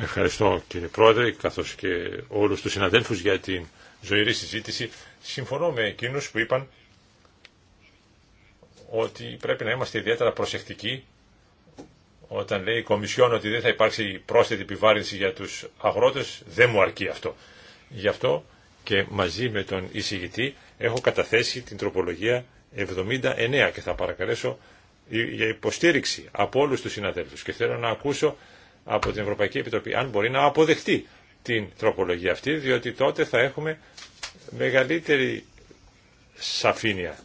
Ευχαριστώ κύριε Πρόεδρε, καθώς και όλους τους συναδέλφους για την ζωηρή συζήτηση. Συμφωνώ με εκείνους που είπαν ότι πρέπει να είμαστε ιδιαίτερα προσεκτικοί όταν λέει η Κομισιόν ότι δεν θα υπάρξει πρόσθετη επιβάρυνση για τους αγρότες, δεν μου αρκεί αυτό. Γι' αυτό και μαζί με τον εισηγητή έχω καταθέσει την τροπολογία 79 και θα παρακαλέσω για υποστήριξη από όλους τους συναδέλφους και θέλω να ακούσω από την Ευρωπαϊκή Επιτροπή αν μπορεί να αποδεχτεί την τροπολογία αυτή, διότι τότε θα έχουμε μεγαλύτερη σαφήνεια.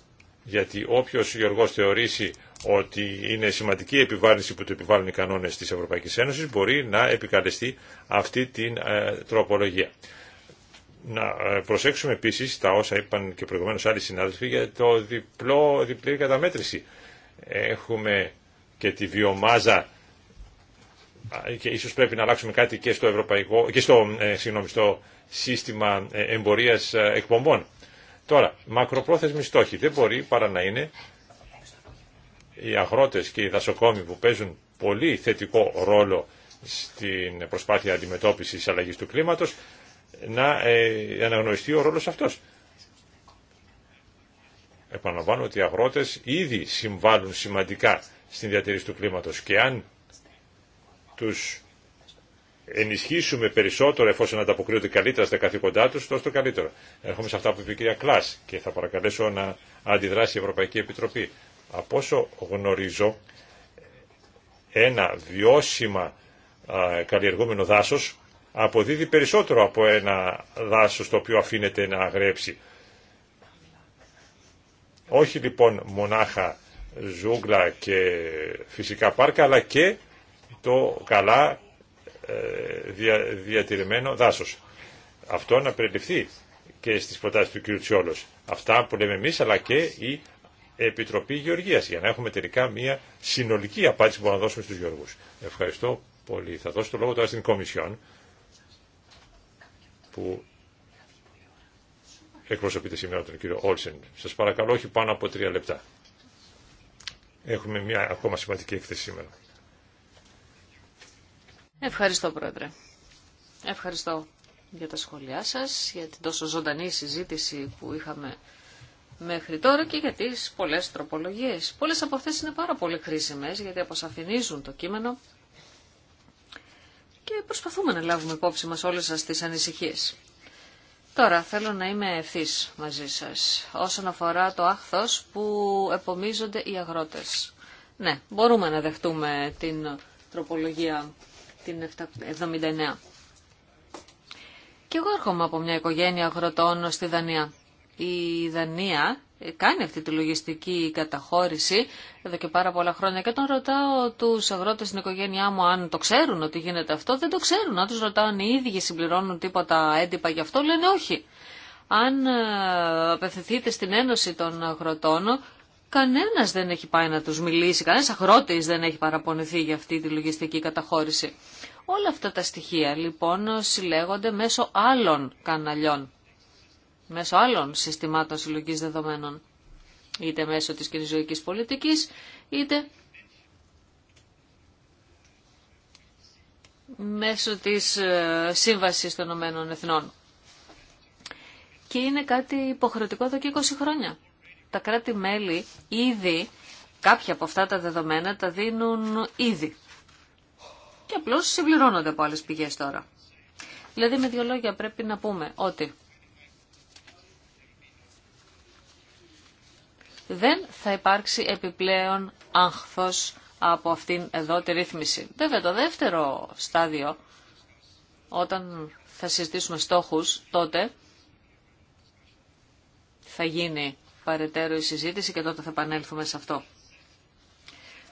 Γιατί όποιο Γιώργο θεωρήσει ότι είναι σημαντική επιβάρυνση που του επιβάλλουν οι κανόνες της Ευρωπαϊκής Ένωσης μπορεί να επικαλεστεί αυτή την ε, τροπολογία. Να ε, προσέξουμε επίσης τα όσα είπαν και προηγουμένω άλλοι συνάδελφοι για το διπλό, διπλή καταμέτρηση. Έχουμε και τη βιομάζα και ίσως πρέπει να αλλάξουμε κάτι και στο, ευρωπαϊκό, και στο, ε, σύστημα ε, εμπορίας ε, εκπομπών. Τώρα, μακροπρόθεσμη στόχη δεν μπορεί παρά να είναι οι αγρότες και οι δασοκόμοι που παίζουν πολύ θετικό ρόλο στην προσπάθεια αντιμετώπισης αλλαγής του κλίματος να ε, αναγνωριστεί ο ρόλος αυτός. Επαναλαμβάνω ότι οι αγρότες ήδη συμβάλλουν σημαντικά στην διατήρηση του κλίματος και αν τους ενισχύσουμε περισσότερο εφόσον ανταποκρίνονται καλύτερα στα καθήκοντά τους, τόσο το καλύτερο. Έρχομαι σε αυτά που είπε η κυρία Κλάς και θα παρακαλέσω να αντιδράσει η Ευρωπαϊκή Επιτροπή. Από όσο γνωρίζω, ένα βιώσιμα καλλιεργούμενο δάσος αποδίδει περισσότερο από ένα δάσος το οποίο αφήνεται να αγρέψει. Όχι λοιπόν μονάχα ζούγκλα και φυσικά πάρκα, αλλά και το καλά ε, διατηρημένο δάσος. Αυτό να περιληφθεί και στις προτάσεις του κ. Τσιόλος. Αυτά που λέμε εμείς αλλά και η Επιτροπή Γεωργίας για να έχουμε τελικά μια συνολική απάντηση που μπορούμε να δώσουμε στους Γεωργούς. Ευχαριστώ πολύ. Θα δώσω το λόγο τώρα στην Κομισιόν που εκπροσωπείται σήμερα τον κύριο Όλσεν. Σας παρακαλώ όχι πάνω από τρία λεπτά. Έχουμε μια ακόμα σημαντική έκθεση σήμερα. Ευχαριστώ, Πρόεδρε. Ευχαριστώ για τα σχόλιά σας, για την τόσο ζωντανή συζήτηση που είχαμε μέχρι τώρα και για τις πολλές τροπολογίες. Πολλές από αυτές είναι πάρα πολύ χρήσιμες γιατί αποσαφηνίζουν το κείμενο και προσπαθούμε να λάβουμε υπόψη μας όλες σας τις ανησυχίες. Τώρα θέλω να είμαι ευθύ μαζί σας όσον αφορά το άχθος που επομίζονται οι αγρότες. Ναι, μπορούμε να δεχτούμε την τροπολογία την 79. Και εγώ έρχομαι από μια οικογένεια αγροτών στη Δανία. Η Δανία κάνει αυτή τη λογιστική καταχώρηση εδώ και πάρα πολλά χρόνια και τον ρωτάω τους αγρότες στην οικογένειά μου αν το ξέρουν ότι γίνεται αυτό, δεν το ξέρουν. Αν τους ρωτάω αν οι ίδιοι συμπληρώνουν τίποτα έντυπα γι' αυτό, λένε όχι. Αν ε, απευθυνθείτε στην Ένωση των Αγροτών, Κανένας δεν έχει πάει να τους μιλήσει, κανένας αγρότης δεν έχει παραπονηθεί για αυτή τη λογιστική καταχώρηση. Όλα αυτά τα στοιχεία λοιπόν συλλέγονται μέσω άλλων καναλιών, μέσω άλλων συστημάτων συλλογής δεδομένων, είτε μέσω της κοινωνικής πολιτικής, είτε μέσω της ε, Σύμβασης των Ηνωμένων Εθνών. Και είναι κάτι υποχρεωτικό εδώ και 20 χρόνια τα κράτη-μέλη ήδη κάποια από αυτά τα δεδομένα τα δίνουν ήδη. Και απλώς συμπληρώνονται από άλλες πηγές τώρα. Δηλαδή με δύο λόγια πρέπει να πούμε ότι δεν θα υπάρξει επιπλέον άγχος από αυτήν εδώ τη ρύθμιση. Βέβαια το δεύτερο στάδιο, όταν θα συζητήσουμε στόχους, τότε θα γίνει παρετέρω η συζήτηση και τότε θα επανέλθουμε σε αυτό.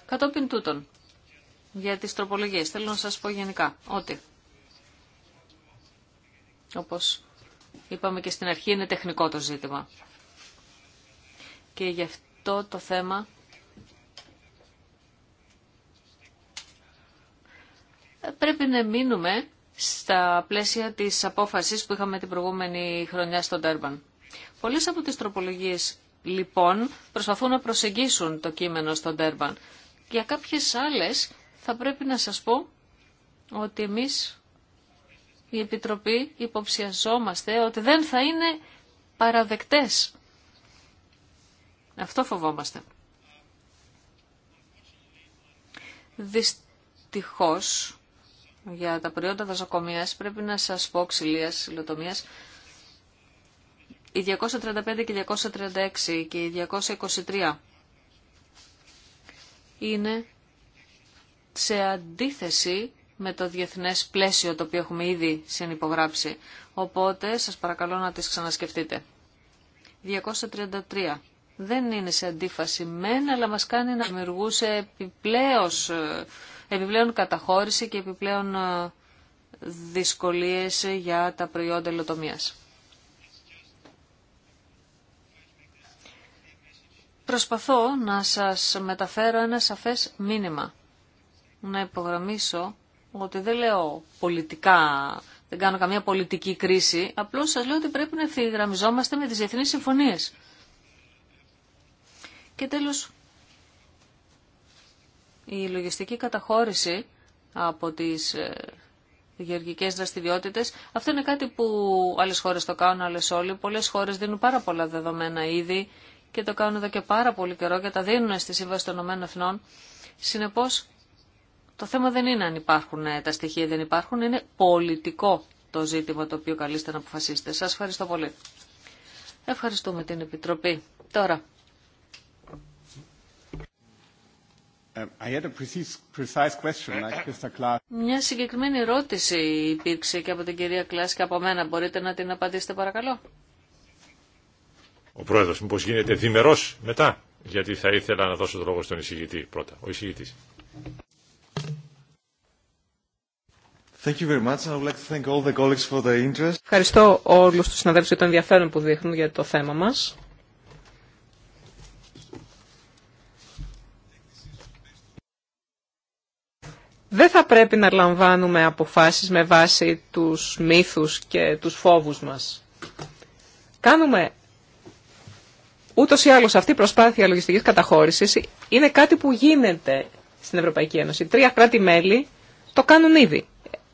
Κατόπιν τούτον, για τις τροπολογίες, θέλω να σας πω γενικά ότι, όπως είπαμε και στην αρχή, είναι τεχνικό το ζήτημα. Και γι' αυτό το θέμα πρέπει να μείνουμε στα πλαίσια της απόφασης που είχαμε την προηγούμενη χρονιά στον Τέρμπαν. Πολλές από τις τροπολογίες λοιπόν προσπαθούν να προσεγγίσουν το κείμενο στον Τέρμπαν. Για κάποιες άλλες θα πρέπει να σας πω ότι εμείς η Επιτροπή υποψιαζόμαστε ότι δεν θα είναι παραδεκτές. Αυτό φοβόμαστε. Δυστυχώς για τα προϊόντα δασοκομείας πρέπει να σας πω ξυλίας, υλοτομία οι 235 και 236 και οι 223 είναι σε αντίθεση με το διεθνές πλαίσιο το οποίο έχουμε ήδη συνυπογράψει. Οπότε σας παρακαλώ να τις ξανασκεφτείτε. 233. Δεν είναι σε αντίφαση μεν, αλλά μας κάνει να δημιουργούσε επιπλέον ε, καταχώρηση και επιπλέον ε, δυσκολίες για τα προϊόντα ελοτομίας. Προσπαθώ να σας μεταφέρω ένα σαφές μήνυμα. Να υπογραμμίσω ότι δεν λέω πολιτικά, δεν κάνω καμία πολιτική κρίση, απλώς σας λέω ότι πρέπει να ευθυγραμμιζόμαστε με τις διεθνείς συμφωνίες. Και τέλος, η λογιστική καταχώρηση από τις ε, γεωργικές δραστηριότητες. Αυτό είναι κάτι που άλλες χώρες το κάνουν, άλλες όλοι. Πολλές χώρες δίνουν πάρα πολλά δεδομένα ήδη και το κάνουν εδώ και πάρα πολύ καιρό και τα δίνουν στη Σύμβαση των Ηνωμένων Εθνών. Συνεπώς, το θέμα δεν είναι αν υπάρχουν ε, τα στοιχεία ή δεν υπάρχουν, είναι πολιτικό το ζήτημα το οποίο καλείστε να αποφασίσετε. Σα ευχαριστώ πολύ. Ευχαριστούμε την Επιτροπή. Τώρα. Um, Μια συγκεκριμένη ερώτηση υπήρξε και από την κυρία Κλάς και από μένα. Μπορείτε να την απαντήσετε παρακαλώ. Ο πρόεδρος, μήπως γίνεται διμερός μετά, γιατί θα ήθελα να δώσω το λόγο στον εισηγητή πρώτα. Ο εισηγητής. Ευχαριστώ όλους τους συναδέλφους για το ενδιαφέρον που δείχνουν για το θέμα μας. Δεν θα πρέπει να λαμβάνουμε αποφάσεις με βάση τους μύθους και τους φόβους μας. Κάνουμε Ούτω ή άλλω αυτή η προσπάθεια λογιστική καταχώρηση είναι κάτι που γίνεται στην Ευρωπαϊκή Ένωση. Τρία κράτη-μέλη το κάνουν ήδη.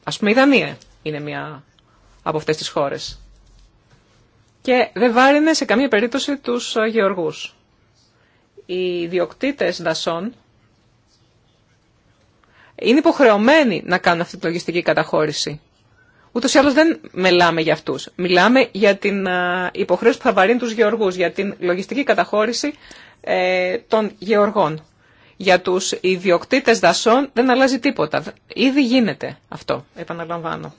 Α πούμε η Δανία είναι μία από αυτέ τι χώρε. Και δεν βάρινε σε καμία περίπτωση του ε, γεωργού. Οι διοκτήτες δασών είναι υποχρεωμένοι να κάνουν αυτή τη λογιστική καταχώρηση. Ούτως ή άλλω δεν μιλάμε για αυτούς. Μιλάμε για την ε, υποχρέωση που θα βαρύνει του γεωργού για την λογιστική καταχώρηση ε, των γεωργών. Για τους ιδιοκτήτε δασών δεν αλλάζει τίποτα. Ήδη γίνεται αυτό, επαναλαμβάνω.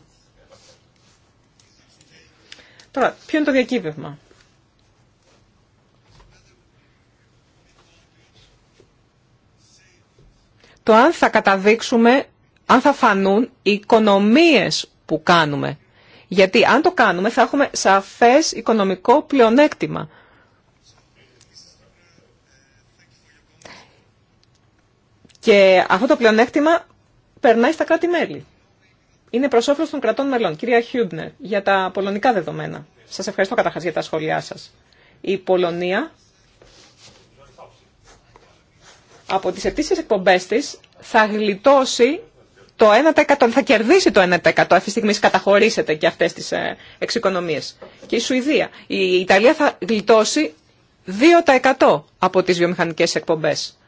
Τώρα, ποιο είναι το διακύβευμα. Το αν θα καταδείξουμε, αν θα φανούν οι οικονομίες που κάνουμε. Γιατί αν το κάνουμε θα έχουμε σαφές οικονομικό πλεονέκτημα. Και αυτό το πλεονέκτημα περνάει στα κράτη-μέλη. Είναι προ όφελο των κρατών μελών. Κυρία Χιούμπνερ, για τα πολωνικά δεδομένα. Σα ευχαριστώ καταρχά για τα σχόλιά σα. Η Πολωνία από τις ετήσιες εκπομπές της θα γλιτώσει το 1% θα κερδίσει το 1%. Αυτή τη στιγμή καταχωρήσετε και αυτές τις ε, εξοικονομίες. Και η Σουηδία. Η Ιταλία θα γλιτώσει 2% από τις βιομηχανικές εκπομπές.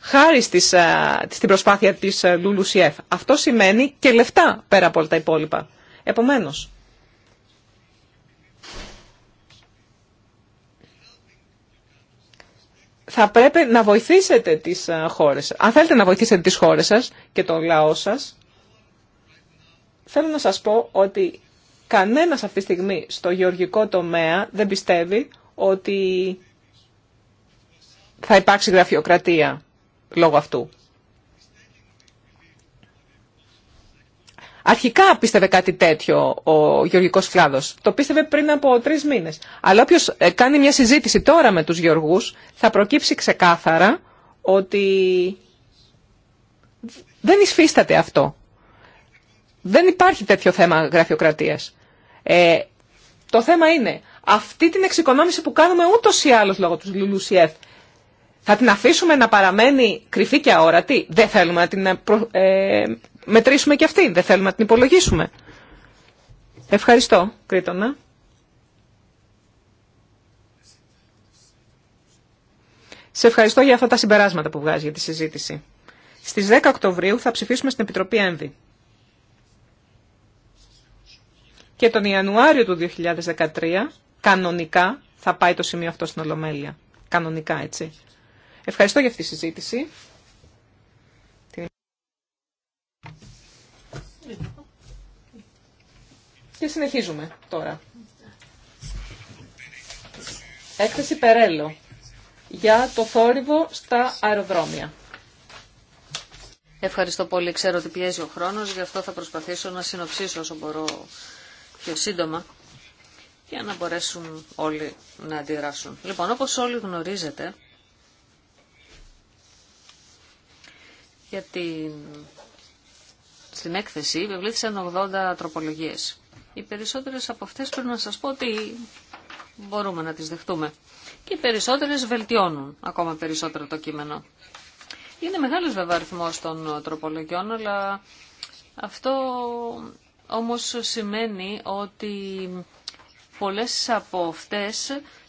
Χάρη ε, στην προσπάθεια της ε, Σιέφ. Αυτό σημαίνει και λεφτά πέρα από όλα τα υπόλοιπα. Επομένως, θα πρέπει να βοηθήσετε τις ε, χώρες. Αν θέλετε να βοηθήσετε τις χώρες σας και τον λαό σας, θέλω να σας πω ότι κανένας αυτή τη στιγμή στο γεωργικό τομέα δεν πιστεύει ότι θα υπάρξει γραφειοκρατία λόγω αυτού. Αρχικά πίστευε κάτι τέτοιο ο γεωργικό κλάδο. Το πίστευε πριν από τρει μήνε. Αλλά όποιο ε, κάνει μια συζήτηση τώρα με του γεωργού θα προκύψει ξεκάθαρα ότι δεν εισφίσταται αυτό. Δεν υπάρχει τέτοιο θέμα γραφειοκρατίας. Ε, το θέμα είναι αυτή την εξοικονόμηση που κάνουμε ούτω ή άλλω λόγω του Λουλουσιεφ. Θα την αφήσουμε να παραμένει κρυφή και αόρατη. Δεν θέλουμε να την ε, ε μετρήσουμε και αυτή. Δεν θέλουμε να την υπολογίσουμε. Ευχαριστώ, Κρήτονα. Σε ευχαριστώ για αυτά τα συμπεράσματα που βγάζει για τη συζήτηση. Στις 10 Οκτωβρίου θα ψηφίσουμε στην Επιτροπή ΕΜΒΗ. Και τον Ιανουάριο του 2013, κανονικά, θα πάει το σημείο αυτό στην Ολομέλεια. Κανονικά, έτσι. Ευχαριστώ για αυτή τη συζήτηση. Και συνεχίζουμε τώρα. Έκθεση Περέλο για το θόρυβο στα αεροδρόμια. Ευχαριστώ πολύ. Ξέρω ότι πιέζει ο χρόνος, γι' αυτό θα προσπαθήσω να συνοψίσω όσο μπορώ πιο σύντομα για να μπορέσουν όλοι να αντιδράσουν. Λοιπόν, όπως όλοι γνωρίζετε, για την στην έκθεση βεβλήθησαν 80 τροπολογίες. Οι περισσότερες από αυτές πρέπει να σας πω ότι μπορούμε να τις δεχτούμε. Και οι περισσότερες βελτιώνουν ακόμα περισσότερο το κείμενο. Είναι μεγάλος βέβαια αριθμό των τροπολογιών, αλλά αυτό όμως σημαίνει ότι πολλές από αυτές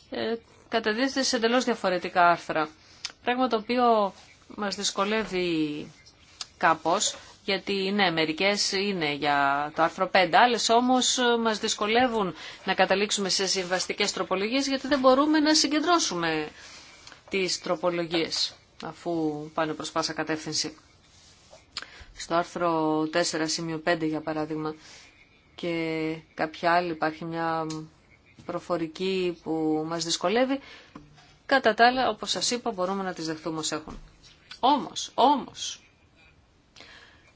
ε, καταδίδεται σε εντελώς διαφορετικά άρθρα. Πράγμα το οποίο μας δυσκολεύει κάπως, γιατί ναι, μερικέ είναι για το άρθρο 5, άλλε όμως ε, μας δυσκολεύουν να καταλήξουμε σε συμβαστικέ τροπολογίες γιατί δεν μπορούμε να συγκεντρώσουμε τις τροπολογίες αφού πάνε προ πάσα κατεύθυνση. Στο άρθρο 4 σημείο 5 για παράδειγμα και κάποια άλλη υπάρχει μια προφορική που μας δυσκολεύει. Κατά τα άλλα, όπως σας είπα, μπορούμε να τις δεχτούμε ως έχουν. Όμως, όμως,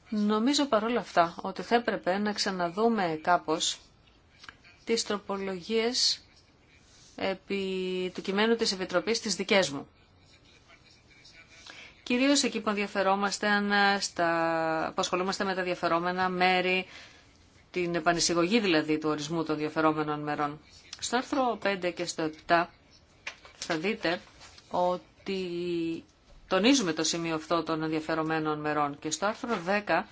Νομίζω παρόλα αυτά ότι θα έπρεπε να ξαναδούμε κάπως τις τροπολογίες επί του κειμένου της Επιτροπής της δικές μου. Κυρίως εκεί που ενδιαφερόμαστε, ε, στα, που ασχολούμαστε με τα διαφερόμενα μέρη, την επανεισηγωγή δηλαδή του ορισμού των διαφερόμενων μερών. Στο άρθρο 5 και στο 7 θα δείτε ότι τονίζουμε το σημείο αυτό των ενδιαφερομένων μερών. Και στο άρθρο 10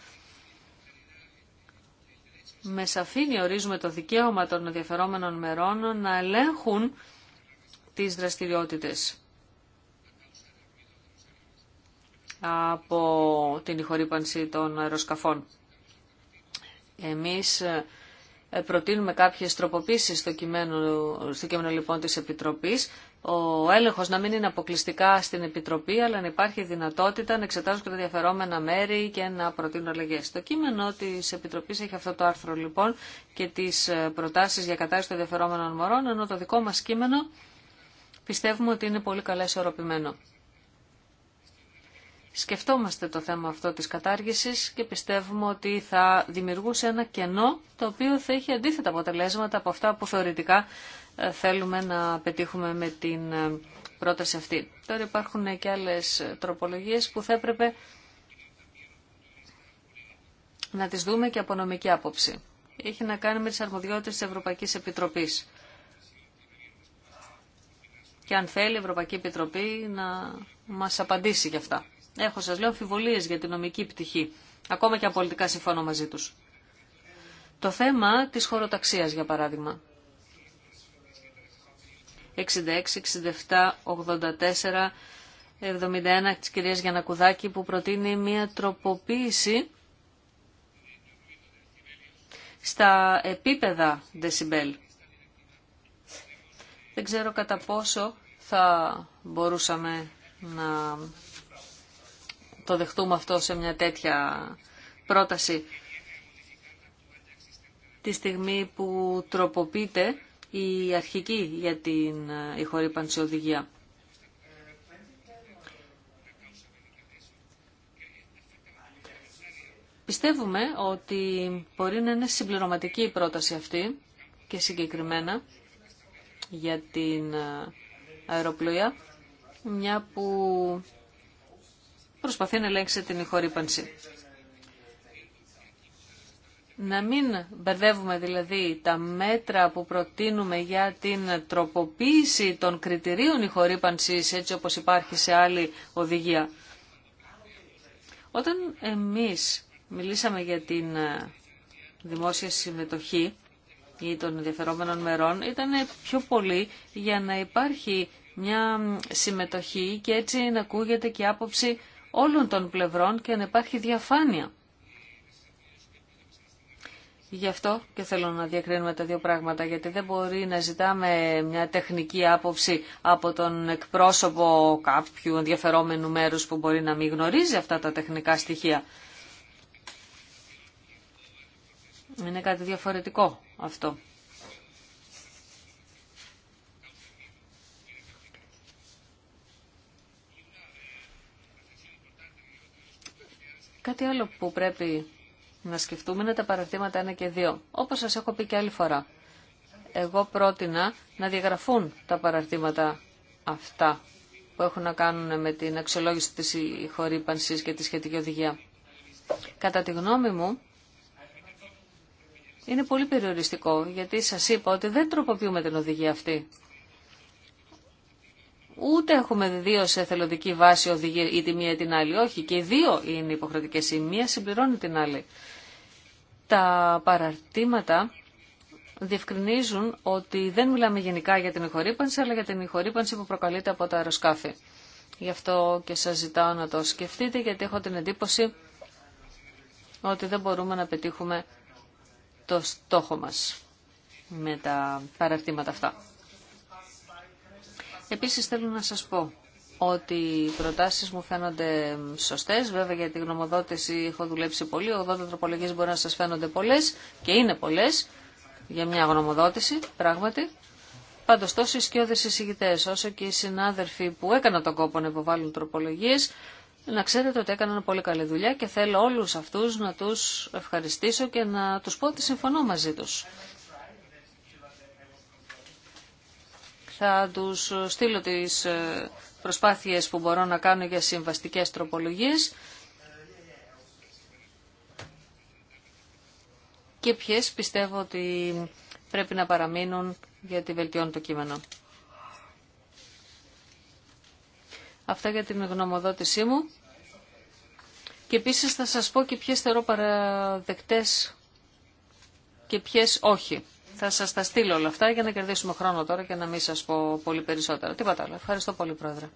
με σαφήνη ορίζουμε το δικαίωμα των ενδιαφερόμενων μερών να ελέγχουν τις δραστηριότητες από την ηχορύπανση των αεροσκαφών. Εμείς ε, προτείνουμε κάποιες τροποποίησεις στο κείμενο, στο κείμενο λοιπόν της Επιτροπής ο έλεγχο να μην είναι αποκλειστικά στην Επιτροπή, αλλά να υπάρχει δυνατότητα να εξετάζουν και τα διαφερόμενα μέρη και να προτείνουν αλλαγέ. Το κείμενο τη επιτροπή έχει αυτό το άρθρο λοιπόν και τι ε, προτάσει για κατάργηση των διαφερόμενων μωρών, ενώ το δικό μα κείμενο πιστεύουμε ότι είναι πολύ καλά ισορροπημένο. Σκεφτόμαστε το θέμα αυτό της κατάργησης και πιστεύουμε ότι θα δημιουργούσε ένα κενό το οποίο θα είχε αντίθετα αποτελέσματα από αυτά που θεωρητικά θέλουμε να πετύχουμε με την ε, πρόταση αυτή. Τώρα υπάρχουν και άλλες τροπολογίες που θα έπρεπε να τις δούμε και από νομική άποψη. Έχει να κάνει με τις αρμοδιότητες της Ευρωπαϊκής Επιτροπής. Και αν θέλει η Ευρωπαϊκή Επιτροπή να μας απαντήσει γι' αυτά. Έχω σας λέω αμφιβολίες για την νομική πτυχή. Ακόμα και αν πολιτικά συμφωνώ μαζί τους. Το θέμα της χωροταξίας, για παράδειγμα. 66, 67, 84, 71 της κυρίας Γιανακουδάκη που προτείνει μια τροποποίηση στα επίπεδα δεσιμπέλ. Δεν ξέρω κατά πόσο θα μπορούσαμε να το δεχτούμε αυτό σε μια τέτοια πρόταση τη στιγμή που τροποποιείται η αρχική για την ε, ηχορύπανση οδηγία. Πιστεύουμε ότι μπορεί να είναι συμπληρωματική η πρόταση αυτή και συγκεκριμένα για την ε, αεροπλοία μια που προσπαθεί να ελέγξει την ηχορύπανση. Να μην μπερδεύουμε δηλαδή τα μέτρα που προτείνουμε για την τροποποίηση των κριτηρίων ηχορύπανσης έτσι όπως υπάρχει σε άλλη οδηγία. Όταν εμείς μιλήσαμε για την ε, δημόσια συμμετοχή ή των ενδιαφερόμενων μερών ήταν πιο πολύ για να υπάρχει μια συμμετοχή και έτσι να ακούγεται και άποψη όλων των πλευρών και να υπάρχει διαφάνεια. Γι' αυτό και θέλω να διακρίνουμε τα δύο πράγματα, γιατί δεν μπορεί να ζητάμε μια τεχνική άποψη από τον εκπρόσωπο κάποιου ενδιαφερόμενου μέρους που μπορεί να μην γνωρίζει αυτά τα τεχνικά στοιχεία. Είναι κάτι διαφορετικό αυτό. Κάτι άλλο που πρέπει να σκεφτούμε είναι τα παραρτήματα 1 και 2. Όπως σας έχω πει και άλλη φορά, εγώ πρότεινα να διαγραφούν τα παραρτήματα αυτά που έχουν να κάνουν με την αξιολόγηση της χορύπανσης και τη σχετική οδηγία. Κατά τη γνώμη μου, είναι πολύ περιοριστικό, γιατί σας είπα ότι δεν τροποποιούμε την οδηγία αυτή. Ούτε έχουμε δύο σε εθελοντική βάση οδηγία ή τη μία ή την άλλη. Όχι, και οι δύο είναι υποχρεωτικές. Η μία συμπληρώνει την άλλη. Τα παραρτήματα διευκρινίζουν ότι δεν μιλάμε γενικά για την ηχορύπανση, αλλά για την ηχορύπανση που προκαλείται από τα αεροσκάφη. Γι' αυτό και σας ζητάω να το σκεφτείτε, γιατί έχω την εντύπωση ότι δεν μπορούμε να πετύχουμε το στόχο μας με τα παραρτήματα αυτά. Επίσης θέλω να σας πω ότι οι προτάσεις μου φαίνονται σωστές. Βέβαια για τη γνωμοδότηση έχω δουλέψει πολύ. 80 τροπολογίες μπορεί να σας φαίνονται πολλές και είναι πολλές για μια γνωμοδότηση πράγματι. Πάντως τόσο οι σκιώδες εισηγητές όσο και οι συνάδελφοι που έκαναν τον κόπο να υποβάλουν τροπολογίες να ξέρετε ότι έκαναν πολύ καλή δουλειά και θέλω όλους αυτούς να τους ευχαριστήσω και να τους πω ότι συμφωνώ μαζί τους. Θα τους στείλω τις ε, προσπάθειες που μπορώ να κάνω για συμβαστικές τροπολογίες και ποιες πιστεύω ότι πρέπει να παραμείνουν για τη βελτιώνει το κείμενο. Αυτά για την γνωμοδότησή μου. Και επίσης θα σας πω και ποιες θεωρώ παραδεκτές και ποιες όχι. Θα σας τα στείλω όλα αυτά για να κερδίσουμε χρόνο τώρα και να μην σας πω πολύ περισσότερο. Τίποτα άλλο. Ευχαριστώ πολύ, Πρόεδρε.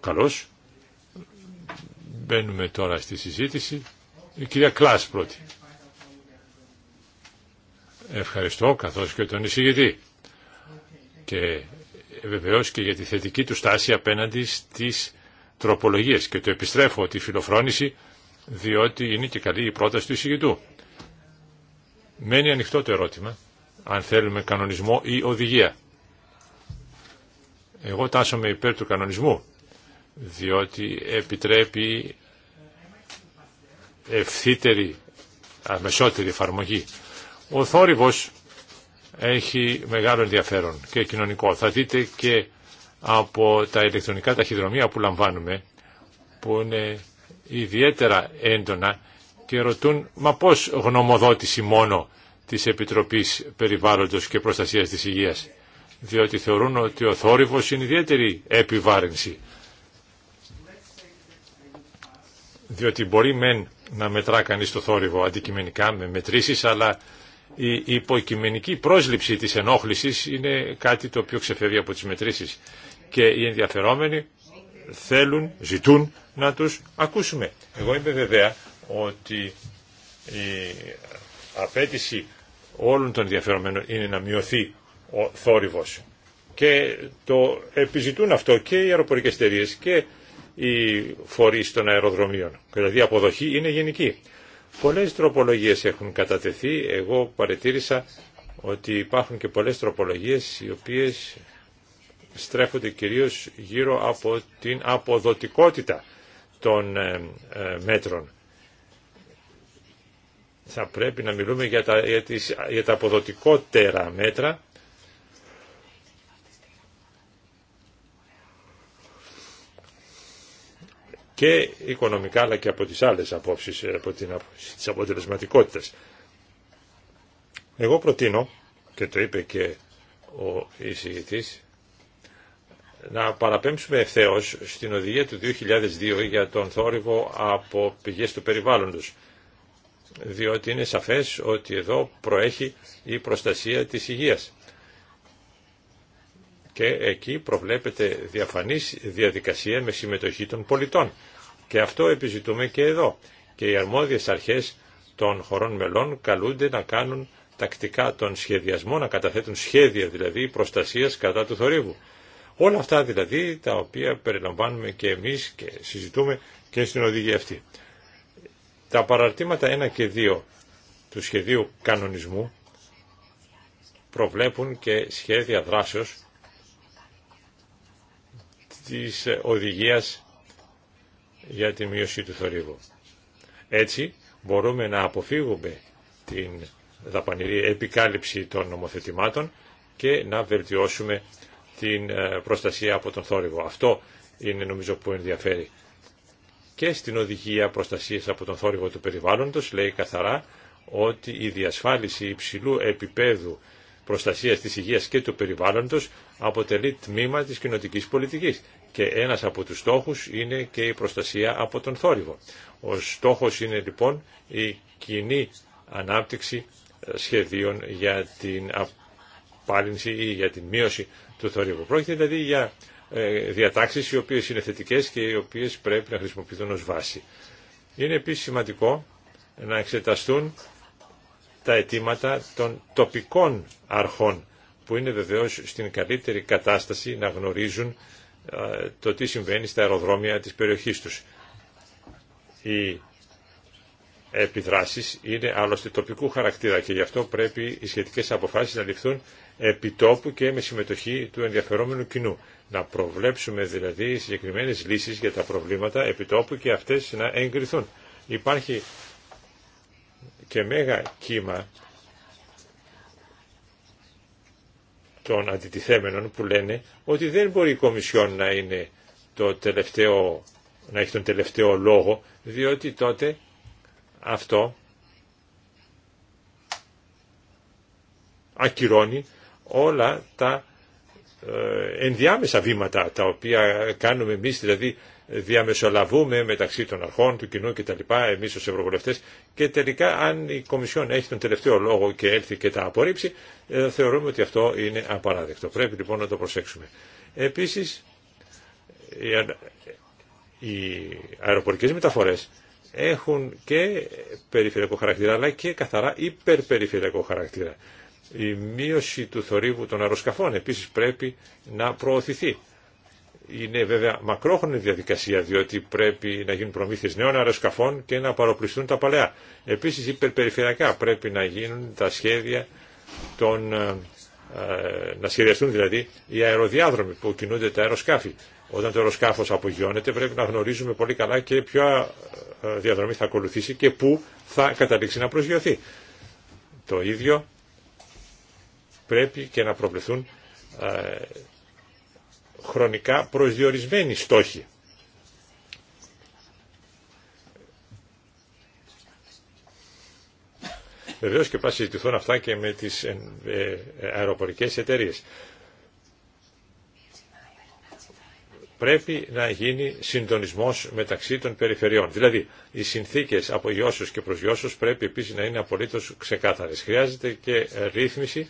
Καλώς. Μπαίνουμε τώρα στη συζήτηση. Η κυρία Κλάς πρώτη. Ευχαριστώ καθώς και τον εισηγητή. Και βεβαίως και για τη θετική του στάση απέναντι στις τροπολογίες. Και το επιστρέφω τη φιλοφρόνηση διότι είναι και καλή η πρόταση του εισηγητού. Μένει ανοιχτό το ερώτημα, αν θέλουμε κανονισμό ή οδηγία. Εγώ τάσομαι υπέρ του κανονισμού, διότι επιτρέπει ευθύτερη, αμεσότερη εφαρμογή. Ο θόρυβος έχει μεγάλο ενδιαφέρον και κοινωνικό. Θα δείτε και από τα ηλεκτρονικά ταχυδρομεία που λαμβάνουμε, που είναι ιδιαίτερα έντονα και ρωτούν «Μα πώς γνωμοδότηση μόνο της Επιτροπής Περιβάλλοντος και Προστασίας της Υγείας» διότι θεωρούν ότι ο θόρυβος είναι ιδιαίτερη επιβάρυνση. Διότι μπορεί μεν να μετρά κανείς το θόρυβο αντικειμενικά με μετρήσεις, αλλά η υποκειμενική πρόσληψη της ενόχλησης είναι κάτι το οποίο ξεφεύγει από τις μετρήσεις. Και οι ενδιαφερόμενοι θέλουν, ζητούν να τους ακούσουμε. Εγώ είμαι βέβαια ότι η απέτηση όλων των ενδιαφερομένων είναι να μειωθεί ο θόρυβος. Και το επιζητούν αυτό και οι αεροπορικές εταιρείε και οι φορείς των αεροδρομίων. Δηλαδή η αποδοχή είναι γενική. Πολλές τροπολογίες έχουν κατατεθεί. Εγώ παρετήρησα ότι υπάρχουν και πολλές τροπολογίες οι οποίες στρέφονται κυρίως γύρω από την αποδοτικότητα των ε, ε, μέτρων θα πρέπει να μιλούμε για τα, για, τις, για τα αποδοτικότερα μέτρα και οικονομικά αλλά και από τις άλλες απόψεις, από την απόψη της αποτελεσματικότητας. Εγώ προτείνω, και το είπε και ο εισηγητής, να παραπέμψουμε ευθέως στην οδηγία του 2002 για τον θόρυβο από πηγές του περιβάλλοντος διότι είναι σαφές ότι εδώ προέχει η προστασία της υγείας. Και εκεί προβλέπεται διαφανής διαδικασία με συμμετοχή των πολιτών. Και αυτό επιζητούμε και εδώ. Και οι αρμόδιες αρχές των χωρών μελών καλούνται να κάνουν τακτικά τον σχεδιασμό, να καταθέτουν σχέδια δηλαδή προστασίας κατά του θορύβου. Όλα αυτά δηλαδή τα οποία περιλαμβάνουμε και εμείς και συζητούμε και στην οδηγία αυτή. Τα παραρτήματα 1 και 2 του σχεδίου κανονισμού προβλέπουν και σχέδια δράσεως της οδηγίας για τη μείωση του θορύβου. Έτσι μπορούμε να αποφύγουμε την δαπανηρή επικάλυψη των νομοθετημάτων και να βελτιώσουμε την ε, προστασία από τον θόρυβο. Αυτό είναι νομίζω που ενδιαφέρει και στην οδηγία προστασίας από τον θόρυβο του περιβάλλοντος λέει καθαρά ότι η διασφάλιση υψηλού επίπεδου προστασίας της υγείας και του περιβάλλοντος αποτελεί τμήμα της κοινοτικής πολιτικής και ένας από τους στόχους είναι και η προστασία από τον θόρυβο. Ο στόχος είναι λοιπόν η κοινή ανάπτυξη ε, σχεδίων για την απάλυνση ή για την μείωση του θορύβου. Πρόκειται δηλαδή για ε, διατάξεις οι οποίες είναι θετικές και οι οποίες πρέπει να χρησιμοποιηθούν ως βάση. Είναι επίσης σημαντικό να εξεταστούν τα αιτήματα των τοπικών αρχών που είναι βεβαίως στην καλύτερη κατάσταση να γνωρίζουν ε, το τι συμβαίνει στα αεροδρόμια της περιοχής τους. Οι επιδράσεις είναι άλλωστε τοπικού χαρακτήρα και γι' αυτό πρέπει οι σχετικές αποφάσεις να ληφθούν επιτόπου και με συμμετοχή του ενδιαφερόμενου κοινού. Να προβλέψουμε δηλαδή συγκεκριμένε λύσεις για τα προβλήματα επιτόπου και αυτές να εγκριθούν. Υπάρχει και μέγα κύμα των αντιτιθέμενων που λένε ότι δεν μπορεί η Κομισιόν να, είναι το τελευταίο, να έχει τον τελευταίο λόγο διότι τότε αυτό ακυρώνει όλα τα ε, ενδιάμεσα βήματα τα οποία κάνουμε εμείς δηλαδή διαμεσολαβούμε μεταξύ των αρχών του κοινού κτλ. εμείς ως ευρωβουλευτές και τελικά αν η Κομισιόν έχει τον τελευταίο λόγο και έλθει και τα απορρίψει ε, θεωρούμε ότι αυτό είναι απαράδεκτο. Πρέπει λοιπόν να το προσέξουμε. Επίσης οι αεροπορικές μεταφορές έχουν και περιφερειακό χαρακτήρα αλλά και καθαρά υπερπεριφερειακό χαρακτήρα. Η μείωση του θορύβου των αεροσκαφών επίσης πρέπει να προωθηθεί. Είναι βέβαια μακρόχρονη διαδικασία διότι πρέπει να γίνουν προμήθειες νέων αεροσκαφών και να παροπλιστούν τα παλαιά. Επίσης υπερπεριφερειακά πρέπει να γίνουν τα σχέδια των, ε, ε, να σχεδιαστούν δηλαδή οι αεροδιάδρομοι που κινούνται τα αεροσκάφη. Όταν το αεροσκάφος απογειώνεται πρέπει να γνωρίζουμε πολύ καλά και ποια ε, διαδρομή θα ακολουθήσει και πού θα καταλήξει να προσγειωθεί. Το ίδιο πρέπει και να προβληθούν ε, χρονικά προσδιορισμένοι στόχοι. Βεβαίως και πάση συζητηθούν αυτά και με τις ε, ε, αεροπορικές εταιρείες. πρέπει να γίνει συντονισμός μεταξύ των περιφερειών. Δηλαδή, οι συνθήκες από και προς πρέπει επίσης να είναι απολύτως ξεκάθαρες. Χρειάζεται και ρύθμιση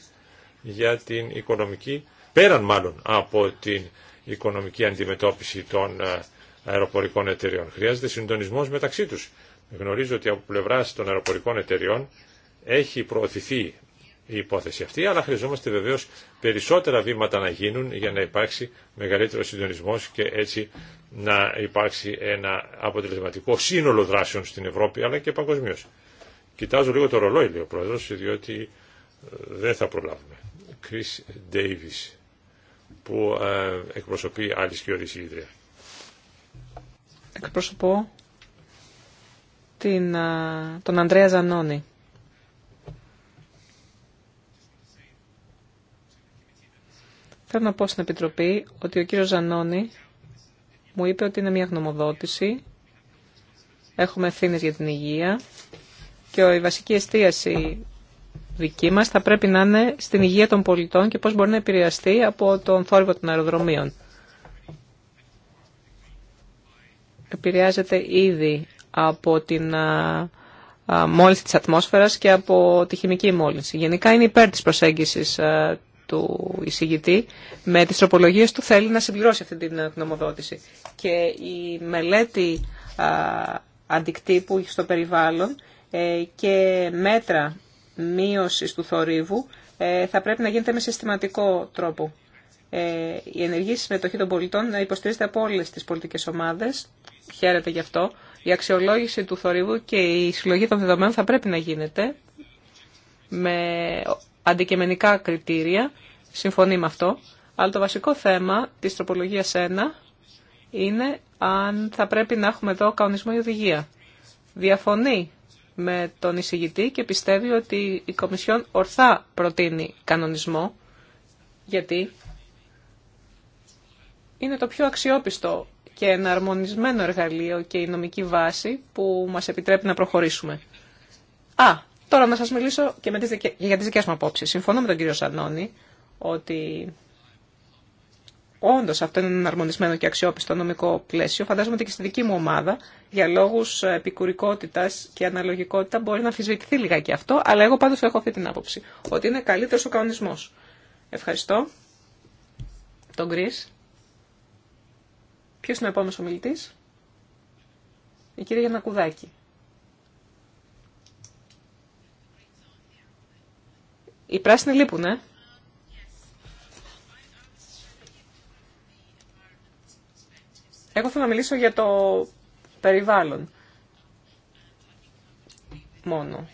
για την οικονομική, πέραν μάλλον από την οικονομική αντιμετώπιση των ε, αεροπορικών εταιριών. Χρειάζεται συντονισμός μεταξύ τους. Γνωρίζω ότι από πλευρά των αεροπορικών εταιριών έχει προωθηθεί η υπόθεση αυτή, αλλά χρειαζόμαστε βεβαίω περισσότερα βήματα να γίνουν για να υπάρξει μεγαλύτερο συντονισμό και έτσι να υπάρξει ένα αποτελεσματικό σύνολο δράσεων στην Ευρώπη αλλά και παγκοσμίω. Κοιτάζω λίγο το ρολόι, λέει ο Πρόεδρο, διότι ε, δεν θα προλάβουμε. Chris Davis που ε, εκπροσωπεί άλλη σκιώδη ιδρία. Εκπροσωπώ την, ε, τον Ανδρέα Ζανόνη. Θέλω να πω στην Επιτροπή ότι ο κύριος Ζανόνη μου είπε ότι είναι μια γνωμοδότηση, έχουμε ευθύνε για την υγεία και η βασική εστίαση δική μας θα πρέπει να είναι στην υγεία των πολιτών και πώς μπορεί να επηρεαστεί από τον θόρυβο των αεροδρομίων. Επηρεάζεται ήδη από την μόλυνση της ατμόσφαιρας και από τη χημική μόλυνση. Γενικά είναι υπέρ της προσέγγισης του εισηγητή με τις τροπολογίες του θέλει να συμπληρώσει αυτή την ε, νομοδότηση. Και η μελέτη αντικτύπου στο περιβάλλον ε, και μέτρα μείωση του θορύβου ε, θα πρέπει να γίνεται με συστηματικό τρόπο. Ε, η ενεργή συμμετοχή των πολιτών να υποστηρίζεται από όλε τι πολιτικέ ομάδε. Χαίρεται γι' αυτό. Η αξιολόγηση του θορύβου και η συλλογή των δεδομένων θα πρέπει να γίνεται με αντικειμενικά κριτήρια. Συμφωνεί με αυτό. Αλλά το βασικό θέμα τη τροπολογία 1 είναι αν θα πρέπει να έχουμε εδώ κανονισμό ή οδηγία. Διαφωνεί με τον εισηγητή και πιστεύει ότι η Κομισιόν ορθά προτείνει κανονισμό γιατί είναι το πιο αξιόπιστο και εναρμονισμένο εργαλείο και η νομική βάση που μας επιτρέπει να προχωρήσουμε. Α, τώρα να σας μιλήσω και με τις, για τις δικές μου απόψεις. Συμφωνώ με τον κύριο Σανώνη ότι όντω αυτό είναι ένα αρμονισμένο και αξιόπιστο νομικό πλαίσιο, φαντάζομαι ότι και στη δική μου ομάδα για λόγου ε, επικουρικότητα και αναλογικότητα μπορεί να αμφισβητηθεί λιγάκι αυτό, αλλά εγώ πάντω έχω αυτή την άποψη. Ότι είναι καλύτερο ο κανονισμό. Ευχαριστώ. Τον Κρι. Ποιο είναι ο επόμενο ομιλητή, η κυρία Γιανακουδάκη. Οι πράσινοι λείπουν, ε. Εγώ θέλω να μιλήσω για το περιβάλλον. Μόνο.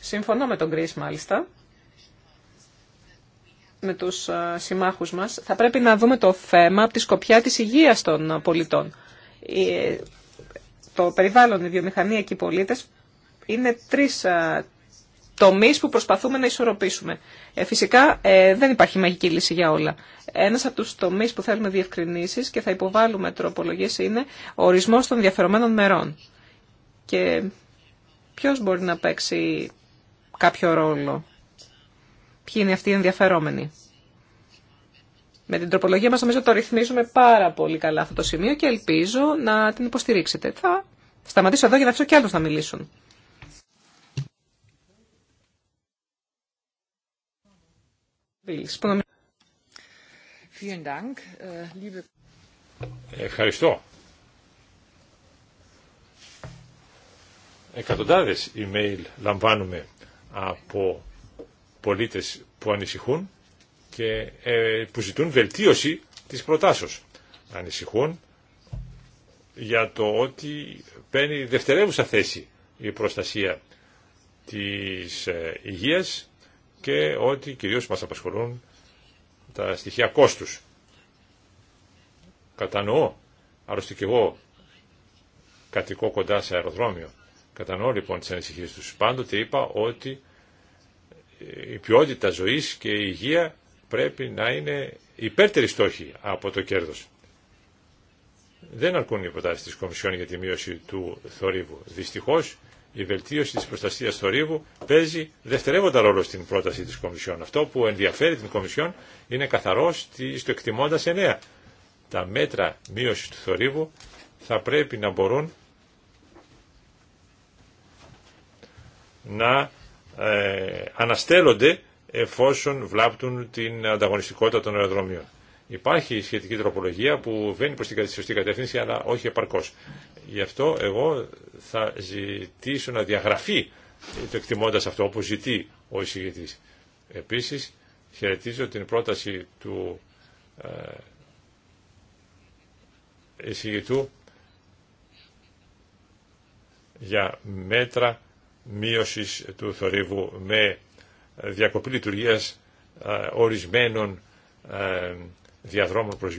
Συμφωνώ με τον Κρίς μάλιστα, με τους συμμάχους μας. Θα πρέπει να δούμε το θέμα από τη σκοπιά της υγείας των πολιτών. Ε, το περιβάλλον, η βιομηχανία και οι πολίτες είναι τρεις τομείς που προσπαθούμε να ισορροπήσουμε. Ε, φυσικά ε, δεν υπάρχει μαγική λύση για όλα. Ένα από τους τομείς που θέλουμε διευκρινήσεις και θα υποβάλουμε τροπολογίες είναι ο ορισμός των διαφερομένων μερών. Και ποιος μπορεί να παίξει κάποιο ρόλο. Ποιοι είναι αυτοί οι ενδιαφερόμενοι. Με την τροπολογία μας νομίζω το ρυθμίζουμε πάρα πολύ καλά αυτό το σημείο και ελπίζω να την υποστηρίξετε. Θα σταματήσω εδώ για να αφήσω και άλλους να μιλήσουν. Äh, Ευχαριστώ. Εκατοντάδες email λαμβάνουμε από πολίτες που ανησυχούν και ε, που ζητούν βελτίωση της προτάσεως. Ανησυχούν για το ότι παίρνει δευτερεύουσα θέση η προστασία της ε, υγείας και ότι κυρίως μας απασχολούν τα στοιχεία κόστους. Κατανοώ, άλλωστε και εγώ κατοικώ κοντά σε αεροδρόμιο, κατανοώ λοιπόν τις ανησυχίες τους. Πάντοτε είπα ότι ε, η ποιότητα ζωής και η υγεία πρέπει να είναι υπέρτερη στόχη από το κέρδος. Δεν αρκούν οι προτάσει της Κομισιόν για τη μείωση του θορύβου. Δυστυχώς η βελτίωση της προστασίας θορύβου παίζει δευτερεύοντα ρόλο στην πρόταση της Κομισιόν. Αυτό που ενδιαφέρει την Κομισιόν είναι καθαρό στο εκτιμώντας εννέα. Τα μέτρα μείωση του θορύβου θα πρέπει να μπορούν να ε, αναστέλλονται εφόσον βλάπτουν την ανταγωνιστικότητα των αεροδρομίων. Υπάρχει σχετική τροπολογία που βαίνει προς την σωστή κατεύθυνση αλλά όχι επαρκώς. Γι' αυτό εγώ θα ζητήσω να διαγραφεί το εκτιμώντας αυτό όπως ζητεί ο εισηγητής. Επίσης χαιρετίζω την πρόταση του ε, εισηγητού για μέτρα μείωσης του θορύβου με διακοπή λειτουργίας ε, ορισμένων ε, διαδρόμων προς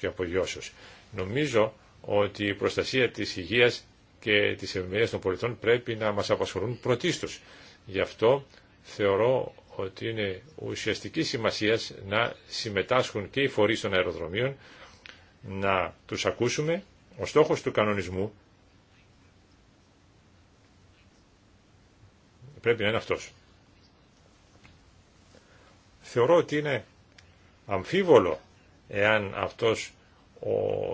και απογειώσεως. Νομίζω ότι η προστασία της υγείας και της ευημερίας των πολιτών πρέπει να μας απασχολούν πρωτίστως. Γι' αυτό θεωρώ ότι είναι ουσιαστική σημασία να συμμετάσχουν και οι φορείς των αεροδρομίων, να τους ακούσουμε. Ο στόχος του κανονισμού πρέπει να είναι αυτός. Θεωρώ ότι είναι αμφίβολο εάν αυτός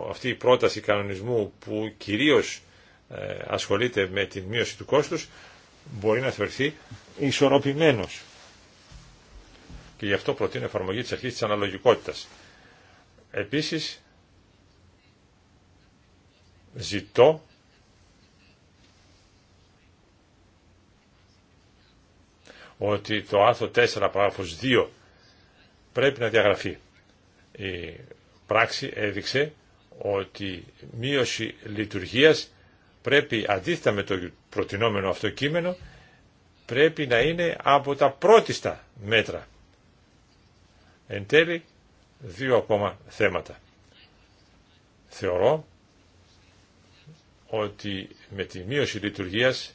αυτή η πρόταση κανονισμού που κυρίως ε, ασχολείται με την μείωση του κόστους μπορεί να θεωρηθεί ισορροπημένος. Και γι' αυτό προτείνω εφαρμογή της αρχής της αναλογικότητας. Επίσης, ζητώ ότι το άρθρο 4 παράγραφος 2 πρέπει να διαγραφεί. Η πράξη έδειξε ότι μείωση λειτουργίας πρέπει αντίθετα με το προτινόμενο αυτό κείμενο πρέπει να είναι από τα πρώτιστα μέτρα. Εν τέλει, δύο ακόμα θέματα. Θεωρώ ότι με τη μείωση λειτουργίας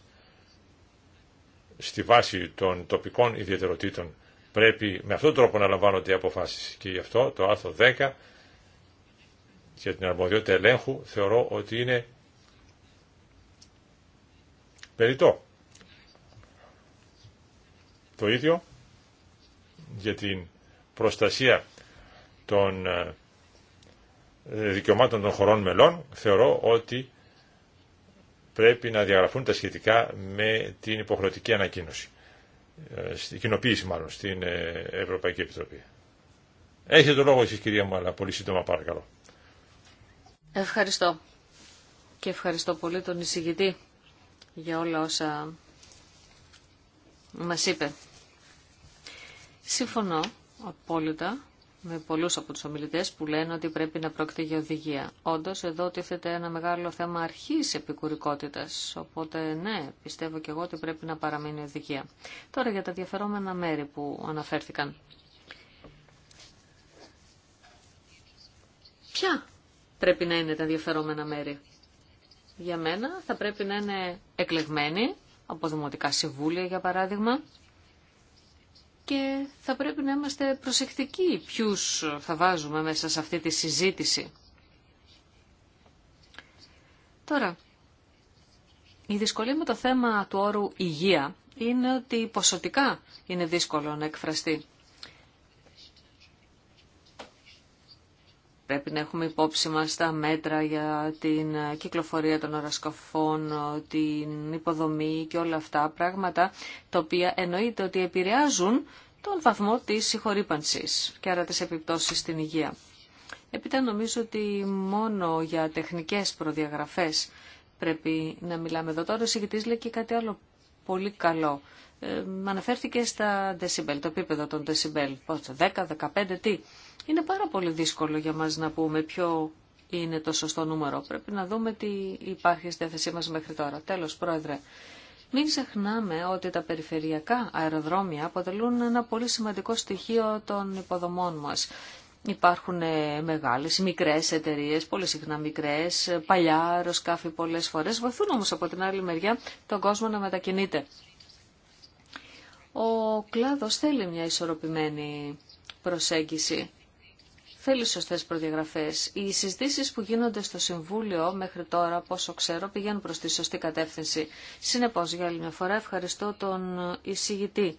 στη βάση των τοπικών ιδιαιτεροτήτων πρέπει με αυτόν τον τρόπο να λαμβάνονται οι αποφάσεις. Και γι' αυτό το άρθρο 10 για την αρμοδιότητα ελέγχου θεωρώ ότι είναι περιττό. Το ίδιο για την προστασία των ε, δικαιωμάτων των χωρών μελών θεωρώ ότι πρέπει να διαγραφούν τα σχετικά με την υποχρεωτική ανακοίνωση. Ε, στην κοινοποίηση μάλλον στην ε, Ευρωπαϊκή Επιτροπή. Έχετε το λόγο εσείς κυρία μου, αλλά πολύ σύντομα παρακαλώ. Ευχαριστώ. Και ευχαριστώ πολύ τον εισηγητή για όλα όσα μας είπε. Συμφωνώ απόλυτα με πολλούς από τους ομιλητές που λένε ότι πρέπει να πρόκειται για οδηγία. Όντως εδώ τίθεται ένα μεγάλο θέμα αρχής επικουρικότητας, οπότε ναι, πιστεύω και εγώ ότι πρέπει να παραμείνει οδηγία. Τώρα για τα διαφερόμενα μέρη που αναφέρθηκαν. Ποια πρέπει να είναι τα ενδιαφερόμενα μέρη. Για μένα θα πρέπει να είναι εκλεγμένοι από δημοτικά συμβούλια για παράδειγμα και θα πρέπει να είμαστε προσεκτικοί ποιους θα βάζουμε μέσα σε αυτή τη συζήτηση. Τώρα, η δυσκολία με το θέμα του όρου υγεία είναι ότι ποσοτικά είναι δύσκολο να εκφραστεί. πρέπει να έχουμε υπόψη μας τα μέτρα για την κυκλοφορία των ορασκοφών, την υποδομή και όλα αυτά πράγματα, τα οποία εννοείται ότι επηρεάζουν τον βαθμό της συγχωρήπανσης και άρα τις επιπτώσεις στην υγεία. Επίτα νομίζω ότι μόνο για τεχνικές προδιαγραφές πρέπει να μιλάμε εδώ. Τώρα ο λέει και κάτι άλλο πολύ καλό. Ε, αναφέρθηκε στα decibel, το επίπεδο των δεσιμπέλ. πόσο, 10, 15, τι. Είναι πάρα πολύ δύσκολο για μας να πούμε ποιο είναι το σωστό νούμερο. Πρέπει να δούμε τι υπάρχει στη θέση μας μέχρι τώρα. Τέλος, Πρόεδρε, μην ξεχνάμε ότι τα περιφερειακά αεροδρόμια αποτελούν ένα πολύ σημαντικό στοιχείο των υποδομών μας. Υπάρχουν ε, μεγάλες, μικρές εταιρείες, πολύ συχνά μικρές, παλιά αεροσκάφη πολλές φορές. Βοηθούν όμως από την άλλη μεριά τον κόσμο να μετακινείται. Ο κλάδος θέλει μια ισορροπημένη προσέγγιση. Θέλει σωστέ προδιαγραφέ. Οι συζητήσει που γίνονται στο Συμβούλιο μέχρι τώρα, πόσο ξέρω, πηγαίνουν προ τη σωστή κατεύθυνση. Συνεπώ, για άλλη μια φορά, ευχαριστώ τον εισηγητή.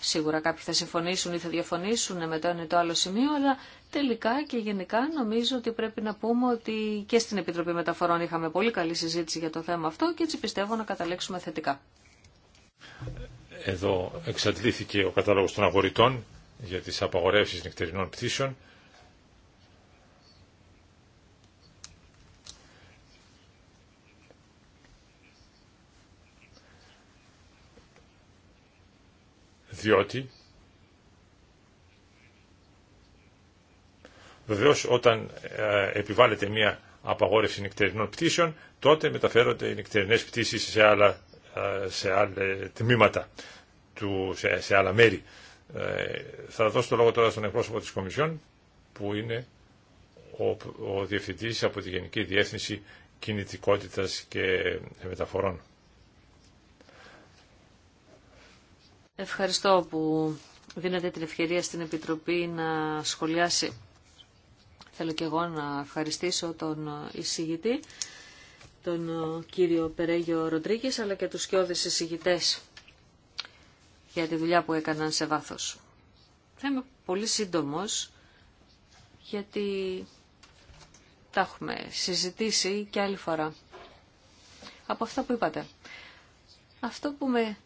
Σίγουρα κάποιοι θα συμφωνήσουν ή θα διαφωνήσουν με το ένα ή το άλλο σημείο, αλλά τελικά και γενικά νομίζω ότι πρέπει να πούμε ότι και στην Επιτροπή Μεταφορών είχαμε πολύ καλή συζήτηση για το θέμα αυτό και έτσι πιστεύω να καταλήξουμε θετικά. Εδώ εξαντλήθηκε ο κατάλογος των αγορητών για τις απαγορεύσεις νυχτερινών πτήσεων. Διότι βεβαίως όταν ε, επιβάλλεται μια απαγόρευση νεκτερινών πτήσεων τότε μεταφέρονται οι νεκτερινές πτήσεις σε άλλα ε, σε άλλα ε, τμήματα, του, σε, άλλα μέρη. Ε, θα δώσω το λόγο τώρα στον εκπρόσωπο της Κομισιόν, που είναι ο, ο Διευθυντής από τη Γενική Διεύθυνση Κινητικότητας και Μεταφορών. Ευχαριστώ που δίνετε την ευκαιρία στην Επιτροπή να σχολιάσει. Θέλω και εγώ να ευχαριστήσω τον εισηγητή τον ε, κύριο Περέγιο Ροντρίγκης αλλά και τους σκιώδες εισηγητές για τη δουλειά που έκαναν σε βάθος. Θα είμαι πολύ σύντομος γιατί τα έχουμε συζητήσει και άλλη φορά. Από αυτά που είπατε. Αυτό που με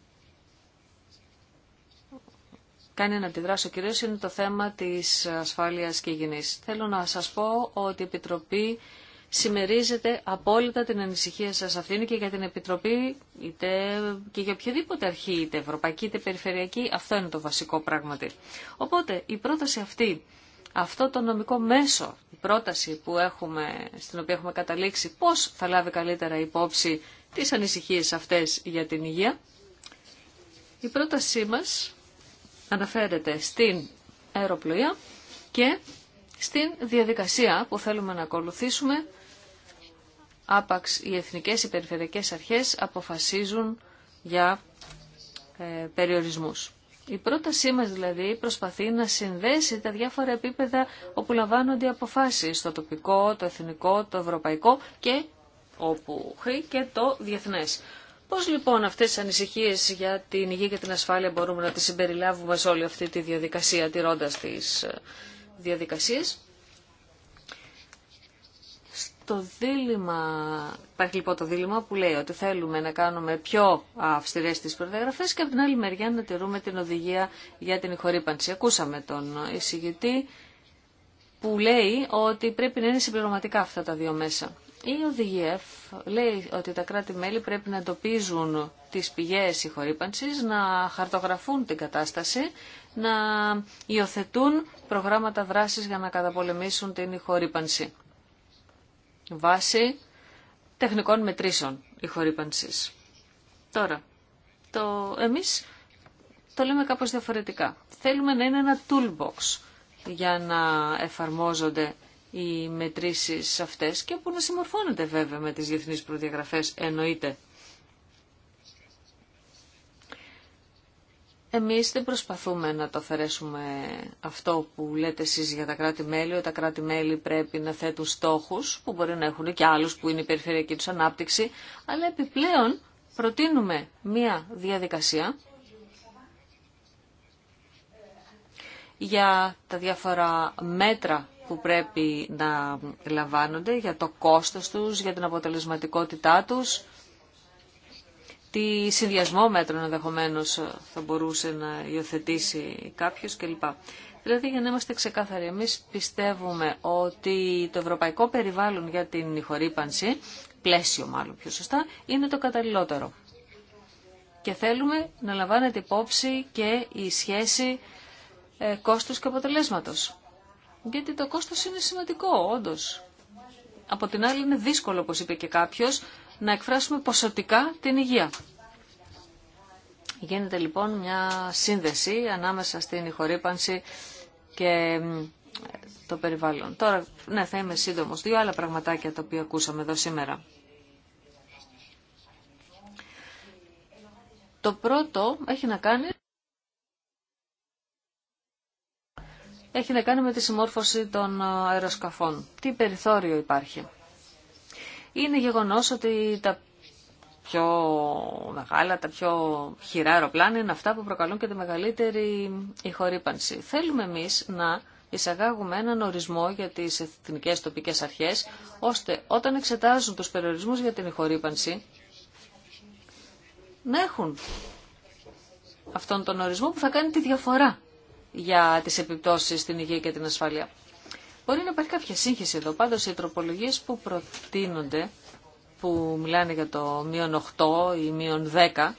κάνει να αντιδράσω κυρίω είναι το θέμα της ασφάλειας και υγιεινής. Θέλω να σας πω ότι η Επιτροπή συμμερίζεται απόλυτα την ανησυχία σας. Αυτή και για την Επιτροπή, είτε και για οποιαδήποτε αρχή, είτε ευρωπαϊκή, είτε περιφερειακή. Αυτό είναι το βασικό πράγματι. Οπότε η πρόταση αυτή, αυτό το νομικό μέσο, η πρόταση που έχουμε, στην οποία έχουμε καταλήξει, πώς θα λάβει καλύτερα υπόψη τις ανησυχίες αυτές για την υγεία. Η πρότασή μας αναφέρεται στην αεροπλοία και στην διαδικασία που θέλουμε να ακολουθήσουμε άπαξ οι εθνικές οι περιφερειακές αρχές αποφασίζουν για ε, περιορισμούς. Η πρότασή μας δηλαδή προσπαθεί να συνδέσει τα διάφορα επίπεδα όπου λαμβάνονται οι αποφάσεις, το τοπικό, το εθνικό, το ευρωπαϊκό και όπου και το διεθνές. Πώς λοιπόν αυτές τις ανησυχίες για την υγεία και την ασφάλεια μπορούμε να τις συμπεριλάβουμε σε όλη αυτή τη διαδικασία, τηρώντας τις ε, διαδικασίες το δίλημα, υπάρχει λοιπόν το δίλημα που λέει ότι θέλουμε να κάνουμε πιο αυστηρέ τι προδιαγραφέ και από την άλλη μεριά να τηρούμε την οδηγία για την ηχορύπανση. Ακούσαμε τον εισηγητή που λέει ότι πρέπει να είναι συμπληρωματικά αυτά τα δύο μέσα. Η οδηγία λέει ότι τα κράτη-μέλη πρέπει να εντοπίζουν τις πηγές συγχωρήπανσης, να χαρτογραφούν την κατάσταση, να υιοθετούν προγράμματα δράσης για να καταπολεμήσουν την ηχορύπανση βάση τεχνικών μετρήσεων η χορύπανση. Τώρα, το, εμείς το λέμε κάπως διαφορετικά. Θέλουμε να είναι ένα toolbox για να εφαρμόζονται οι μετρήσεις αυτές και που να συμμορφώνονται βέβαια με τις διεθνείς προδιαγραφές εννοείται. Εμείς δεν προσπαθούμε να το αφαιρέσουμε αυτό που λέτε εσείς για τα κράτη-μέλη, ότι τα κράτη-μέλη πρέπει να θέτουν στόχους που μπορεί να έχουν και άλλους που είναι η περιφερειακή τους ανάπτυξη, αλλά επιπλέον προτείνουμε μία διαδικασία για τα διάφορα μέτρα που πρέπει να λαμβάνονται, για το κόστος τους, για την αποτελεσματικότητά τους τι συνδυασμό μέτρων ενδεχομένω θα μπορούσε να υιοθετήσει κάποιο κλπ. Δηλαδή για να είμαστε ξεκάθαροι, Εμεί πιστεύουμε ότι το ευρωπαϊκό περιβάλλον για την ηχορύπανση, πλαίσιο μάλλον πιο σωστά, είναι το καταλληλότερο. Και θέλουμε να λαμβάνεται υπόψη και η σχέση ε, κόστους και αποτελέσματος. Γιατί το κόστος είναι σημαντικό, όντως. Από την άλλη είναι δύσκολο, όπως είπε και κάποιος, να εκφράσουμε ποσοτικά την υγεία. Γίνεται λοιπόν μια σύνδεση ανάμεσα στην ηχορύπανση και το περιβάλλον. Τώρα, ναι, θα είμαι σύντομος. Δύο άλλα πραγματάκια τα οποία ακούσαμε εδώ σήμερα. Το πρώτο έχει να κάνει... Έχει να κάνει με τη συμμόρφωση των ε, αεροσκαφών. Τι περιθώριο υπάρχει είναι γεγονός ότι τα πιο μεγάλα, τα πιο χειρά αεροπλάνα είναι αυτά που προκαλούν και τη μεγαλύτερη ηχορύπανση. Θέλουμε εμείς να εισαγάγουμε έναν ορισμό για τις εθνικές τοπικές αρχές, ώστε όταν εξετάζουν τους περιορισμούς για την ηχορύπανση, να έχουν αυτόν τον ορισμό που θα κάνει τη διαφορά για τις επιπτώσεις στην υγεία και την ασφάλεια. Μπορεί να υπάρχει κάποια σύγχυση εδώ. Πάντω οι τροπολογίε που προτείνονται, που μιλάνε για το μείον 8 ή μείον 10,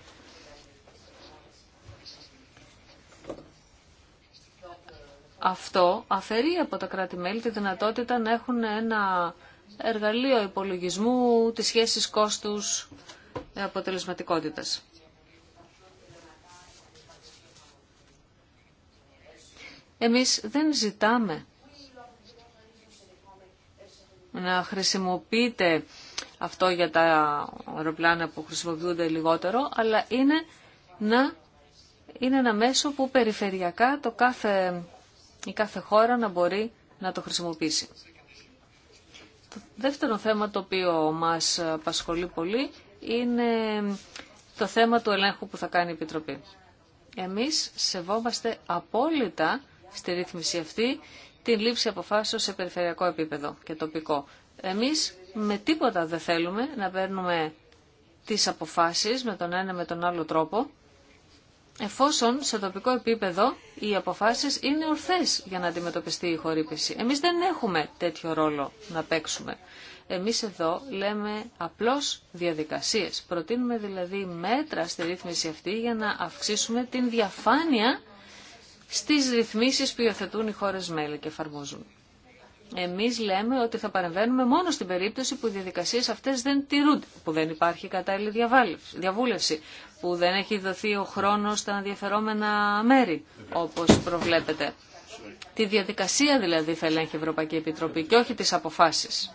αυτό αφαιρεί από τα κράτη-μέλη τη δυνατότητα να έχουν ένα εργαλείο υπολογισμού της σχέσης κόστους αποτελεσματικότητας. Εμείς δεν ζητάμε να χρησιμοποιείται αυτό για τα αεροπλάνα που χρησιμοποιούνται λιγότερο, αλλά είναι, να, είναι ένα μέσο που περιφερειακά το κάθε, η κάθε χώρα να μπορεί να το χρησιμοποιήσει. Το δεύτερο θέμα το οποίο μας απασχολεί πολύ είναι το θέμα του ελέγχου που θα κάνει η Επιτροπή. Εμείς σεβόμαστε απόλυτα στη ρύθμιση αυτή την λήψη αποφάσεων σε περιφερειακό επίπεδο και τοπικό. Εμείς με τίποτα δεν θέλουμε να παίρνουμε τις αποφάσεις με τον ένα με τον άλλο τρόπο, εφόσον σε τοπικό επίπεδο οι αποφάσεις είναι ορθές για να αντιμετωπιστεί η χορύπηση. Εμείς δεν έχουμε τέτοιο ρόλο να παίξουμε. Εμείς εδώ λέμε απλώς διαδικασίες. Προτείνουμε δηλαδή μέτρα στη ρύθμιση αυτή για να αυξήσουμε την διαφάνεια στις ρυθμίσεις που υιοθετούν οι χώρες μέλη και εφαρμόζουν. Εμείς λέμε ότι θα παρεμβαίνουμε μόνο στην περίπτωση που οι διαδικασίες αυτές δεν τηρούνται, που δεν υπάρχει κατάλληλη διαβούλευση, που δεν έχει δοθεί ο χρόνος στα ενδιαφερόμενα μέρη, όπως προβλέπετε. Τη διαδικασία δηλαδή θα ελέγχει η Ευρωπαϊκή Επιτροπή και όχι τις αποφάσεις.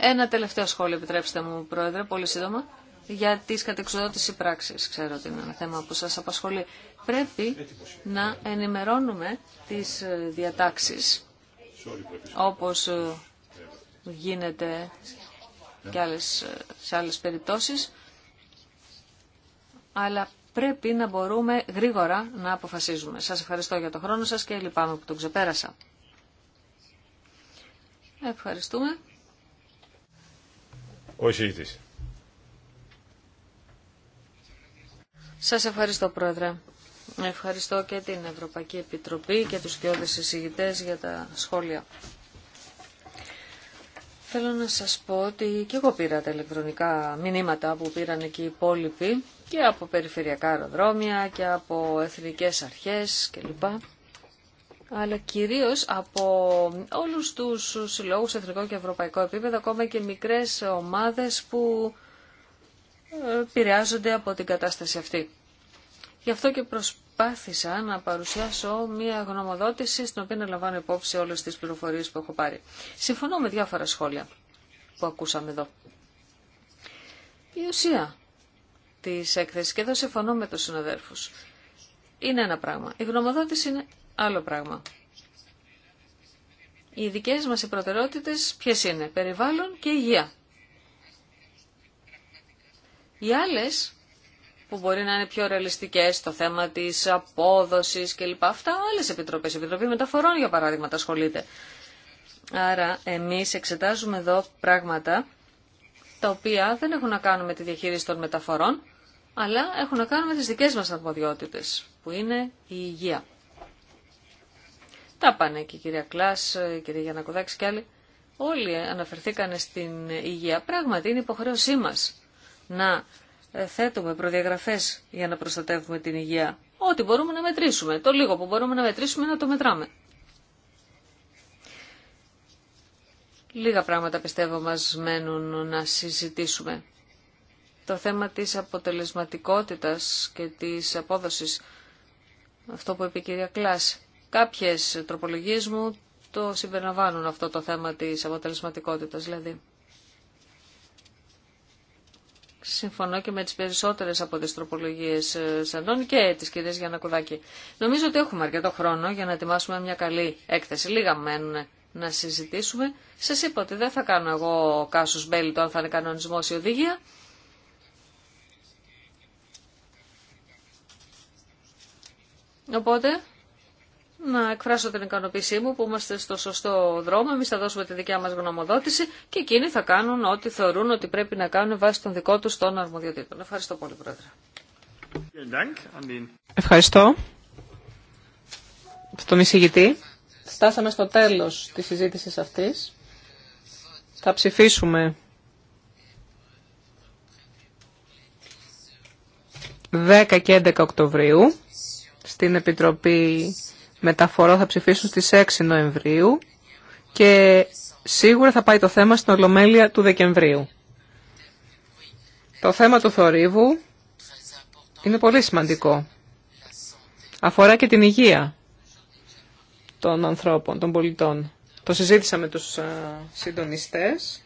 Ένα τελευταίο σχόλιο, επιτρέψτε μου, Πρόεδρε, πολύ σύντομα για τις κατεξοδότηση πράξεις. Ξέρω ότι είναι ένα θέμα που σας απασχολεί. Πρέπει να ενημερώνουμε τις ε, διατάξεις, όπως ε, γίνεται και άλλες, ε, σε άλλες περιπτώσεις, αλλά πρέπει να μπορούμε γρήγορα να αποφασίζουμε. Σας ευχαριστώ για το χρόνο σας και λυπάμαι που τον ξεπέρασα. Ευχαριστούμε. Όχι, Σας ευχαριστώ Πρόεδρε. Ευχαριστώ και την Ευρωπαϊκή Επιτροπή και τους κοιόδες εισηγητές για τα σχόλια. Θέλω να σας πω ότι και εγώ πήρα τα ηλεκτρονικά μηνύματα που πήραν εκεί οι υπόλοιποι και από περιφερειακά αεροδρόμια και από εθνικές αρχές κλπ. Αλλά κυρίως από όλους τους συλλόγους εθνικό και ευρωπαϊκό επίπεδο, ακόμα και μικρές ομάδες που πηρεάζονται από την κατάσταση αυτή. Γι' αυτό και προσπάθησα να παρουσιάσω μία γνωμοδότηση στην οποία να λαμβάνω υπόψη όλες τις πληροφορίες που έχω πάρει. Συμφωνώ με διάφορα σχόλια που ακούσαμε εδώ. Η ουσία της έκθεσης, και εδώ συμφωνώ με τους συναδέρφους, είναι ένα πράγμα. Η γνωμοδότηση είναι άλλο πράγμα. Οι δικές μας οι προτεραιότητες ποιες είναι, περιβάλλον και υγεία. Οι άλλες που μπορεί να είναι πιο ρεαλιστικέ στο θέμα της απόδοσης κλπ. Αυτά άλλε επιτροπές, η Επιτροπή Μεταφορών για παράδειγμα τα ασχολείται. Άρα εμείς εξετάζουμε εδώ πράγματα τα οποία δεν έχουν να κάνουν με τη διαχείριση των μεταφορών, αλλά έχουν να κάνουν με τι δικές μας αρμοδιότητε, που είναι η υγεία. Τα πάνε και η κυρία Κλά, η κυρία Γιανακοδάκη και άλλοι. Όλοι αναφερθήκαν στην υγεία. Πράγματι είναι υποχρέωσή μα να ε, θέτουμε προδιαγραφές για να προστατεύουμε την υγεία. Ό,τι μπορούμε να μετρήσουμε. Το λίγο που μπορούμε να μετρήσουμε να το μετράμε. Λίγα πράγματα πιστεύω μας μένουν να συζητήσουμε. Το θέμα της αποτελεσματικότητας και της απόδοσης, αυτό που είπε η κυρία Κλάς, κάποιες τροπολογίες μου το συμπεριλαμβάνουν αυτό το θέμα της αποτελεσματικότητας, δηλαδή. Συμφωνώ και με τις περισσότερες από τις τροπολογίες ε, Σαντών και για να Γιανακουδάκη. Νομίζω ότι έχουμε αρκετό χρόνο για να ετοιμάσουμε μια καλή έκθεση. Λίγα μένουν να συζητήσουμε. Σας είπα ότι δεν θα κάνω εγώ κάσους μπέλη το αν θα είναι κανονισμός ή οδηγία. Οπότε να εκφράσω την ικανοποίησή μου που είμαστε στο σωστό δρόμο, Εμεί θα δώσουμε τη δικιά μας γνωμοδότηση και εκείνοι θα κάνουν ό,τι θεωρούν ότι πρέπει να κάνουν βάσει των δικών τους των αρμοδιοτήτων. Ευχαριστώ πολύ, Πρόεδρε. Ευχαριστώ. Στον εισηγητή. Στάσαμε στο τέλος τη συζήτηση αυτή. Θα ψηφίσουμε 10 και 11 Οκτωβρίου στην Επιτροπή μεταφορά θα ψηφίσουν στις 6 Νοεμβρίου και σίγουρα θα πάει το θέμα στην Ολομέλεια του Δεκεμβρίου. Το θέμα του θορύβου είναι πολύ σημαντικό. Αφορά και την υγεία των ανθρώπων, των πολιτών. Το συζήτησα με τους ε, συντονιστές.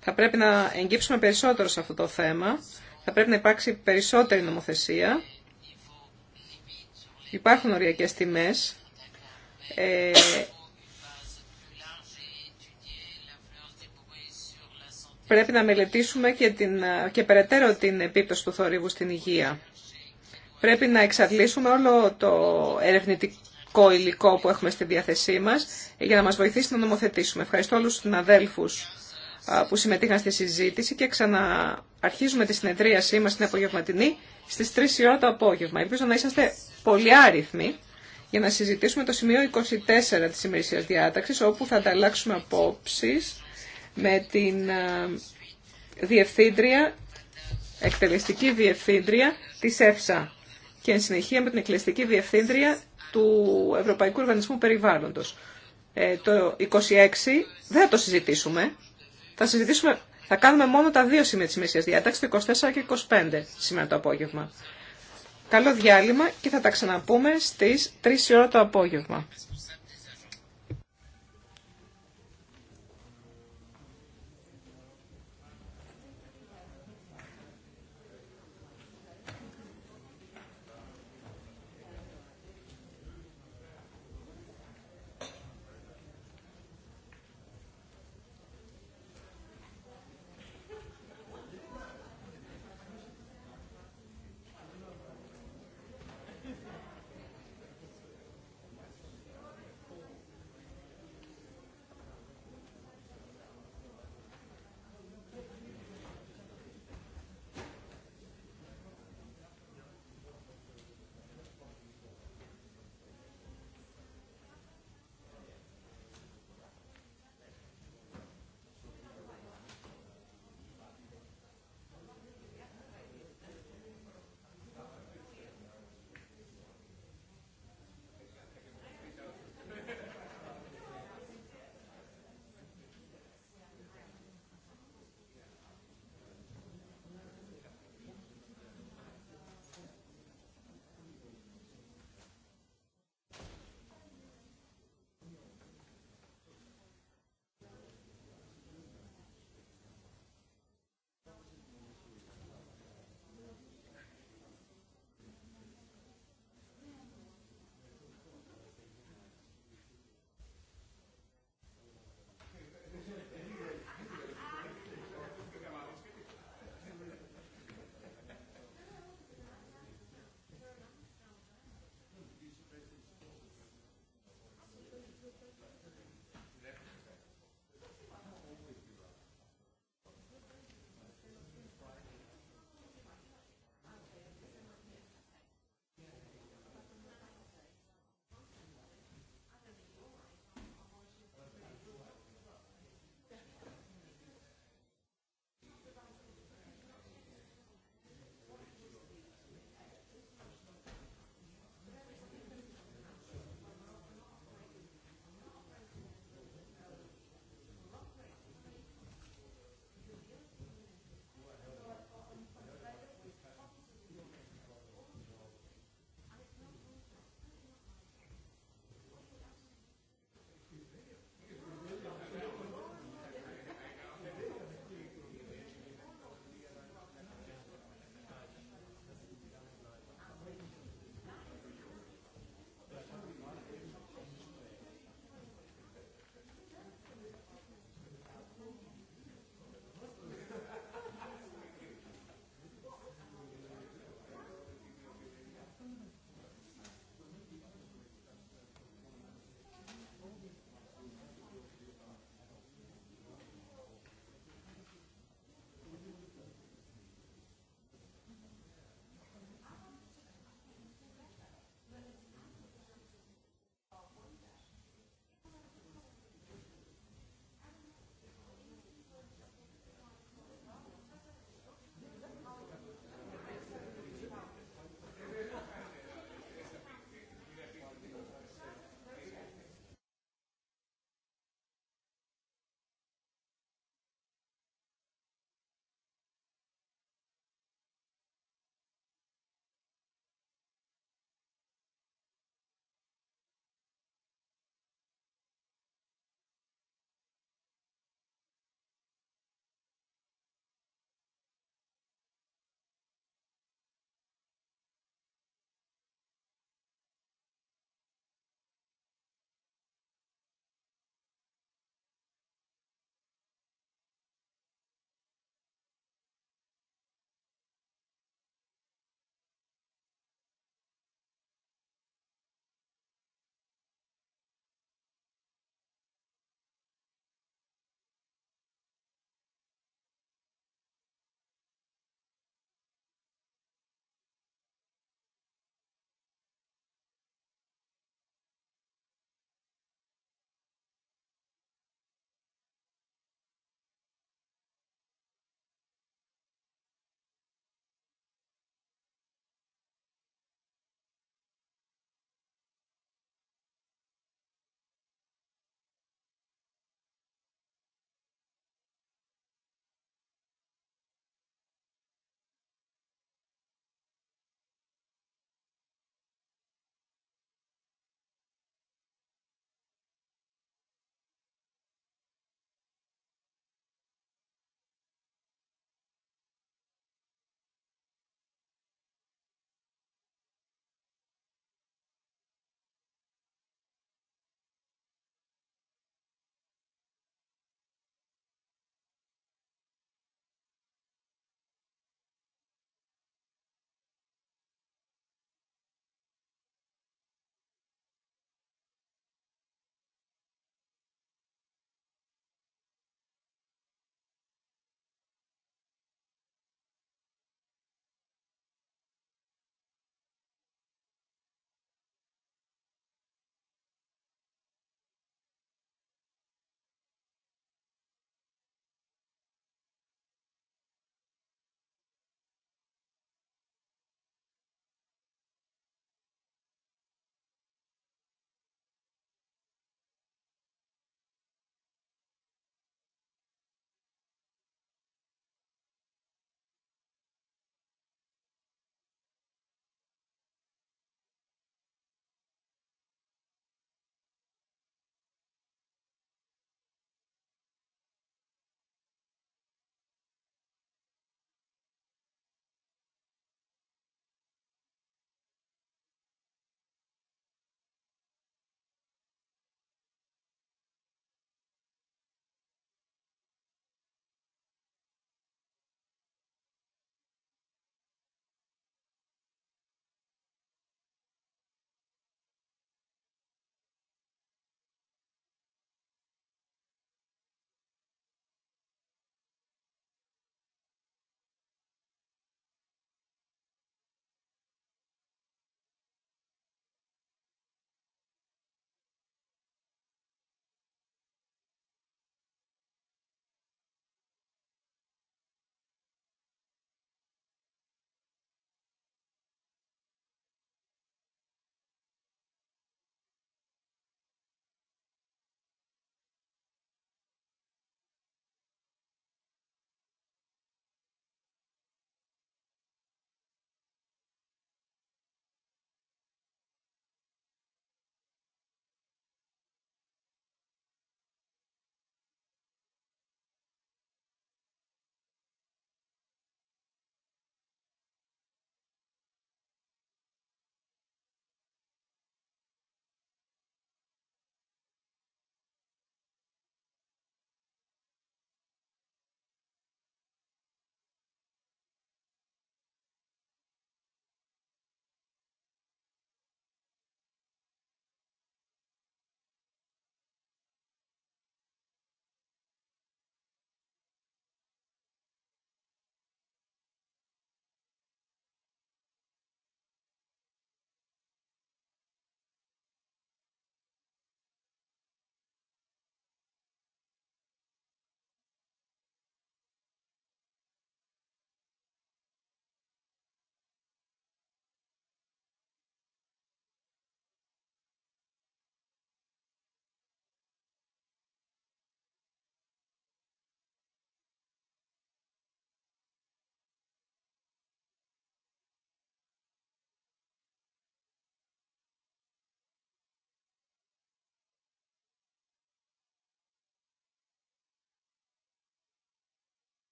Θα πρέπει να εγγύψουμε περισσότερο σε αυτό το θέμα. Θα πρέπει να υπάρξει περισσότερη νομοθεσία. Υπάρχουν οριακέ τιμέ. Ε, πρέπει να μελετήσουμε και, την, και περαιτέρω την επίπτωση του θορύβου στην υγεία. Πρέπει να εξαντλήσουμε όλο το ερευνητικό υλικό που έχουμε στη διάθεσή μας για να μας βοηθήσει να νομοθετήσουμε. Ευχαριστώ όλους τους συναδέλφους που συμμετείχαν στη συζήτηση και ξανααρχίζουμε τη συνεδρίασή μας την απογευματινή στις 3 η ώρα το απόγευμα. Ελπίζω να είσαστε πολύ άριθμοι για να συζητήσουμε το σημείο 24 της ημερησίας διάταξης όπου θα ανταλλάξουμε απόψεις με την διευθύντρια, εκτελεστική διευθύντρια της ΕΦΣΑ και εν συνεχεία με την εκτελεστική διευθύντρια του Ευρωπαϊκού Οργανισμού Περιβάλλοντος. Ε, το 26 δεν θα το συζητήσουμε, θα συζητήσουμε, θα κάνουμε μόνο τα δύο σημεία τη μέση διάταξη το 24 και 25 σήμερα το απόγευμα. Καλό διάλειμμα και θα τα ξαναπούμε στις 3 η ώρα το απόγευμα.